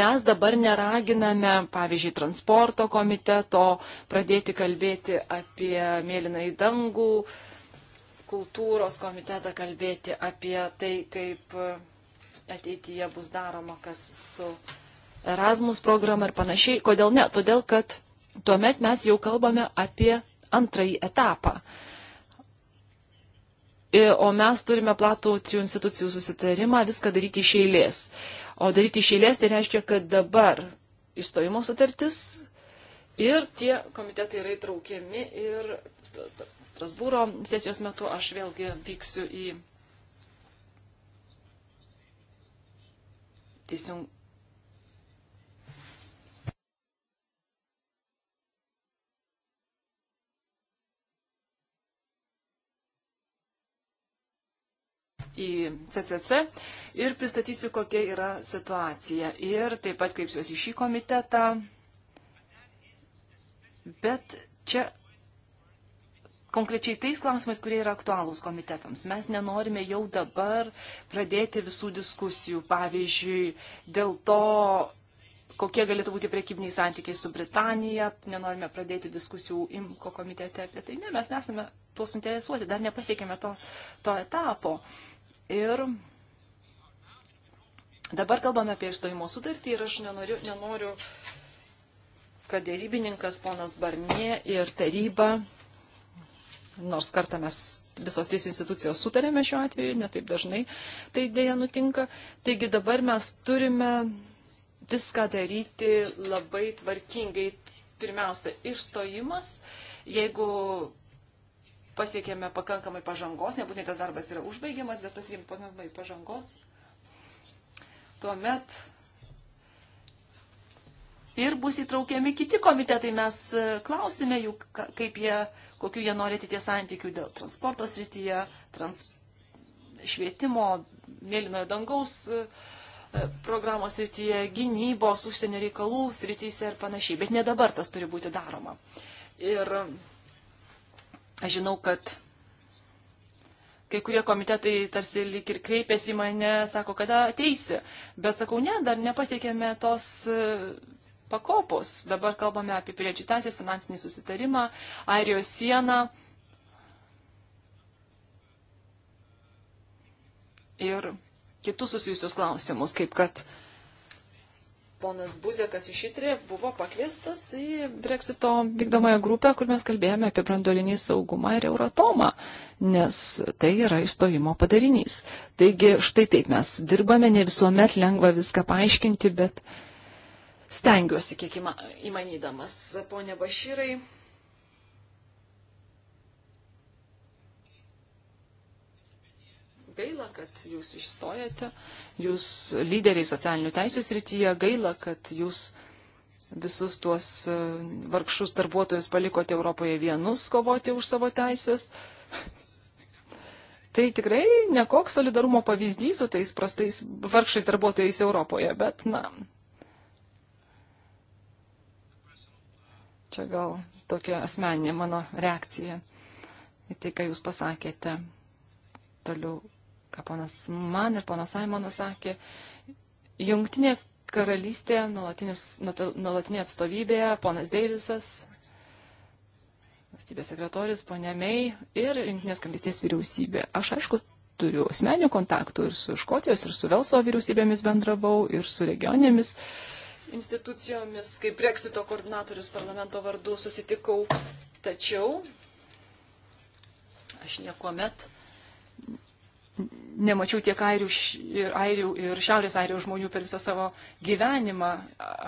mes dabar neraginame, pavyzdžiui, transporto komiteto pradėti kalbėti apie mėlyną į dangų, kultūros komitetą kalbėti apie tai, kaip ateityje bus daroma kas su Erasmus programa ir panašiai. Kodėl ne? Todėl, kad tuomet mes jau kalbame apie antrąjį etapą. O mes turime platų trijų institucijų susitarimą viską daryti iš eilės. O daryti iš eilės tai reiškia, kad dabar įstojimo sutartis ir tie komitetai yra įtraukiami ir Strasbūro sesijos metu aš vėlgi vyksiu į teisingumo į CCC ir pristatysiu, kokia yra situacija. Ir taip pat kreipsiuosi į šį komitetą. Bet čia konkrečiai tais klausimais, kurie yra aktualūs komitetams. Mes nenorime jau dabar pradėti visų diskusijų, pavyzdžiui, dėl to, kokie galėtų būti priekybiniai santykiai su Britanija, nenorime pradėti diskusijų IMKO komitete apie tai. Ne, mes nesame tuo suinteresuoti, dar nepasiekėme to, to etapo. Uh, Ir dabar kalbame apie išstojimo sutartį ir aš nenoriu, nenoriu kad dėrybininkas ponas Barnie ir taryba, nors kartą mes visos trys institucijos sutarėme šiuo atveju, netaip dažnai tai dėja nutinka. Taigi dabar mes turime viską daryti labai tvarkingai. Pirmiausia, išstojimas. Jeigu pasiekėme pakankamai pažangos, nebūtinai tas darbas yra užbaigiamas, bet pasiekėme pakankamai pažangos. Tuomet ir bus įtraukiami kiti komitetai. Mes e, klausime jų, kaip jie, kokiu jie nori ateities santykių dėl transporto srityje, trans, švietimo, mėlynojo dangaus e, e, programos srityje, gynybos, užsienio reikalų srityse ir panašiai. Bet ne dabar tas turi būti daroma. Ir Aš žinau, kad kai kurie komitetai tarsi lik ir kreipėsi mane, sako, kada ateisi. Bet sakau, ne, dar nepasiekėme tos e, pakopos. Dabar kalbame apie piliečių teisės, finansinį susitarimą, Airijos sieną. Ir kitus susijusius klausimus, kaip kad uh, ponas Buzekas iš Itri buvo pakviestas į Brexito vykdomąją grupę, kur mes kalbėjome apie brandolinį saugumą ir Euratomą, nes tai yra išstojimo padarinys. Taigi štai taip mes dirbame, ne visuomet lengva viską paaiškinti, bet stengiuosi kiek įmanydamas. Pone Bašyrai. Gaila, kad jūs išstojate, jūs lyderiai socialinių teisų srityje, gaila, kad jūs visus tuos e, vargšus darbuotojus palikote Europoje vienus kovoti už savo teisės. Tai tikrai nekoks solidarumo pavyzdys su tais prastais vargšais darbuotojais Europoje, bet, na. Čia gal tokia asmeninė mano reakcija į tai, ką jūs pasakėte. Toliau ką ponas man ir ponas Saimonas sakė, jungtinė karalystė, nuolatinė atstovybė, ponas Deivisas, valstybės sekretorius, ponė Mei ir jungtinės karalystės vyriausybė. Aš aišku turiu asmeninių kontaktų ir su Škotijos, ir su Velso vyriausybėmis bendravau, ir su regionėmis institucijomis, kaip Brexito koordinatorius parlamento vardu susitikau. Tačiau aš niekuomet nemačiau tiek airių ir, airių ir šiaurės airijos žmonių per visą savo gyvenimą.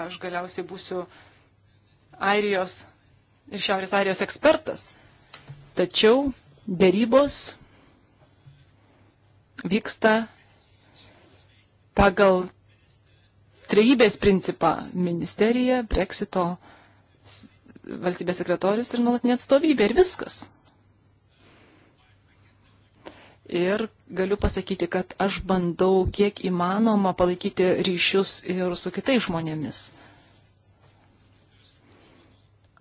Aš galiausiai būsiu airijos ir šiaurės airijos ekspertas. Tačiau dėrybos vyksta pagal trejybės principą - ministerija, breksito valstybės sekretorius ir nuolatinė atstovybė ir viskas ir galiu pasakyti, kad aš bandau kiek įmanoma palaikyti ryšius ir su kitais žmonėmis.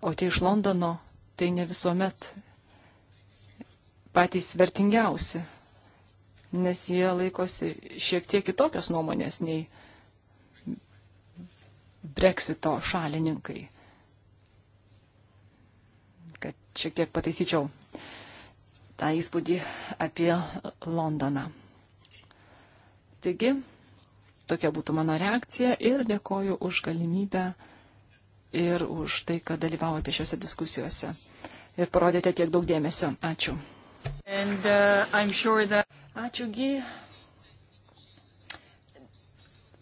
O tie iš Londono tai ne visuomet patys vertingiausi, nes jie laikosi šiek tiek kitokios nuomonės nei Brexito šalininkai. Kad šiek tiek pataisyčiau tą įspūdį apie Londoną. Taigi, tokia būtų mano reakcija ir dėkoju už galimybę ir už tai, kad dalyvavote šiuose diskusijose ir parodėte tiek daug dėmesio. Ačiū. And, uh, sure that... Ačiūgi.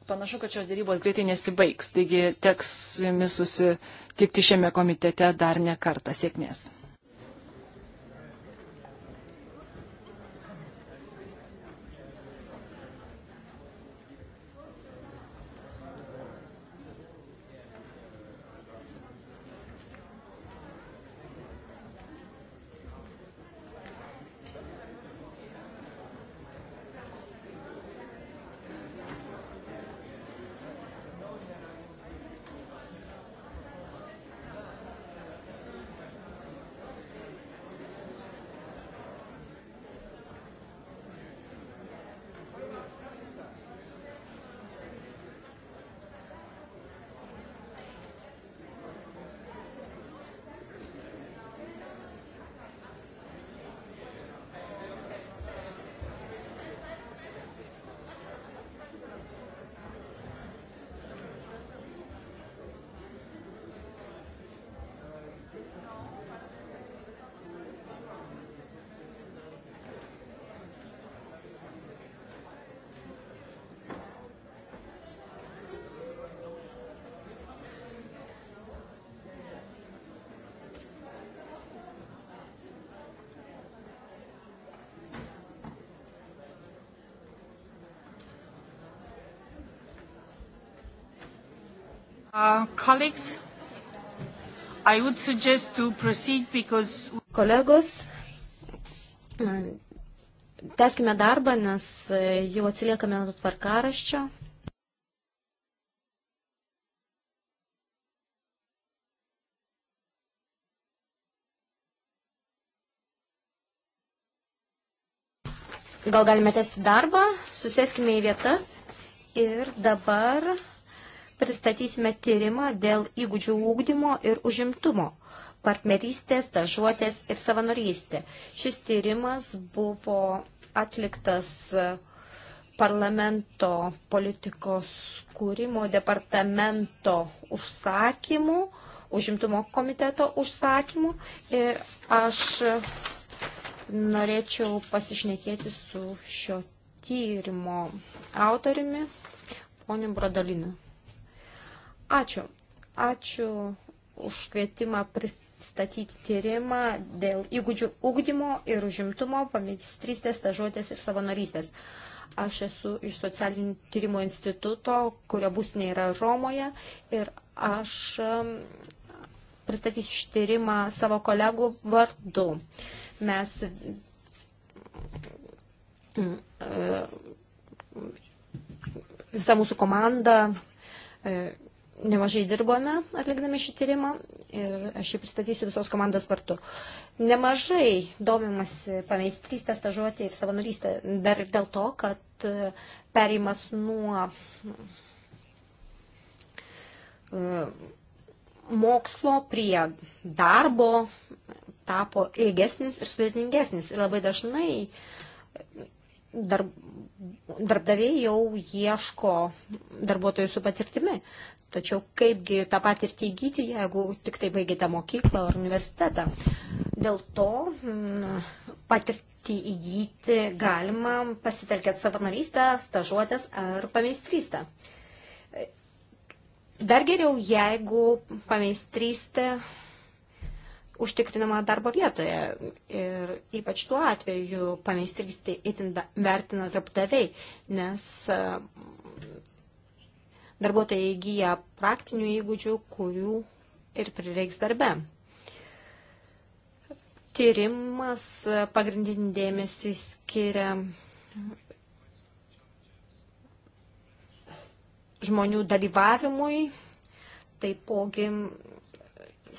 Panašu, kad šios dėrybos greitai nesibaigs, taigi teks jumis susitikti šiame komitete dar ne kartą. Sėkmės. Uh, colleagues, I would suggest to proceed because... Kolegos, teskime darbą, nes e, jau atsiliekame nuo tvarkaraščio. Gal galime tęsti darbą, susėskime į vietas ir dabar pristatysime tyrimą dėl įgūdžių ūkdymo ir užimtumo partnerystė, stažuotės ir savanorystė. Šis tyrimas buvo atliktas parlamento politikos kūrimo departamento užsakymų, užimtumo komiteto užsakymų ir aš norėčiau pasišnekėti su šio tyrimo autoriumi, poniu Brodolinu. Ačiū. Ačiū už kvietimą pristatyti tyrimą dėl įgūdžių ugdymo ir užimtumo, pamistrystės, stažuotės ir savanorystės. Aš esu iš socialinių tyrimo instituto, kurio būstinė yra Romoje ir aš um, pristatysiu ištyrimą savo kolegų vardu. Mes uh, visa mūsų komanda uh, nemažai dirbome atlikdami šį tyrimą ir aš jį pristatysiu visos komandos vartu. Nemažai domimasi pameistrystę, stažuotę ir savanorystę dar ir dėl to, kad e, perimas nuo e, mokslo prie darbo tapo ilgesnis ir sudėtingesnis. Ir labai dažnai e, darb, darbdaviai jau ieško darbuotojų su patirtimi. Tačiau kaipgi tą patirtį įgyti, jeigu tik tai baigėte mokyklą ar universitetą. Dėl to mm, patirtį įgyti galima pasitelkėt savanorystę, stažuotės ar pameistrystę. Dar geriau, jeigu pameistrystė užtikrinama darbo vietoje. Ir ypač tuo atveju pameistrystė itin vertina darbdaviai, nes darbuotojai įgyja praktinių įgūdžių, kurių ir prireiks darbe. Tyrimas pagrindinį dėmesį skiria žmonių dalyvavimui, taipogi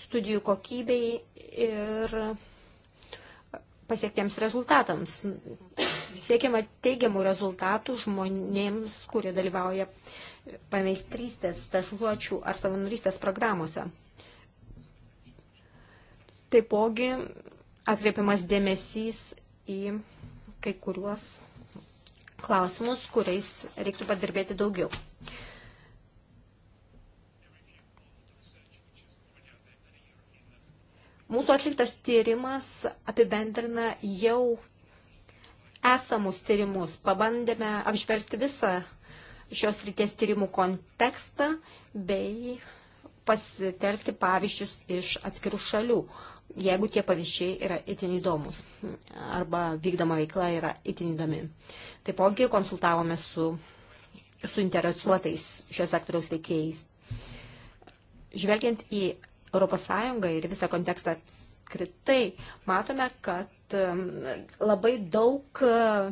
studijų kokybei ir pasiektiems rezultatams siekiama teigiamų rezultatų žmonėms, kurie dalyvauja pameistrystės, stažuočių ar savanorystės programuose. Taipogi atkreipiamas dėmesys į kai kuriuos klausimus, kuriais reiktų padirbėti daugiau. Mūsų atliktas tyrimas apibendrina jau esamus tyrimus, pabandėme apžvelgti visą šios ryties tyrimų kontekstą bei pasitelkti pavyzdžius iš atskirų šalių, jeigu tie pavyzdžiai yra itin įdomus arba vykdoma veikla yra itin įdomi. Taipogi konsultavome su suinteresuotais šios sektoriaus veikėjais. Žvelgiant į ES ir visą kontekstą apskritai, matome, kad labai daug e,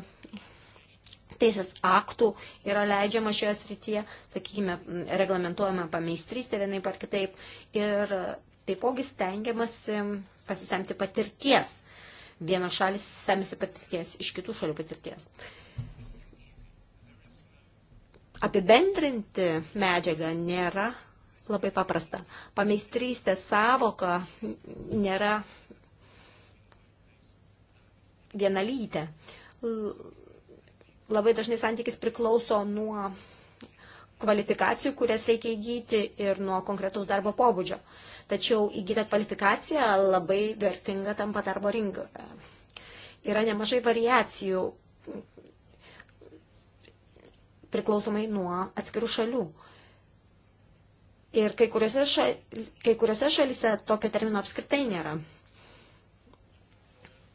teisės aktų yra leidžiama šioje srityje, sakykime, reglamentuojama pameistrystė vienaip ar kitaip ir e, taipogi stengiamasi pasisemti patirties. Vienos šalis semisi patirties iš kitų šalių patirties. Apibendrinti medžiagą nėra labai paprasta. Pameistrystės savoka nėra vienalytė. Labai dažnai santykis priklauso nuo kvalifikacijų, kurias reikia įgyti ir nuo konkretaus darbo pobūdžio. Tačiau įgyta kvalifikacija labai vertinga tampa darbo rinkoje. Yra nemažai variacijų priklausomai nuo atskirų šalių. Ir kai kuriuose, šal, kai kuriuose šalise tokio termino apskritai nėra.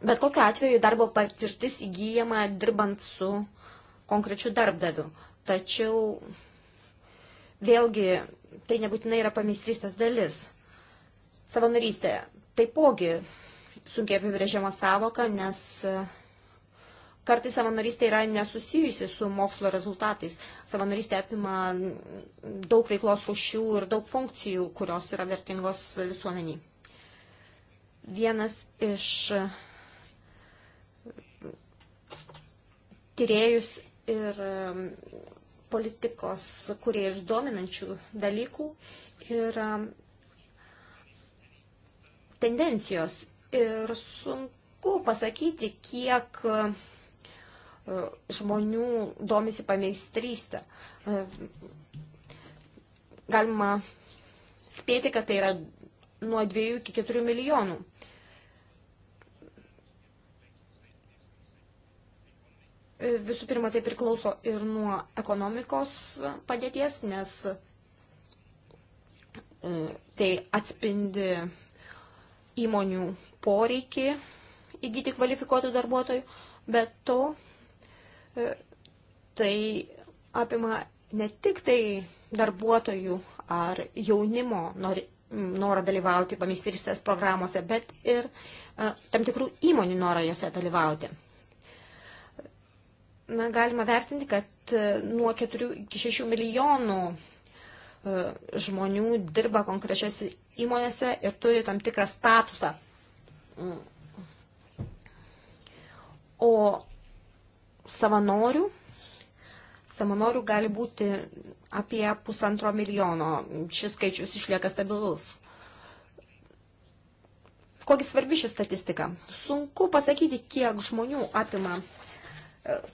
Bet kokiu atveju darbo patirtis įgyjama dirbant su konkrečiu darbdaviu. Tačiau vėlgi tai nebūtinai yra pameistrystės dalis. Savanorystė taipogi sunkiai apibrėžiama savoka, nes e, kartais savanorystė yra nesusijusi su mokslo rezultatais. Savanorystė apima daug veiklos rušių ir daug funkcijų, kurios yra vertingos visuomeniai. Vienas iš tyriejus ir um, politikos kuriejus dominančių dalykų ir um, tendencijos. Ir sunku pasakyti, kiek uh, žmonių domisi pameistrystę. Uh, galima spėti, kad tai yra nuo 2 iki 4 milijonų. Visų pirma, tai priklauso ir nuo ekonomikos padėties, nes e, tai atspindi įmonių poreikį įgyti kvalifikuotų darbuotojų, bet to e, tai apima ne tik tai darbuotojų ar jaunimo norą dalyvauti pameistrystės programuose, bet ir e, tam tikrų įmonių norą jose dalyvauti na, galima vertinti, kad e, nuo 4 iki 6 milijonų e, žmonių dirba konkrečiose įmonėse ir turi tam tikrą statusą. O savanorių, savanorių gali būti apie pusantro milijono. Šis skaičius išlieka stabilus. Kokia svarbi ši statistika? Sunku pasakyti, kiek žmonių atima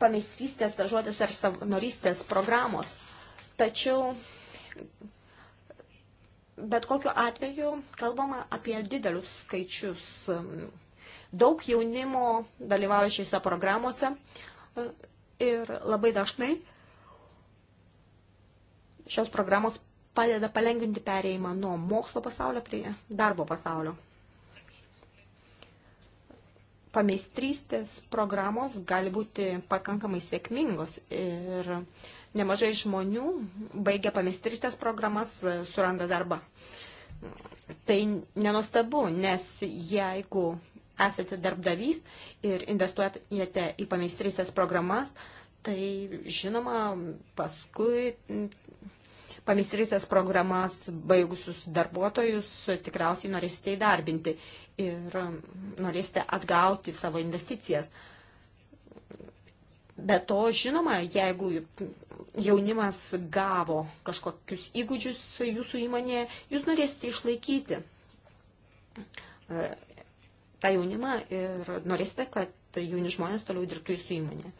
pameistrystės, stažuotės ar savanorystės programos. Tačiau bet kokiu atveju kalbama apie didelius skaičius. Daug jaunimo dalyvauja šiuose programuose ir labai dažnai šios programos padeda palengvinti pereimą nuo mokslo pasaulio prie darbo pasaulio pameistrystės programos gali būti pakankamai sėkmingos ir nemažai žmonių baigia pameistrystės programas, e, suranda darbą. Tai nenostabu, nes jeigu esate darbdavys ir investuojate į pameistrystės programas, tai žinoma, paskui pamistrysės programas baigusius darbuotojus tikriausiai norėsite įdarbinti ir norėsite atgauti savo investicijas. Be to, žinoma, jeigu jaunimas gavo kažkokius įgūdžius jūsų įmonėje, jūs norėsite išlaikyti e, tą jaunimą ir norėsite, kad jauni žmonės toliau dirbtų jūsų įmonėje.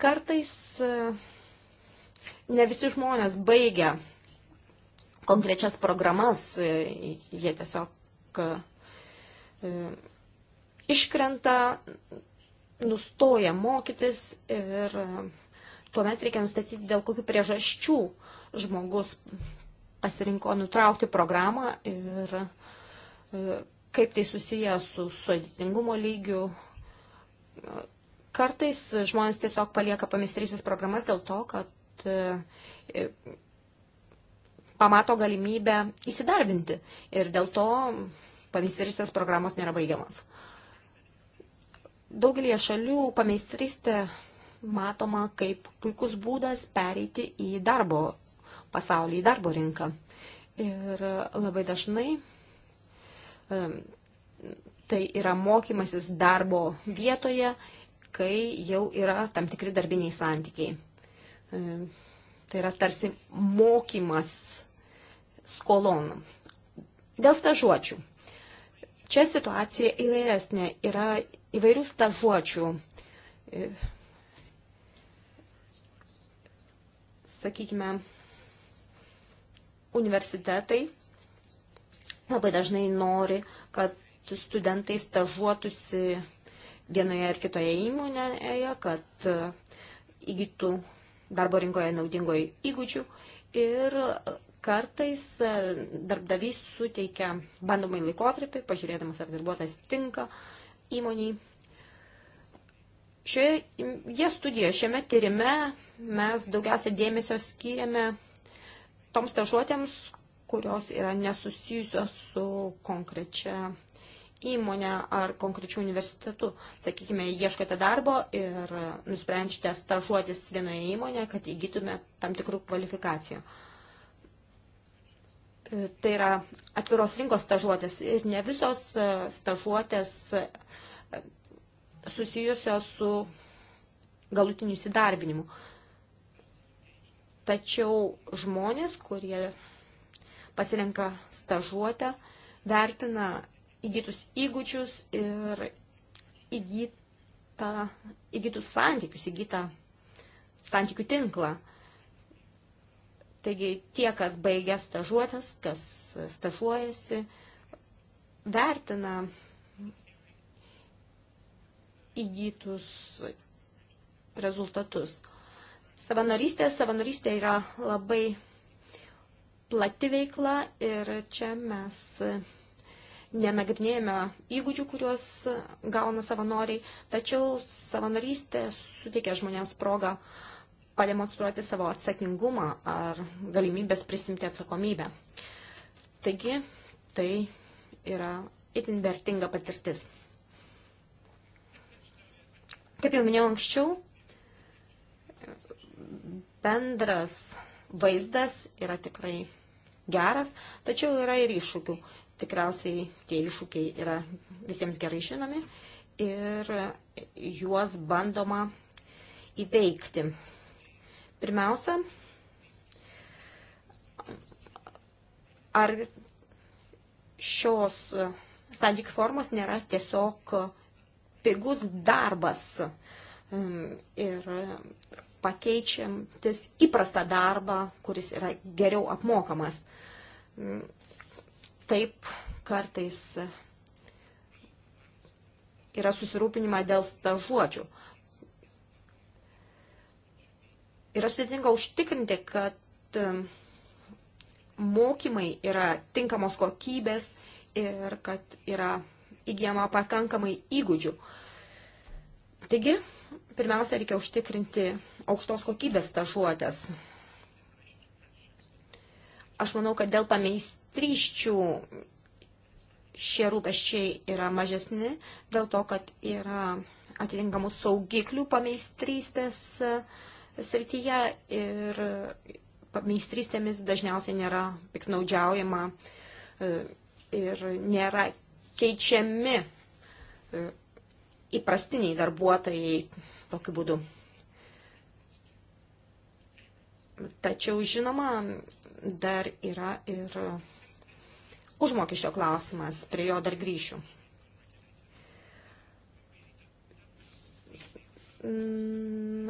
Kartais uh, ne visi žmonės baigia konkrečias programas, e, jie tiesiog e, iškrenta, nustoja mokytis ir e, tuomet reikia nustatyti, dėl kokių priežasčių žmogus pasirinko nutraukti programą ir kaip tai susiję su sudėtingumo lygiu. Kartais žmonės tiesiog palieka pamistrysis programas dėl to, kad kad e, pamato galimybę įsidarbinti ir dėl to pameistrystės programos nėra baigiamas. Daugelį šalių pameistrystė matoma kaip puikus būdas pereiti į darbo pasaulį, į darbo rinką. Ir labai dažnai e, tai yra mokymasis darbo vietoje, kai jau yra tam tikri darbiniai santykiai. E, tai yra tarsi mokymas skolon. Dėl stažuočių. Čia situacija įvairesnė. Yra įvairių stažuočių. E, sakykime, universitetai labai dažnai nori, kad studentai stažuotųsi vienoje ar kitoje įmonėje, kad įgytų darbo rinkoje naudingoj įgūdžių ir kartais e, darbdavys suteikia bandomai laikotarpį, pažiūrėdamas, ar darbuotojas tinka įmoniai. Šioje studijoje, šiame tyrime mes daugiausia dėmesio skiriame toms stažuotėms, kurios yra nesusijusios su konkrečia įmonę ar konkrečių universitetų. Sakykime, ieškote darbo ir nusprendžiate stažuotis vienoje įmonėje, kad įgytume tam tikrų kvalifikacijų. Tai yra atviros rinkos stažuotės ir ne visos e, stažuotės e, susijusios su galutiniu įsidarbinimu. Tačiau žmonės, kurie pasirenka stažuotę, vertina įgytus įgūdžius ir įgytą, įgytus santykius, įgytą santykių tinklą. Taigi tie, kas baigia stažuotas, kas stažuojasi, vertina įgytus rezultatus. Savanorystė, savanorystė yra labai plati veikla ir čia mes nenagrinėjame įgūdžių, kuriuos gauna savanoriai, tačiau savanorystė suteikia žmonėms progą pademonstruoti savo atsakingumą ar galimybės prisimti atsakomybę. Taigi, tai yra itin vertinga patirtis. Kaip jau minėjau anksčiau, bendras vaizdas yra tikrai geras, tačiau yra ir iššūkių tikriausiai tie iššūkiai yra visiems gerai žinomi ir juos bandoma įveikti. Pirmiausia, ar šios santykių formos nėra tiesiog pigus darbas um, ir pakeičiantis įprastą darbą, kuris yra geriau apmokamas. Um, taip kartais yra susirūpinima dėl stažuočių. Yra sudėtinga užtikrinti, kad um, mokymai yra tinkamos kokybės ir kad yra įgyjama pakankamai įgūdžių. Taigi, pirmiausia, reikia užtikrinti aukštos kokybės stažuotės. Aš manau, kad dėl pameistės partryščių šie rūpeščiai yra mažesni, dėl to, kad yra atitinkamų saugiklių pameistrystės e, srityje ir pameistrystėmis dažniausiai nėra piknaudžiaujama e, ir nėra keičiami e, įprastiniai darbuotojai tokiu būdu. Tačiau, žinoma, dar yra ir Užmokesčio klausimas, prie jo dar grįšiu.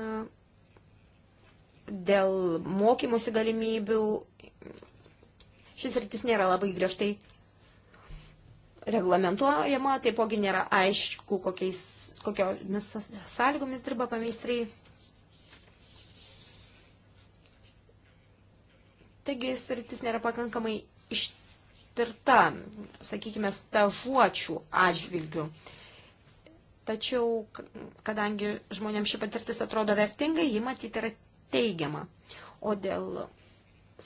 Na, dėl mokymosi galimybių šis rytis nėra labai griežtai reglamentuojama, taipogi nėra aišku, kokiais, kokiomis sąlygomis dirba pameistrai. Taigi sritis nėra pakankamai iš, patirta, sakykime, stažuočių atžvilgių. Tačiau, kadangi žmonėms ši patirtis atrodo vertingai, ji matyti yra teigiama. O dėl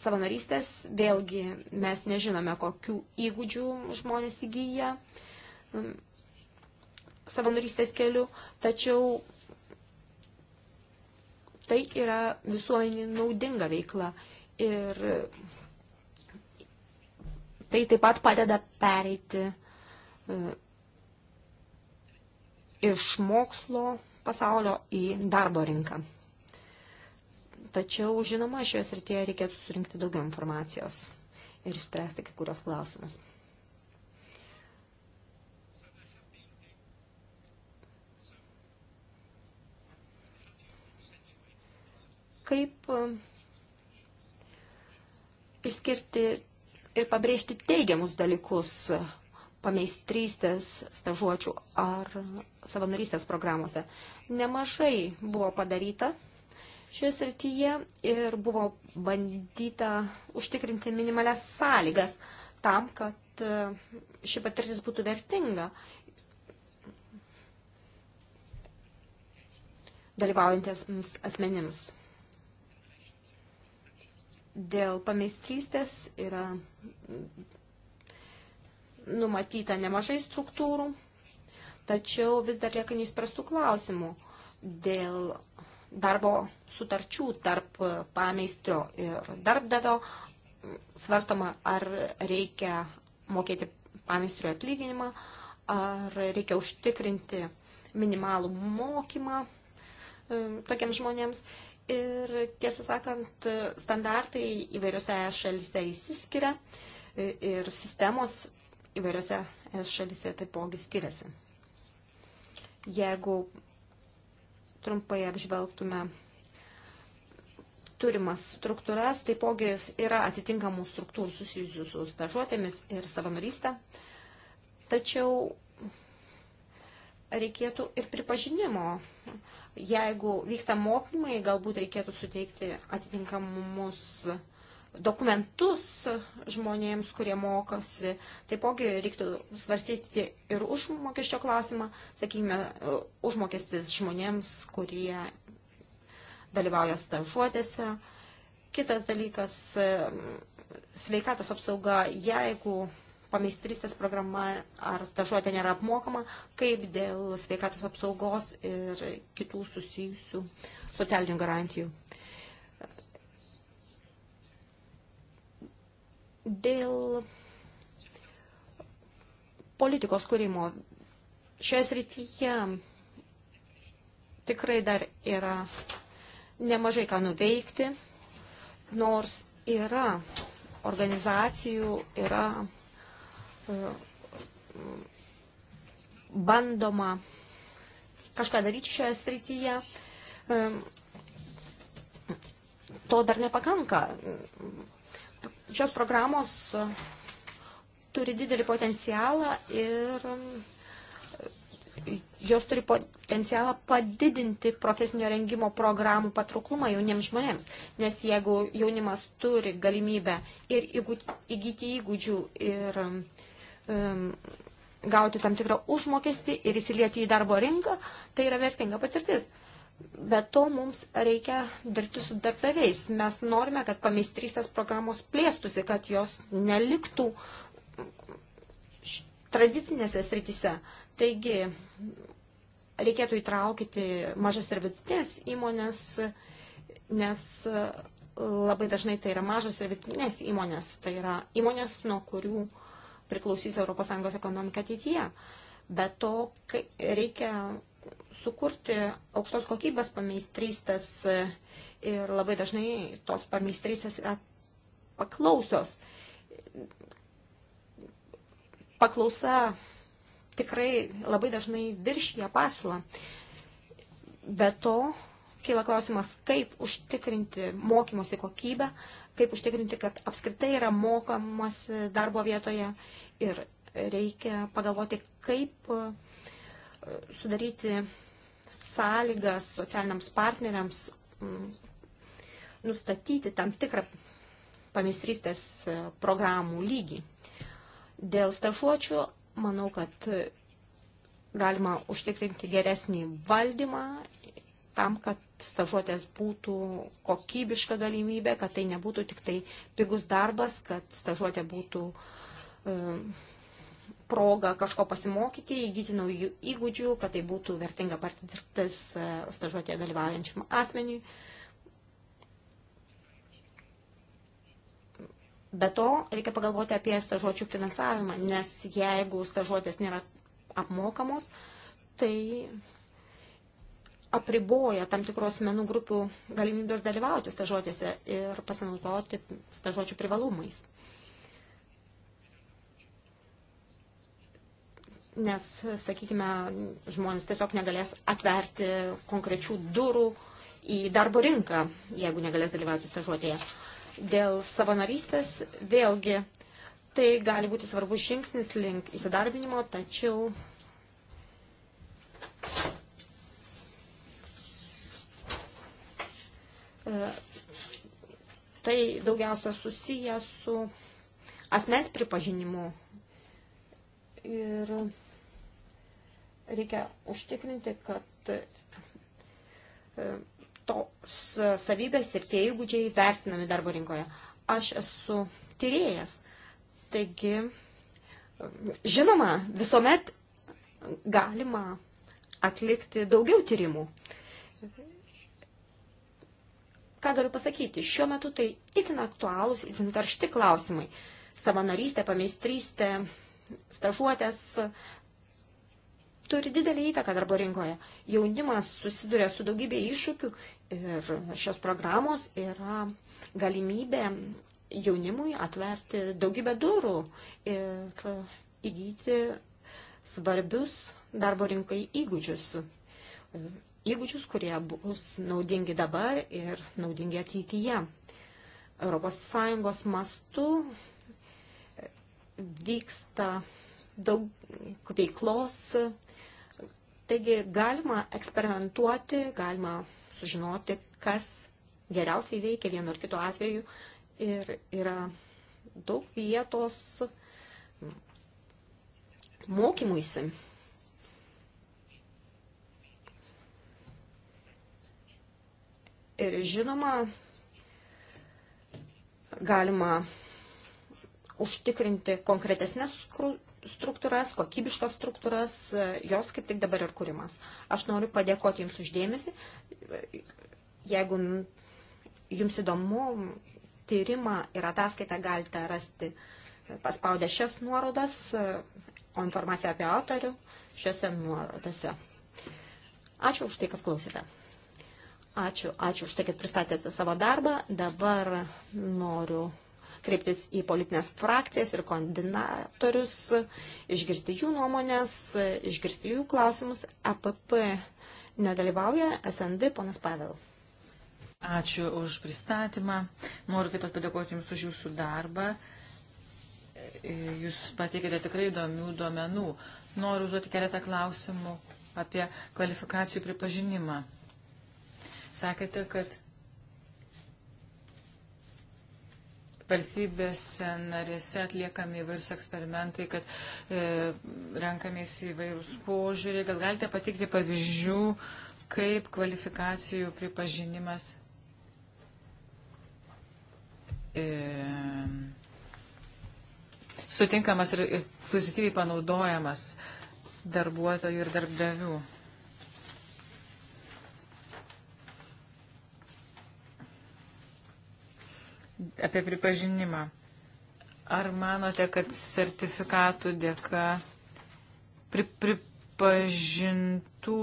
savanorystės vėlgi mes nežinome, kokių įgūdžių žmonės įgyja savanorystės keliu, tačiau tai yra visuomenį naudinga veikla. Ir Tai taip pat padeda pereiti e, iš mokslo pasaulio į darbo rinką. Tačiau, žinoma, šioje srityje reikėtų surinkti daugiau informacijos ir išspręsti kai kurios klausimus. Kaip e, išskirti ir pabrėžti teigiamus dalykus pameistrystės stažuočių ar savanorystės programuose. Nemažai buvo padaryta šioje srityje ir buvo bandyta užtikrinti minimalias sąlygas tam, kad e, ši patirtis būtų vertinga. dalyvaujantis asmenims. Dėl pameistrystės yra numatyta nemažai struktūrų, tačiau vis dar lieka neįspręstų klausimų dėl darbo sutarčių tarp pameistrio ir darbdavio. Svarstoma, ar reikia mokėti pameistrio atlyginimą, ar reikia užtikrinti minimalų mokymą e, tokiems žmonėms ir, tiesą sakant, standartai įvairiose šalise įsiskiria ir sistemos įvairiose šalise taipogi skiriasi. Jeigu trumpai apžvelgtume turimas struktūras, taipogi yra atitinkamų struktūrų susijusių su stažuotėmis ir savanorystė. Tačiau reikėtų ir pripažinimo. Jeigu vyksta mokymai, galbūt reikėtų suteikti atitinkamus dokumentus žmonėms, kurie mokosi. Taipogi reiktų svarstyti ir užmokesčio klausimą, sakykime, užmokestis žmonėms, kurie dalyvauja stažuotėse. Kitas dalykas - sveikatos apsauga, jeigu pameistristės programa ar stažuotė nėra apmokama, kaip dėl sveikatos apsaugos ir kitų susijusių socialinių garantijų. Dėl politikos kūrimo šioje srityje tikrai dar yra nemažai ką nuveikti, nors yra organizacijų, yra bandoma kažką daryti šioje srityje. To dar nepakanka. Šios programos turi didelį potencialą ir jos turi potencialą padidinti profesinio rengimo programų patrauklumą jauniems žmonėms. Nes jeigu jaunimas turi galimybę ir įgyti įgūdžių ir uh, Um, gauti tam tikrą užmokestį ir įsilieti į darbo rinką, tai yra vertinga patirtis. Bet to mums reikia dirbti su darbdaviais. Mes norime, kad pameistrystės programos plėstusi, kad jos neliktų tradicinėse srityse. Taigi reikėtų įtraukyti mažas ir vidutinės įmonės, nes uh, labai dažnai tai yra mažos ir vidutinės įmonės. Tai yra įmonės, nuo kurių uh, priklausys ES ekonomika ateityje. Bet to reikia sukurti aukštos kokybės pameistrystės ir labai dažnai tos pameistrystės yra paklausios. Paklausa tikrai labai dažnai viršyje pasiūlą. Be to, kyla klausimas, kaip užtikrinti mokymosi kokybę, kaip užtikrinti, kad apskritai yra mokamas darbo vietoje ir reikia pagalvoti, kaip e, sudaryti sąlygas socialiniams partneriams nustatyti tam tikrą pamistrystės e, programų lygį. Dėl stažuočių manau, kad galima užtikrinti geresnį valdymą tam, kad stažuotės būtų kokybiška galimybė, kad tai nebūtų tik tai pigus darbas, kad stažuotė būtų um, proga kažko pasimokyti, įgyti naujų įgūdžių, kad tai būtų vertinga patirtis e, stažuotėje dalyvaujančiam asmeniui. Be to, reikia pagalvoti apie stažuočių finansavimą, nes jeigu stažuotės nėra apmokamos, tai apriboja tam tikros menų grupių galimybės dalyvauti stažuotėse ir pasinaudoti stažuočių privalumais. Nes, sakykime, žmonės tiesiog negalės atverti konkrečių durų į darbo rinką, jeigu negalės dalyvauti stažuotėje. Dėl savanorystės vėlgi tai gali būti svarbus žingsnis link įsidarbinimo, tačiau E, tai daugiausia susiję su asmens pripažinimu. Ir reikia užtikrinti, kad e, tos savybės ir tie įgūdžiai vertinami darbo rinkoje. Aš esu tyrėjas, taigi, žinoma, visuomet galima atlikti daugiau tyrimų. Ką galiu pasakyti? Šiuo metu tai itin aktualūs, itin karšti klausimai. Savanorystė, pameistrystė, stažuotės turi didelį įtaką darbo rinkoje. Jaunimas susiduria su daugybė iššūkių ir šios programos yra galimybė jaunimui atverti daugybę durų ir įgyti svarbius darbo rinkai įgūdžius įgūdžius, kurie bus naudingi dabar ir naudingi ateityje. ES mastu vyksta daug veiklos, taigi galima eksperimentuoti, galima sužinoti, kas geriausiai veikia vienu ar kitu atveju ir yra daug vietos mokymuisi. Ir žinoma, galima užtikrinti konkretesnės struktūras, kokybiškas struktūras, jos kaip tik dabar ir kūrimas. Aš noriu padėkoti Jums uždėmesi. Jeigu Jums įdomu, tyrimą ir ataskaitą galite rasti paspaudę šias nuorodas, o informaciją apie autorių šiuose nuorodose. Ačiū už tai, kad klausėte. Ačiū, ačiū už tai, kad pristatėte savo darbą. Dabar noriu kreiptis į politinės frakcijas ir koordinatorius, išgirsti jų nuomonės, išgirsti jų klausimus. APP e nedalyvauja, SND ponas Pavel. Ačiū už pristatymą. Noriu taip pat padėkoti Jums už Jūsų darbą. Jūs pateikėte tikrai įdomių duomenų. Noriu užduoti keletą klausimų apie kvalifikacijų pripažinimą. Sakėte, kad valstybės narėse atliekami įvairius eksperimentai, kad e, renkamės įvairūs požiūrį. Gal galite patikti pavyzdžių, kaip kvalifikacijų pripažinimas e, sutinkamas ir, ir pozityviai panaudojamas darbuotojų ir darbdavių. apie pripažinimą. Ar manote, kad sertifikatų dėka pri, pripažintų,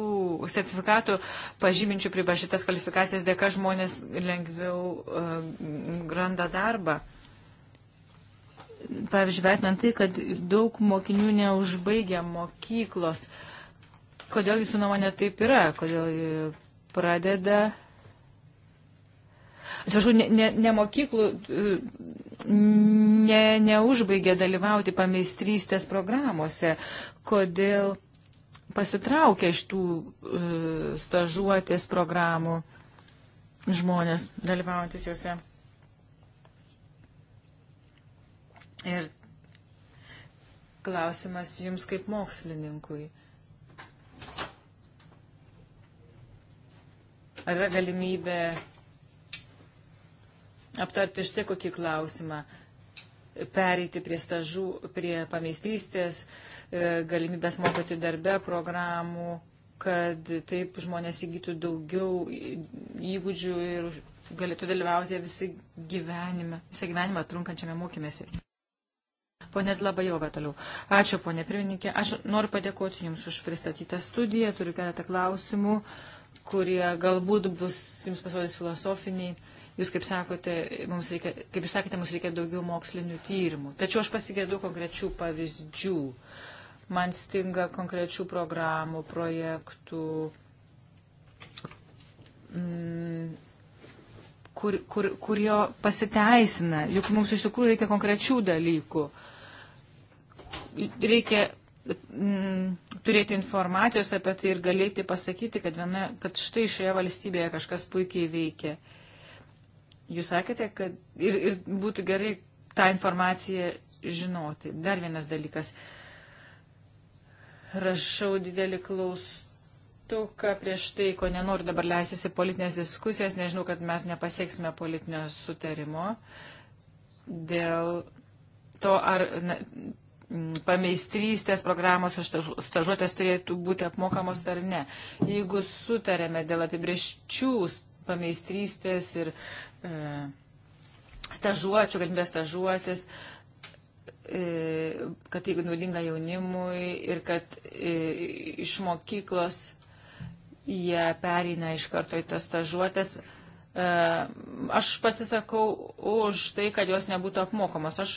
sertifikatų pažyminčių pripažintas kvalifikacijas dėka žmonės lengviau uh, randa darbą? Pavyzdžiui, vertinant tai, kad daug mokinių neužbaigia mokyklos, kodėl jūsų nuomonė taip yra, kodėl pradeda atsiprašau, ne, ne, ne mokyklų ne, neužbaigė dalyvauti pameistrystės programuose. Kodėl pasitraukė iš tų e, stažuotės programų žmonės dalyvaujantis juose? Ir klausimas jums kaip mokslininkui. Ar yra galimybė aptarti štai kokį klausimą. Pereiti prie stažų, prie pameistrystės, e, galimybės mokyti darbe programų, kad taip žmonės įgytų daugiau įgūdžių ir galėtų dalyvauti visi gyvenime, visą gyvenimą trunkančiame mokymėsi. Pone Dlabajova toliau. Ačiū, ponė pirmininkė. Aš noriu padėkoti Jums už pristatytą studiją. Turiu keletą klausimų, kurie galbūt bus Jums pasirodys filosofiniai. Jūs, kaip, sakote, mums reikia, kaip jūs sakėte, mums reikia daugiau mokslinių tyrimų. Tačiau aš pasigėdu konkrečių pavyzdžių. Man stinga konkrečių programų, projektų, mm, kur, kur, kur jo pasiteisina. Juk mums iš tikrųjų reikia konkrečių dalykų. Reikia mm, turėti informacijos apie tai ir galėti pasakyti, kad, viena, kad štai šioje valstybėje kažkas puikiai veikia. Jūs sakėte, kad ir, ir būtų gerai tą informaciją žinoti. Dar vienas dalykas. Rašau didelį klaustuką prieš tai, ko nenoriu dabar leistis į politinės diskusijas, nežinau, kad mes nepasieksime politinio sutarimo dėl to, ar na, pameistrystės programos ir stažuotės turėtų būti apmokamos ar ne. Jeigu sutarėme dėl apibrieščių pameistrystės ir E, stažuočių, galimybės stažuotis, e, kad tai naudinga jaunimui ir kad e, iš mokyklos jie pereina iš karto į tas stažuotės. Aš pasisakau už tai, kad jos nebūtų apmokamos. Aš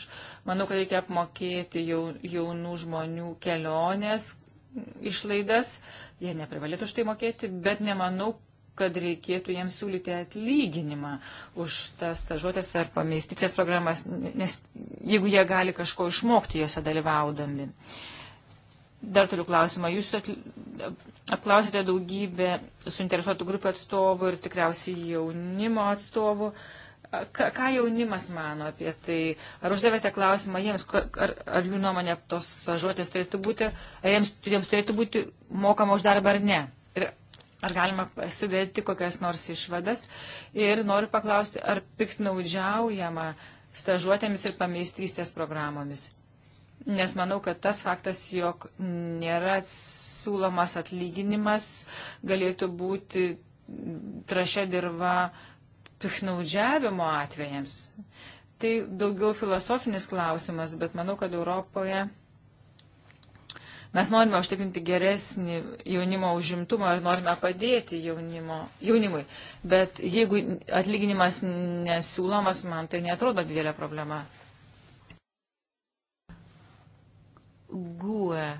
manau, kad reikia apmokėti jaunų žmonių kelionės, išlaidas, jie neprivalėtų už tai mokėti, bet nemanau, kad reikėtų jiems siūlyti atlyginimą už tas stažuotės ar pameistycės programas, nes jeigu jie gali kažko išmokti juose dalyvaudami. Dar turiu klausimą. Jūs atli... apklausėte daugybę suinteresuotų grupių atstovų ir tikriausiai jaunimo atstovų. Ka, ką jaunimas mano apie tai? Ar uždavėte klausimą jiems, ar, ar jų nuomonė tos stažuotės turėtų būti, ar jiems, jiems turėtų būti mokama už darbą ar ne? Ir Ar galima pasidaryti kokias nors išvadas? Ir noriu paklausti, ar piknaudžiaujama stažuotėmis ir pameistystės programomis? Nes manau, kad tas faktas, jog nėra siūlomas atlyginimas, galėtų būti trašia dirba piknaudžiavimo atvejams. Tai daugiau filosofinis klausimas, bet manau, kad Europoje Mes norime užtikrinti geresnį jaunimo užimtumą ir norime padėti jaunimo, jaunimui. Bet jeigu atlyginimas nesiūlomas, man tai netrodo didelė problema. GUE e,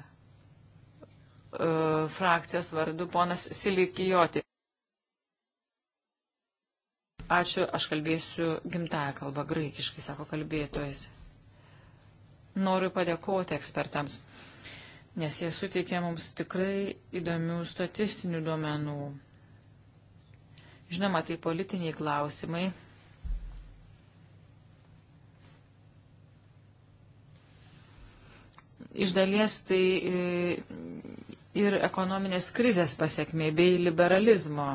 frakcijos vardu ponas Silikijoti. Ačiū, aš kalbėsiu gimtają kalbą, graikiškai, sako kalbėtojas. Noriu padėkoti ekspertams nes jie suteikė mums tikrai įdomių statistinių duomenų. Žinoma, tai politiniai klausimai. Iš dalies tai e, ir ekonominės krizės pasiekmė bei liberalizmo,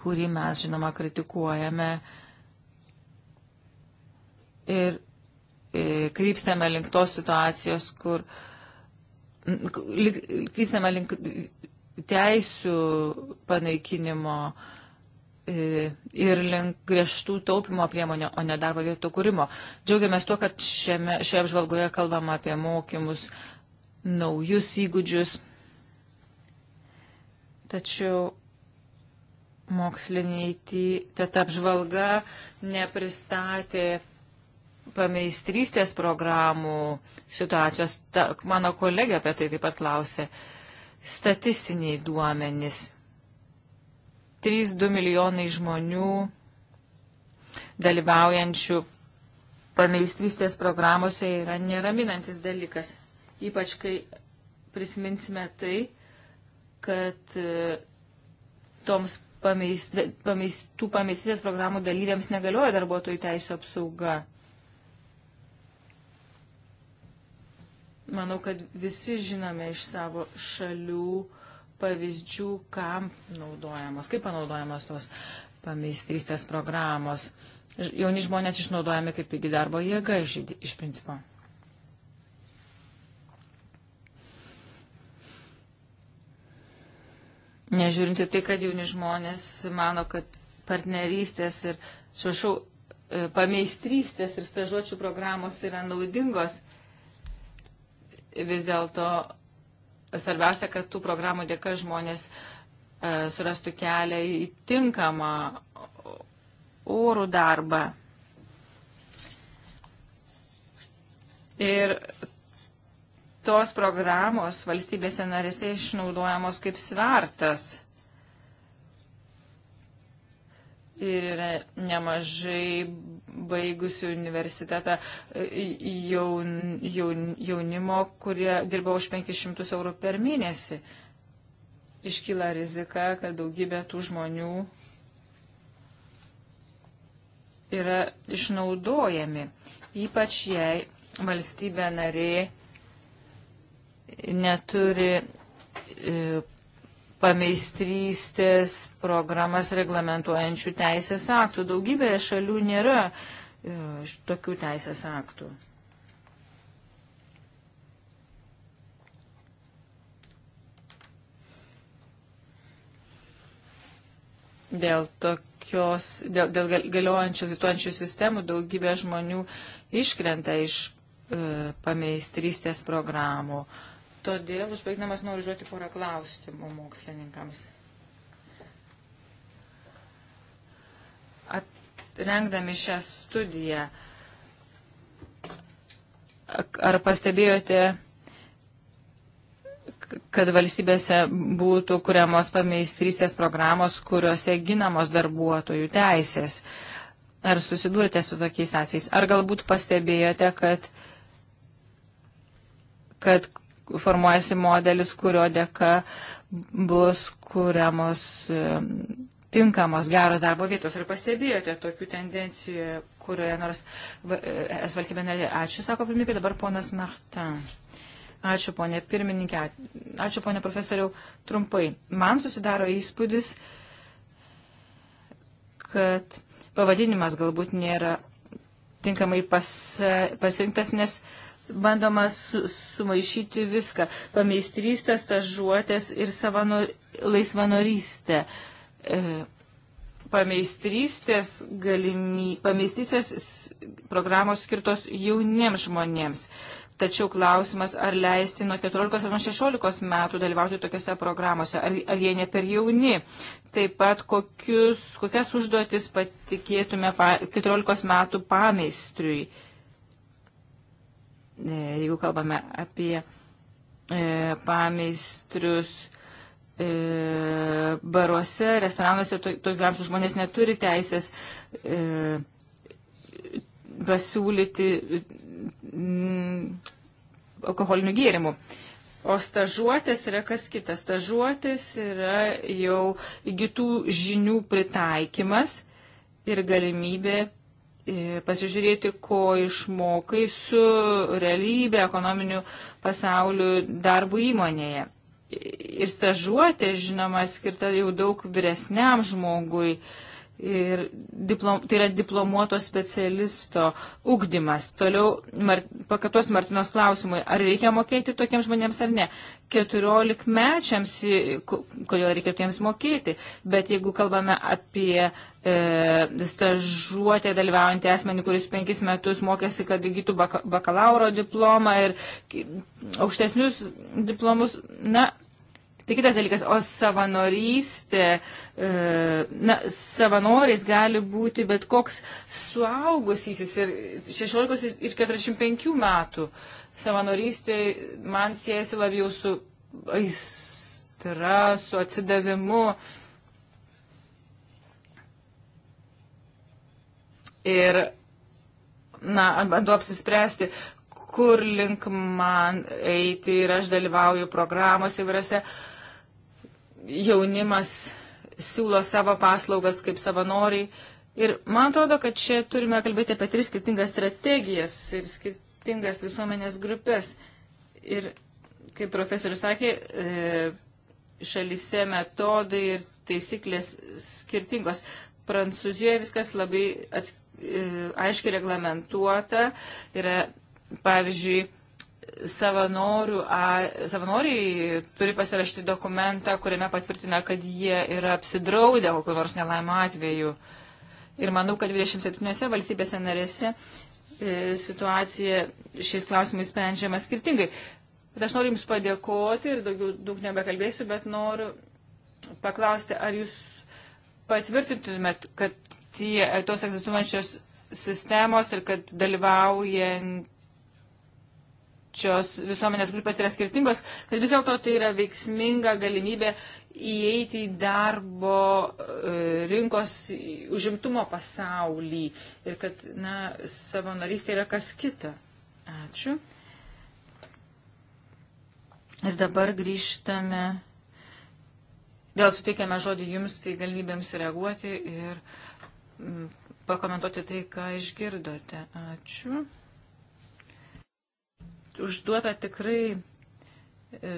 kurį mes, žinoma, kritikuojame. Ir krypstame link tos situacijos, kur krypstame link teisų panaikinimo e, ir link griežtų taupimo priemonių, o ne darbo vietų kūrimo. Džiaugiamės tuo, kad šiame, šioje apžvalgoje kalbama apie mokymus, naujus įgūdžius. Tačiau moksliniai ta apžvalga nepristatė pameistrystės programų situacijos. Ta, mano kolegė apie tai taip pat klausė. Statistiniai duomenys. 3-2 milijonai žmonių dalyvaujančių pameistrystės programuose yra neraminantis dalykas. Ypač kai prisiminsime tai, kad e, toms pameist, pameist, tų pameistrystės programų dalyviams negalioja darbuotojų teisų apsauga. Manau, kad visi žinome iš savo šalių pavyzdžių, kam naudojamos, kaip panaudojamos tos pameistrystės programos. Jauni žmonės išnaudojami kaip pigi darbo jėga iš, iš principo. Nežiūrint į tai, kad jauni žmonės mano, kad partnerystės ir, šašau, e, pameistrystės ir stažuočių programos yra naudingos, vis dėlto svarbiausia, kad tų programų dėka žmonės e, surastų kelią į tinkamą orų darbą. Ir tos programos valstybėse narėse išnaudojamos kaip svertas. Ir nemažai baigusių universitetą e, jaun, jaun, jaunimo, kurie dirba už 500 eurų per mėnesį. Iškyla rizika, kad daugybė tų žmonių yra išnaudojami, ypač jei valstybė narė neturi e, pameistrystės programas reglamentuojančių teisės aktų. Daugybėje šalių nėra e, tokių teisės aktų. Dėl tokios, dėl, dėl galiojančių egzistuojančių sistemų daugybė žmonių iškrenta iš e, pameistrystės programų. E, Todėl užbaigdamas noriu žodžiu porą klausimų mokslininkams. At, rengdami šią studiją, ar pastebėjote, kad valstybėse būtų kuriamos pameistrystės programos, kuriuose ginamos darbuotojų teisės? Ar susidūrėte su tokiais atvejais? Ar galbūt pastebėjote, kad, kad formuojasi modelis, kurio dėka bus kuriamos e, tinkamos geros darbo vietos. Ir pastebėjote tokių tendencijų, kurioje nors e, es valstybė narė. Ačiū, sako pirmininkai, dabar ponas Martin. Ačiū, ponė pirmininkė. Ačiū, ponė profesoriau. Trumpai. Man susidaro įspūdis, kad pavadinimas galbūt nėra tinkamai pas, pasirinktas, nes uh, bandoma su, sumaišyti viską - pameistrystę, stažuotės ir savano, laisvanorystę. E, pameistrystės, galimy, pameistrystės programos skirtos jauniems žmonėms. Tačiau klausimas, ar leisti nuo 14 ar nuo 16 metų dalyvauti tokiuose programuose, ar, ar jie ne per jauni. Taip pat kokius, kokias užduotis patikėtume pa, 14 metų pameistriui. E, E, jeigu kalbame apie e, pameistrius e, baruose, restoranuose, tokiu amžiu žmonės neturi teisės pasiūlyti mm, alkoholinių gėrimų. O stažuotės yra kas kitas. Stažuotės yra jau įgytų žinių pritaikymas ir galimybė E, pasižiūrėti, ko išmokai su realybė ekonominiu pasauliu darbo įmonėje. Ir stažuotė, žinoma, skirta jau daug vyresniam žmogui. E, ir diplom, tai yra diplomuoto specialisto ugdymas. Toliau mar, pakatos Martinos klausimui, ar reikia mokėti tokiems žmonėms ar ne. 14 mečiams, kodėl reikėtų jiems mokėti, bet jeigu kalbame apie e, stažuotę dalyvaujantį asmenį, kuris penkis metus mokėsi, kad įgytų baka, bakalauro diplomą ir aukštesnius diplomus, na, Tai kitas dalykas, o savanorystė, e, na, savanoriais gali būti bet koks suaugusysis ir 16 ir 45 metų. Savanorystė man siejasi labiau su aistra, su atsidavimu. Ir, na, bandau apsispręsti, kur link man eiti ir aš dalyvauju programos įvairiose. Tai jaunimas siūlo savo paslaugas kaip savanoriai. Ir man atrodo, kad čia turime kalbėti apie tris skirtingas strategijas ir skirtingas visuomenės grupės. Ir, kaip profesorius sakė, e, šalise metodai ir taisyklės skirtingos. Prancūzijoje viskas labai ats, e, aiškiai reglamentuota. Yra, pavyzdžiui, savanoriai turi pasirašyti dokumentą, kuriame patvirtina, kad jie yra apsidraudę kokiu nors nelaimą atveju. Ir manau, kad 27 valstybėse narėse e, situacija šiais klausimais sprendžiama skirtingai. Bet aš noriu Jums padėkoti ir daugiau daug nebekalbėsiu, bet noriu paklausti, ar Jūs patvirtintumėt, kad tie, tos egzistuojančios sistemos ir kad dalyvaujant esančios visuomenės grupės yra skirtingos, kad vis dėlto tai yra veiksminga galimybė įeiti į darbo e, rinkos užimtumo pasaulį ir kad na, savanorystė yra kas kita. Ačiū. Ir dabar grįžtame, vėl suteikėme žodį jums, tai galimybėms reaguoti ir mm, pakomentuoti tai, ką išgirdote. Ačiū užduota tikrai e,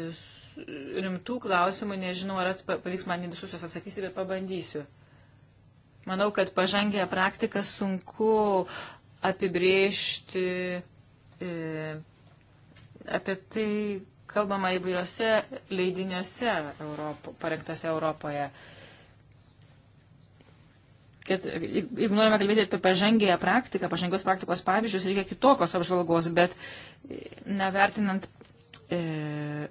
rimtų klausimų, nežinau, ar pavyks man į visus juos atsakysi, bet pabandysiu. Manau, kad pažangę praktiką sunku apibriežti, e, apie tai kalbama įvairiose leidiniuose Europo, parengtose Europoje. E, kad jeigu norime kalbėti apie pažangėją praktiką, pažangios praktikos pavyzdžius, reikia kitokios apžvalgos, bet e, nevertinant e,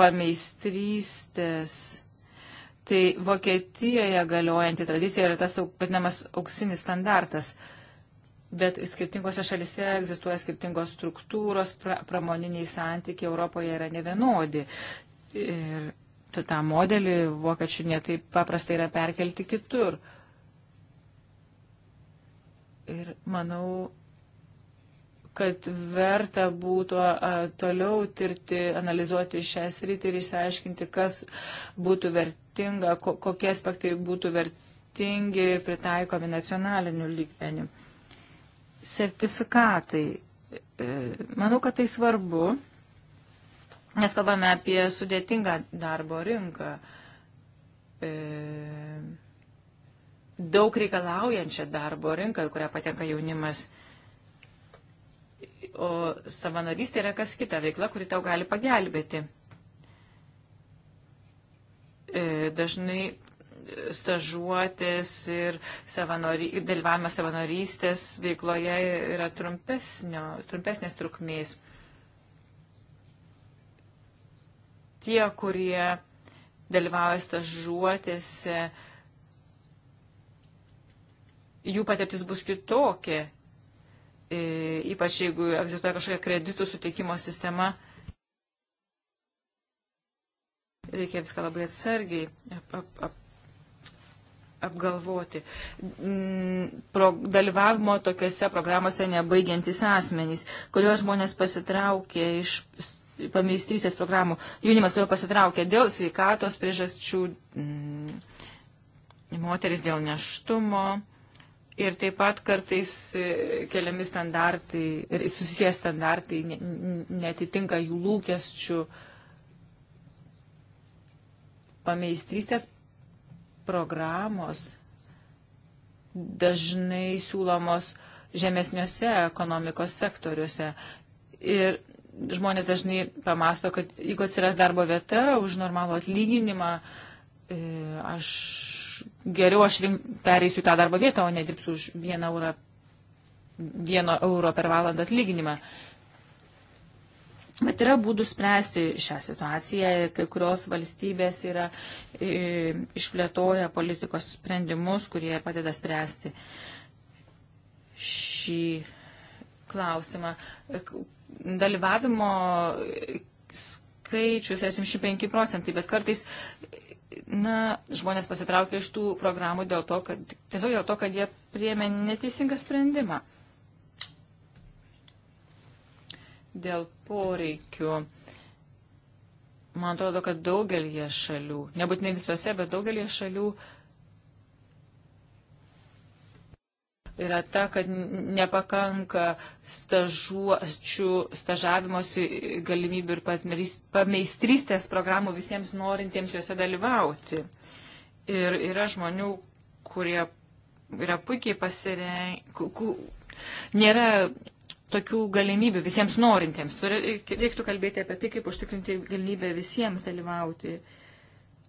pameistrystės. Tai Vokietijoje galiojanti tradicija yra tas vadinamas auksinis standartas, bet skirtingose šalise egzistuoja skirtingos struktūros, pra, pramoniniai santykiai Europoje yra nevienodi. Ir tą modelį vokiečių netaip paprastai yra perkelti kitur. E, Ir manau, kad verta būtų a, toliau tirti, analizuoti šią sritį ir išsiaiškinti, kas būtų vertinga, ko, kokie aspektai būtų vertingi ir pritaikomi nacionaliniu lygmeniu. Sertifikatai. E, manau, kad tai svarbu, nes kalbame apie sudėtingą darbo rinką. E, daug reikalaujančią darbo rinką, į kurią patenka jaunimas. O savanorystė yra kas kita veikla, kuri tau gali pagelbėti. E, dažnai stažuotis ir, savanori, ir dalyvavimas savanorystės veikloje yra trumpesnės trukmės. Tie, kurie dalyvauja stažuotėse, jų patirtis bus kitokia, e, ypač jeigu egzistuoja kažkokia kreditų suteikimo sistema. Reikia viską labai atsargiai ap, ap, ap, apgalvoti. Mm, pro, dalyvavimo tokiuose programuose nebaigiantis asmenys. Kodėl žmonės pasitraukė iš pameistrysės programų? Jaunimas kodėl pasitraukė dėl sveikatos priežasčių, mm, moteris dėl neštumo Ir taip pat kartais e, keliami standartai ir susiję standartai netitinka jų lūkesčių pameistrystės programos dažnai siūlomos žemesniuose ekonomikos sektoriuose. Ir žmonės dažnai pamasto, kad jeigu atsiras darbo vieta už normalų atlyginimą, uh, E, aš geriau aš rink, pereisiu tą darbo vietą, o nedirbsiu už vieną eurą, vieno euro per valandą atlyginimą. Bet yra būdų spręsti šią situaciją, kai kurios valstybės yra e, išplėtoja politikos sprendimus, kurie padeda spręsti šį klausimą. Dalyvavimo skaičius 75 procentai, bet kartais na, žmonės pasitraukė iš tų programų dėl to, kad, tiesiog dėl to, kad jie priėmė neteisingą sprendimą. Dėl poreikių. Man atrodo, kad daugelie šalių, nebūtinai visose, bet daugelie šalių uh, yra ta, kad nepakanka stažuočių, stažavimosi galimybių ir pameistrystės programų visiems norintiems juose dalyvauti. Ir yra žmonių, kurie yra puikiai pasirengę, nėra tokių galimybių visiems norintiems. Reiktų kalbėti apie tai, kaip užtikrinti galimybę visiems dalyvauti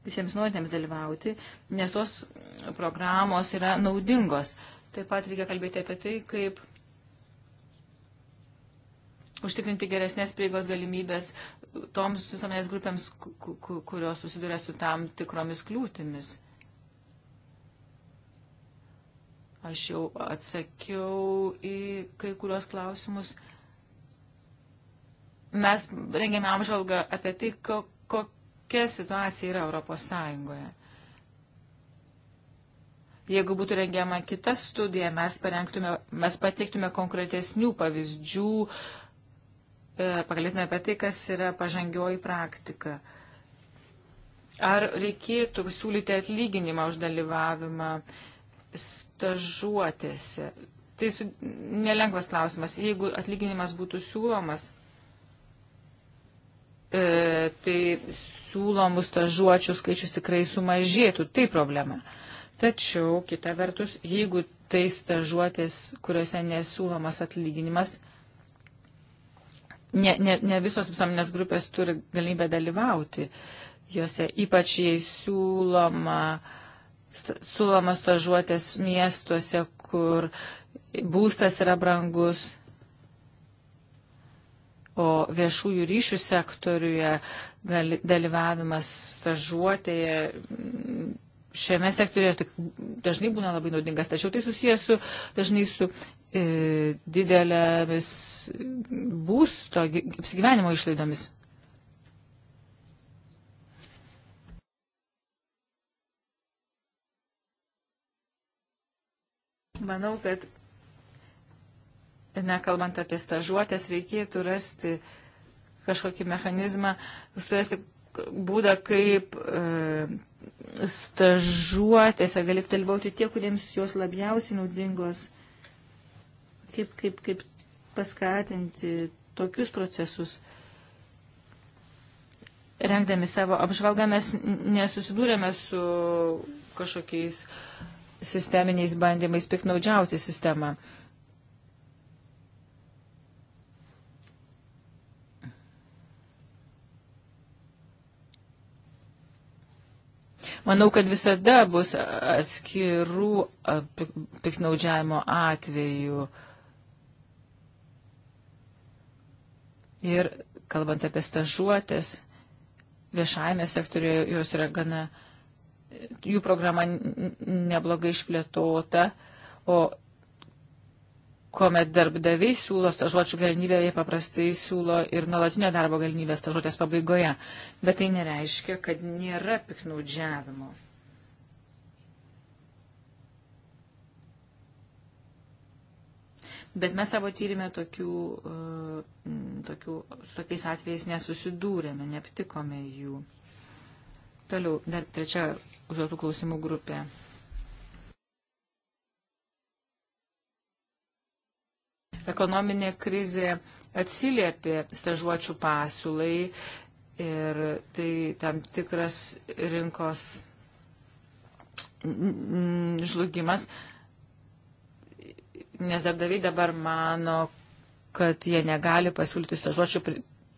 visiems norintiems dalyvauti, nes tos programos yra naudingos. Uh, Taip pat reikia kalbėti apie tai, kaip užtikrinti geresnės prieigos galimybės toms visuomenės grupėms, kurios susiduria su tam tikromis kliūtimis. Aš jau atsakiau į kai kurios klausimus. Mes rengėme apžvalgą apie tai, kokia situacija yra Europos Sąjungoje. Jeigu būtų rengiama kita studija, mes, mes pateiktume konkretesnių pavyzdžių, e, pagalėtume apie tai, kas yra pažangioji praktika. Ar reikėtų siūlyti atlyginimą už dalyvavimą stažuotėse? Tai su, nelengvas klausimas. Jeigu atlyginimas būtų siūlomas, e, tai siūlomų stažuočių skaičius tikrai sumažėtų. Tai problema. E, Tačiau, kita vertus, jeigu tai stažuotės, kuriuose nesiūlomas atlyginimas, ne, ne, ne visos visuomenės grupės turi galimybę dalyvauti juose, ypač jei siūloma, siūloma stažuotės miestuose, kur būstas yra brangus, o viešųjų ryšių sektoriuje gali, dalyvavimas stažuotėje šiame sektorėje tik dažnai būna labai naudingas, tačiau tai susijęs su dažnai su e, didelėmis būsto apsigyvenimo išlaidomis. Manau, kad nekalbant apie stažuotės, reikėtų rasti kažkokį mechanizmą, surasti būdą, kaip e, stažuotėse galėtų dalyvauti tie, kuriems jos labiausiai naudingos, kaip, kaip, kaip paskatinti tokius procesus. Rengdami savo apžvalgą mes nesusidūrėme su kažkokiais sisteminiais bandymais piknaudžiauti sistemą. Uh, Manau, kad visada bus atskirų piknaudžiavimo atvejų. Ir kalbant apie stažuotės, viešajame sektoriuje jos yra gana, jų programa neblogai išplėtota, o kuomet darbdaviai siūlo stažuočių galimybę, jie paprastai siūlo ir nuolatinio darbo galimybę stažuotės pabaigoje. Bet tai nereiškia, kad nėra piknaudžiavimo. Bet mes savo tyrimę tokių, e, tokių, su tokiais atvejais nesusidūrėme, neaptikome jų. Toliau, dar trečia užduotų klausimų grupė. Ekonominė krizė atsiliepė stažuočių pasiūlai ir tai tam tikras rinkos žlugimas, nes darbdaviai dabar mano, kad jie negali pasiūlyti stažuočių,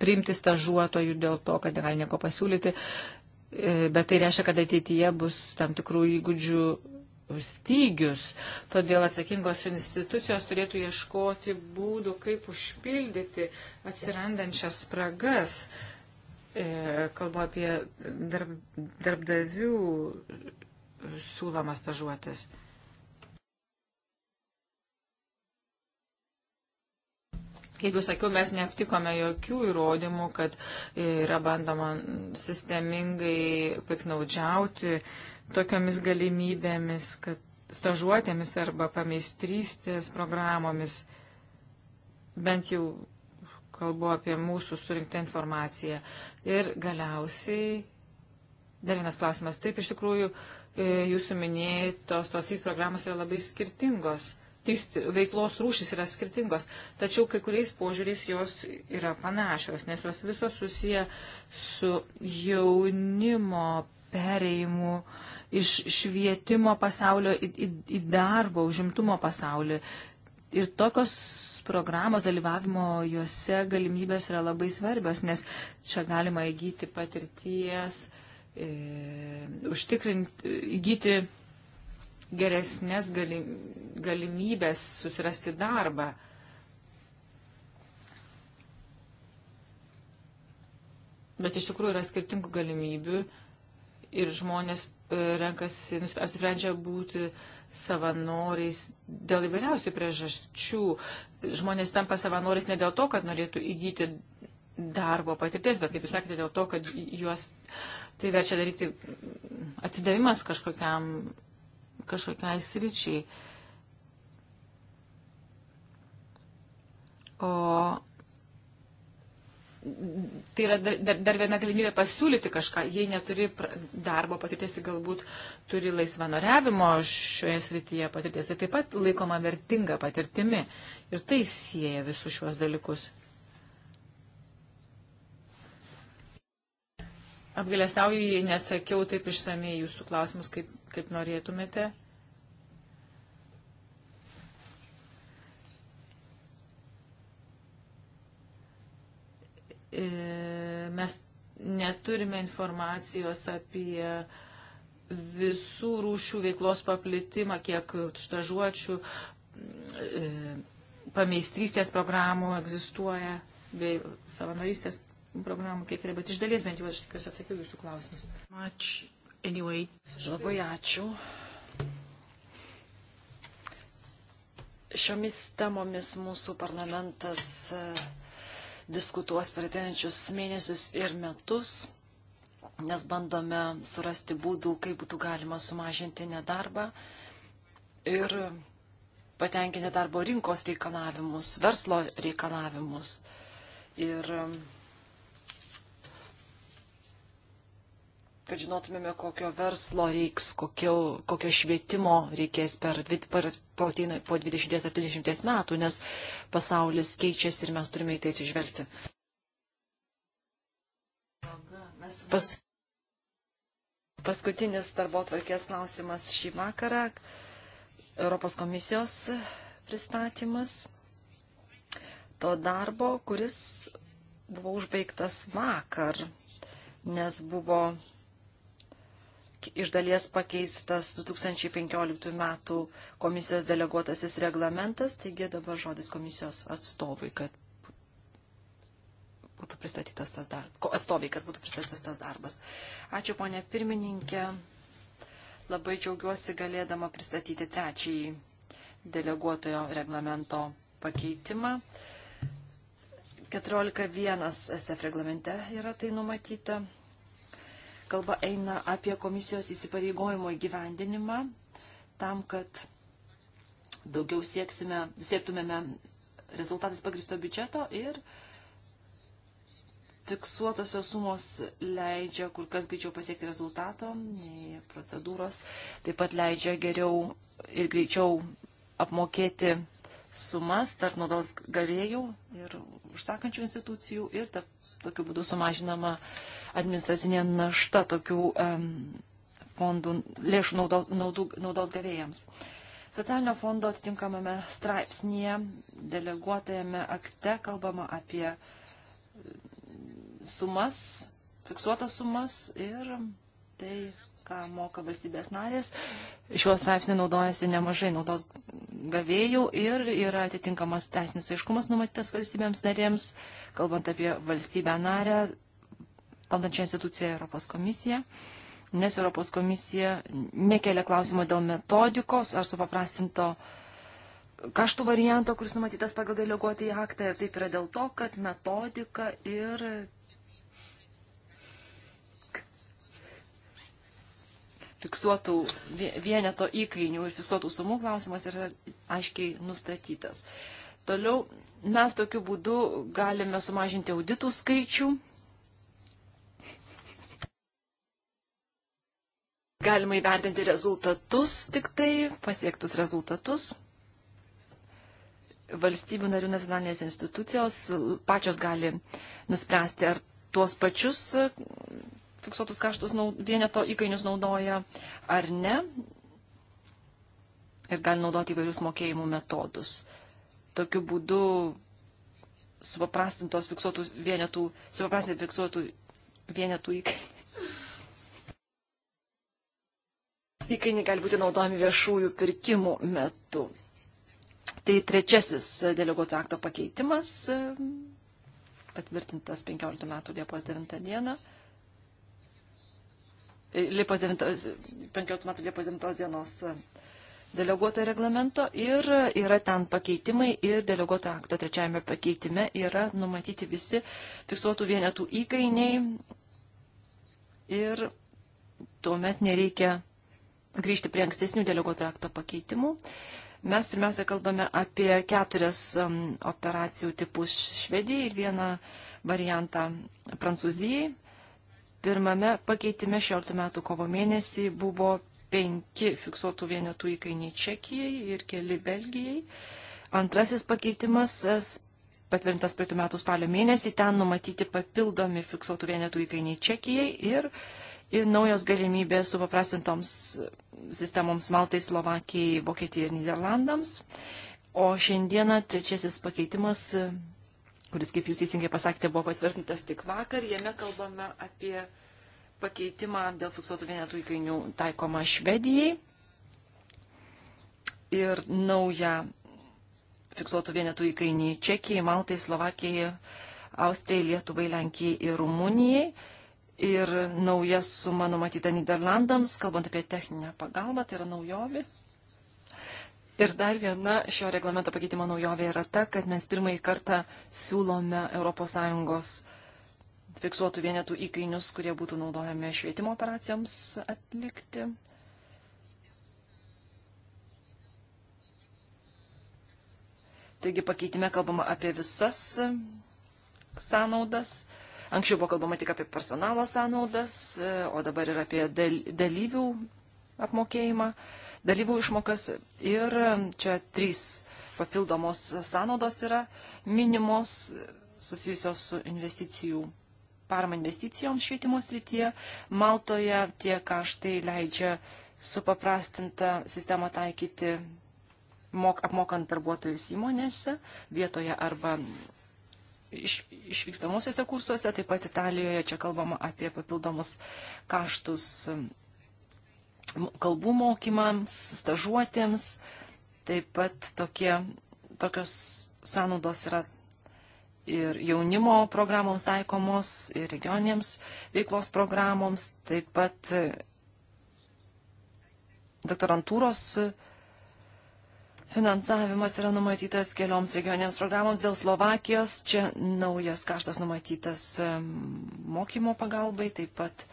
priimti stažuotojų dėl to, kad negali nieko pasiūlyti, e, bet tai reiškia, kad ateityje bus tam tikrų įgūdžių stygius. Todėl atsakingos institucijos turėtų ieškoti būdų, kaip užpildyti atsirandančias spragas. E, kalbu apie darb, darbdavių siūlomas stažuotis. Kaip jau sakiau, mes neaptikome jokių įrodymų, kad yra bandoma sistemingai piknaudžiauti tokiamis galimybėmis, kad stažuotėmis arba pameistrystės programomis, bent jau kalbu apie mūsų surinktą informaciją. Ir galiausiai, dar vienas klausimas, taip iš tikrųjų, e, jūsų minėtos tos trys programos yra labai skirtingos. Trys veiklos rūšis yra skirtingos, tačiau kai kuriais požiūriais jos yra panašios, nes jos visos susiję su jaunimo pereimų iš švietimo pasaulio į, į, į darbo, užimtumo pasaulį. Ir tokios programos dalyvavimo juose galimybės yra labai svarbios, nes čia galima įgyti patirties, e, užtikrinti, įgyti geresnės galim, galimybės susirasti darbą. Bet iš tikrųjų yra skirtingų galimybių ir žmonės e, renkasi, apsisprendžia būti savanoriais dėl įvairiausių priežasčių. Žmonės tampa savanoriais ne dėl to, kad norėtų įgyti darbo patirties, bet kaip jūs sakėte, dėl to, kad juos tai verčia daryti atsidavimas kažkokiam, kažkokiai sričiai. O tai yra dar, dar viena galimybė pasiūlyti kažką. Jei neturi darbo patirties, tai galbūt turi laisvanoriavimo šioje srityje patirties. Tai taip pat laikoma vertinga patirtimi. Ir tai sieja visus šiuos dalykus. Apgailestauju, jei neatsakiau taip išsamei jūsų klausimus, kaip, kaip norėtumėte. E, mes neturime informacijos apie visų rūšių veiklos paplitimą, kiek štažuočių e, pameistrystės programų egzistuoja, bei savanorystės programų kiek yra, bet iš dalies bent jau aš tikiuosi atsakiau jūsų klausimus. Ačiū. Anyway. Labai ačiū. Šiomis temomis mūsų parlamentas uh, diskutuos per ateinančius mėnesius ir metus, nes bandome surasti būdų, kaip būtų galima sumažinti nedarbą ir patenkinti darbo rinkos reikalavimus, verslo reikalavimus. Ir kad žinotumėme, kokio verslo reiks, kokio, kokio švietimo reikės per, per, po, po 20 ar 30 metų, nes pasaulis keičiasi ir mes turime į tai atsižvelgti. Pas, paskutinis darbo tvarkės klausimas šį vakarą. Europos komisijos pristatymas to darbo, kuris buvo užbaigtas vakar, nes buvo iš dalies pakeistas 2015 metų komisijos deleguotasis reglamentas, taigi dabar žodis komisijos atstovui, kad būtų pristatytas tas darbas. Atstovai, kad būtų pristatytas tas darbas. Ačiū, ponė pirmininkė. Labai džiaugiuosi galėdama pristatyti trečiąjį deleguotojo reglamento pakeitimą. 14.1 SF reglamente yra tai numatyta. Kalba eina apie komisijos įsipareigojimo įgyvendinimą tam, kad daugiau sieksime, siektumėme rezultatais pagristo biudžeto ir fiksuotosios sumos leidžia kur kas greičiau pasiekti rezultato, nei procedūros, taip pat leidžia geriau ir greičiau apmokėti sumas tarp naudos gavėjų ir užsakančių institucijų ir tarp tokiu būdu sumažinama administracinė našta tokių um, fondų lėšų naudo, naudų, naudos gavėjams. Socialinio fondo atitinkamame straipsnėje, deleguotajame akte kalbama apie e, sumas, fiksuotas sumas ir tai ką moka valstybės narės. Šiuo straipsniu naudojasi nemažai naudos gavėjų ir yra atitinkamas teisinis aiškumas numatytas valstybėms narėms, kalbant apie valstybę narę, valdančią instituciją Europos komisiją. Nes Europos komisija nekelia klausimo dėl metodikos ar supaprastinto kaštų varianto, kuris numatytas pagal deleguotį aktą ir taip yra dėl to, kad metodika ir fiksuotų vieneto įkainių ir fiksuotų sumų klausimas yra aiškiai nustatytas. Toliau mes tokiu būdu galime sumažinti auditų skaičių. Galima įvertinti rezultatus tik tai, pasiektus rezultatus. Valstybių narių nacionalinės institucijos pačios gali nuspręsti, ar tuos pačius fiksuotus kaštus vieneto įkainius naudoja ar ne. Ir gali naudoti įvairius mokėjimų metodus. Tokiu būdu supaprastintos fiksuotų vienetų, supaprastinti fiksuotų vienetų įkainių. Įkainiai gali būti naudojami viešųjų pirkimų metu. Tai trečiasis deleguoto akto pakeitimas, patvirtintas 15 metų Liepos 9 dieną. Liepos 9, 15 metų Liepos 9 dienos deleguoto reglamento ir yra ten pakeitimai ir deleguoto akto trečiajame pakeitime yra numatyti visi fiksuotų vienetų įkainiai ir tuomet nereikia grįžti prie ankstesnių deleguoto akto pakeitimų. Mes pirmiausia kalbame apie keturias um, operacijų tipus Švedijai ir vieną variantą Prancūzijai. Pirmame pakeitime 16 metų kovo mėnesį buvo 5 fiksuotų vienetų įkainiai Čekijai ir keli Belgijai. Antrasis pakeitimas patvirtintas praeitų metų spalio mėnesį, ten numatyti papildomi fiksuotų vienetų įkainiai Čekijai ir, ir naujos galimybės supaprastintoms sistemoms Maltai, Slovakijai, Vokietijai ir Niderlandams. O šiandieną trečiasis pakeitimas kuris, kaip jūs teisingai pasakėte, buvo patvirtintas tik vakar. Jame kalbame apie pakeitimą dėl fiksuotų vienetų įkainių taikoma Švedijai ir naują fiksuotų vienetų įkainį Čekijai, Maltai, Slovakijai, Austrijai, Lietuvai, Lenkijai ir Rumunijai. Ir nauja suma numatyta Niderlandams, kalbant apie techninę pagalbą, tai yra naujovi. Ir dar viena šio reglamento pakeitimo naujovė yra ta, kad mes pirmąjį kartą siūlome ES fiksuotų vienetų įkainius, kurie būtų naudojami švietimo operacijoms atlikti. Taigi pakeitime kalbama apie visas sąnaudas. Anksčiau buvo kalbama tik apie personalo sąnaudas, o dabar ir apie dalyvių apmokėjimą dalyvų išmokas ir čia trys papildomos sąnaudos yra minimos susijusios su investicijų parama investicijoms švietimo srityje. Maltoje tie kaštai leidžia supaprastintą sistemą taikyti mok, apmokant darbuotojus įmonėse vietoje arba iš, išvykstamosiuose kursuose. Taip pat Italijoje čia kalbama apie papildomus kaštus kalbų mokymams, stažuotėms. Taip pat tokie, tokios sąnaudos yra ir jaunimo programoms taikomos, ir regioniems veiklos programoms, taip pat e, doktorantūros finansavimas yra numatytas kelioms regioniams programoms dėl Slovakijos. Čia naujas kaštas numatytas e, mokymo pagalbai, taip pat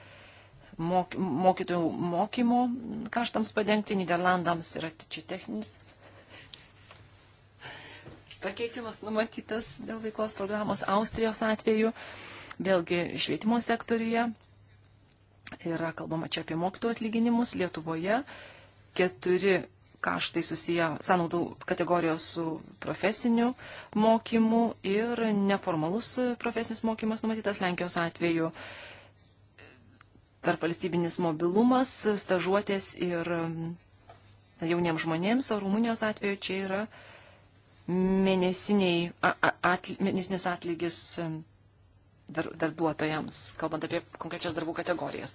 mok, mokytojų mokymo kaštams padengti, Niderlandams yra čia techninis pakeitimas numatytas dėl veiklos programos Austrijos atveju, vėlgi švietimo sektoriuje. Yra kalbama čia apie mokytojų atlyginimus Lietuvoje. Keturi kaštai susiję sąnaudų kategorijos su profesiniu mokymu ir neformalus profesinis mokymas numatytas Lenkijos atveju. Uh, tarp valstybinis mobilumas, stažuotės ir um, jauniems žmonėms, o Rumunijos atveju čia yra atly, mėnesinis atlygis um, dar, darbuotojams, kalbant apie konkrečias darbų kategorijas.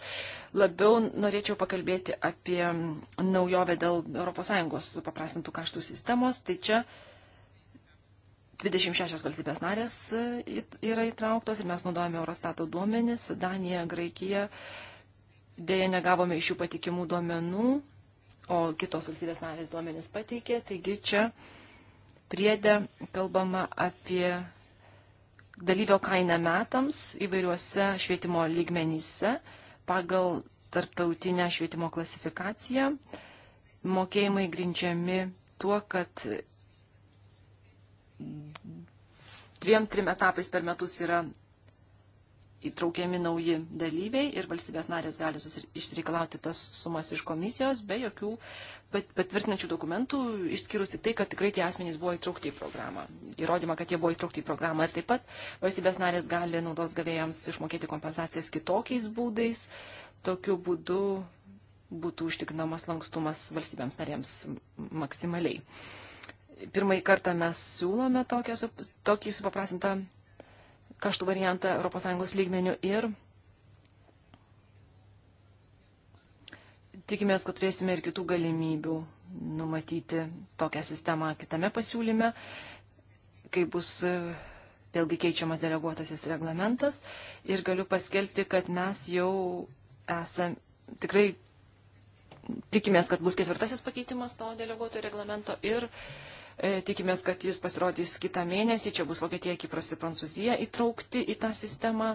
Labiau norėčiau pakalbėti apie um, naujovę dėl ES paprastintų kaštų sistemos. Tai čia 26 valstybės narės e, yra įtrauktos ir mes naudojame Eurostato duomenis - Danija, Graikija, Dėja negavome iš jų patikimų duomenų, o kitos valstybės narės duomenys pateikė, taigi čia priedė kalbama apie dalyvio kainą metams įvairiuose švietimo lygmenyse pagal tarptautinę švietimo klasifikaciją. Mokėjimai grindžiami tuo, kad dviem, trim etapais per metus yra įtraukiami nauji dalyviai ir valstybės narės gali išsireikalauti tas sumas iš komisijos be jokių patvirtinančių dokumentų, išskyrus tik tai, kad tikrai tie asmenys buvo įtraukti į programą. Įrodymą, kad jie buvo įtraukti į programą. Ir taip pat valstybės narės gali naudos gavėjams išmokėti kompensacijas kitokiais būdais. Tokiu būdu būtų užtikrinamas lankstumas valstybėms narėms maksimaliai. Pirmąjį kartą mes siūlome tokią, tokį supaprastintą kaštų variantą ES lygmenių ir tikimės, kad turėsime ir kitų galimybių numatyti tokią sistemą kitame pasiūlyme, kai bus e, vėlgi keičiamas deleguotasis reglamentas. Ir galiu paskelbti, kad mes jau esam tikrai tikimės, kad bus ketvirtasis pakeitimas to deleguoto reglamento ir uh, E, tikimės, kad jis pasirodys kitą mėnesį. Čia bus Vokietija, Kipras ir Prancūzija įtraukti į tą sistemą.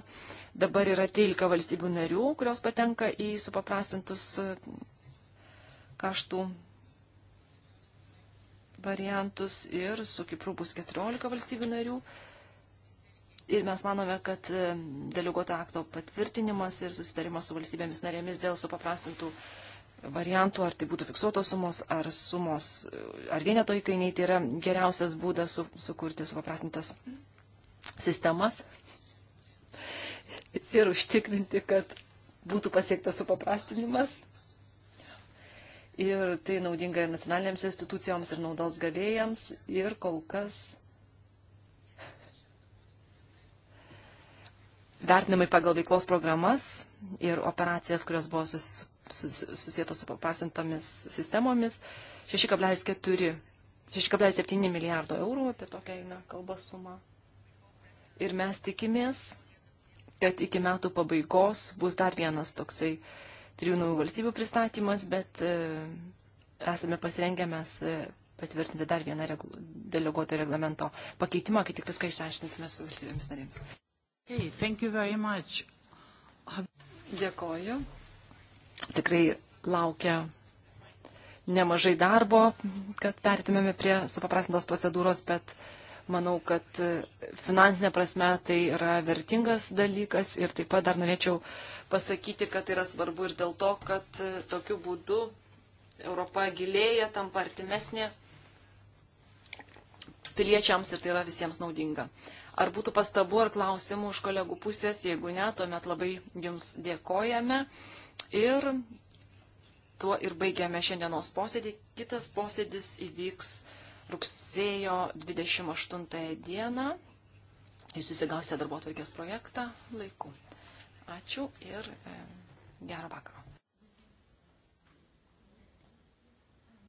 Dabar yra 13 valstybių narių, kurios patenka į supaprastintus e, kaštų variantus ir su Kipru bus 14 valstybių narių. Ir mes manome, kad e, deleguoto akto patvirtinimas ir susitarimas su valstybėmis narėmis dėl supaprastintų kaštų variantų, ar tai būtų fiksuotos sumos, ar sumos, ar vieneto įkainiai, tai yra geriausias būdas su, sukurti supaprastintas sistemas ir užtikrinti, kad būtų pasiektas supaprastinimas. Ir tai naudinga ir nacionalinėms institucijoms, ir naudos gavėjams, ir kol kas vertinimai pagal veiklos programas ir operacijas, kurios buvo sus, susijęto su papasintomis sistemomis 6,4, 6,7 milijardo eurų, apie tokią eina kalba suma. Ir mes tikimės, kad iki metų pabaigos bus dar vienas toksai trijų naujų valstybių pristatymas, bet e, esame pasirengę mes e, patvirtinti dar vieną regl deleguoto reglamento pakeitimą, kai tik viską išsiaiškinsime su valstybėms narėms. Hey, Dėkoju tikrai laukia nemažai darbo, kad pertumėme prie supaprastintos procedūros, bet manau, kad finansinė prasme tai yra vertingas dalykas ir taip pat dar norėčiau pasakyti, kad tai yra svarbu ir dėl to, kad tokiu būdu Europa gilėja, tampa artimesnė piliečiams ir tai yra visiems naudinga. Ar būtų pastabų ar klausimų už kolegų pusės, jeigu ne, tuomet labai jums dėkojame. Ir tuo ir baigiame šiandienos posėdį. Kitas posėdis įvyks rugsėjo 28 dieną. Jūs visi gausite darbo atvarkės projektą laiku. Ačiū ir e, gerą vakarą.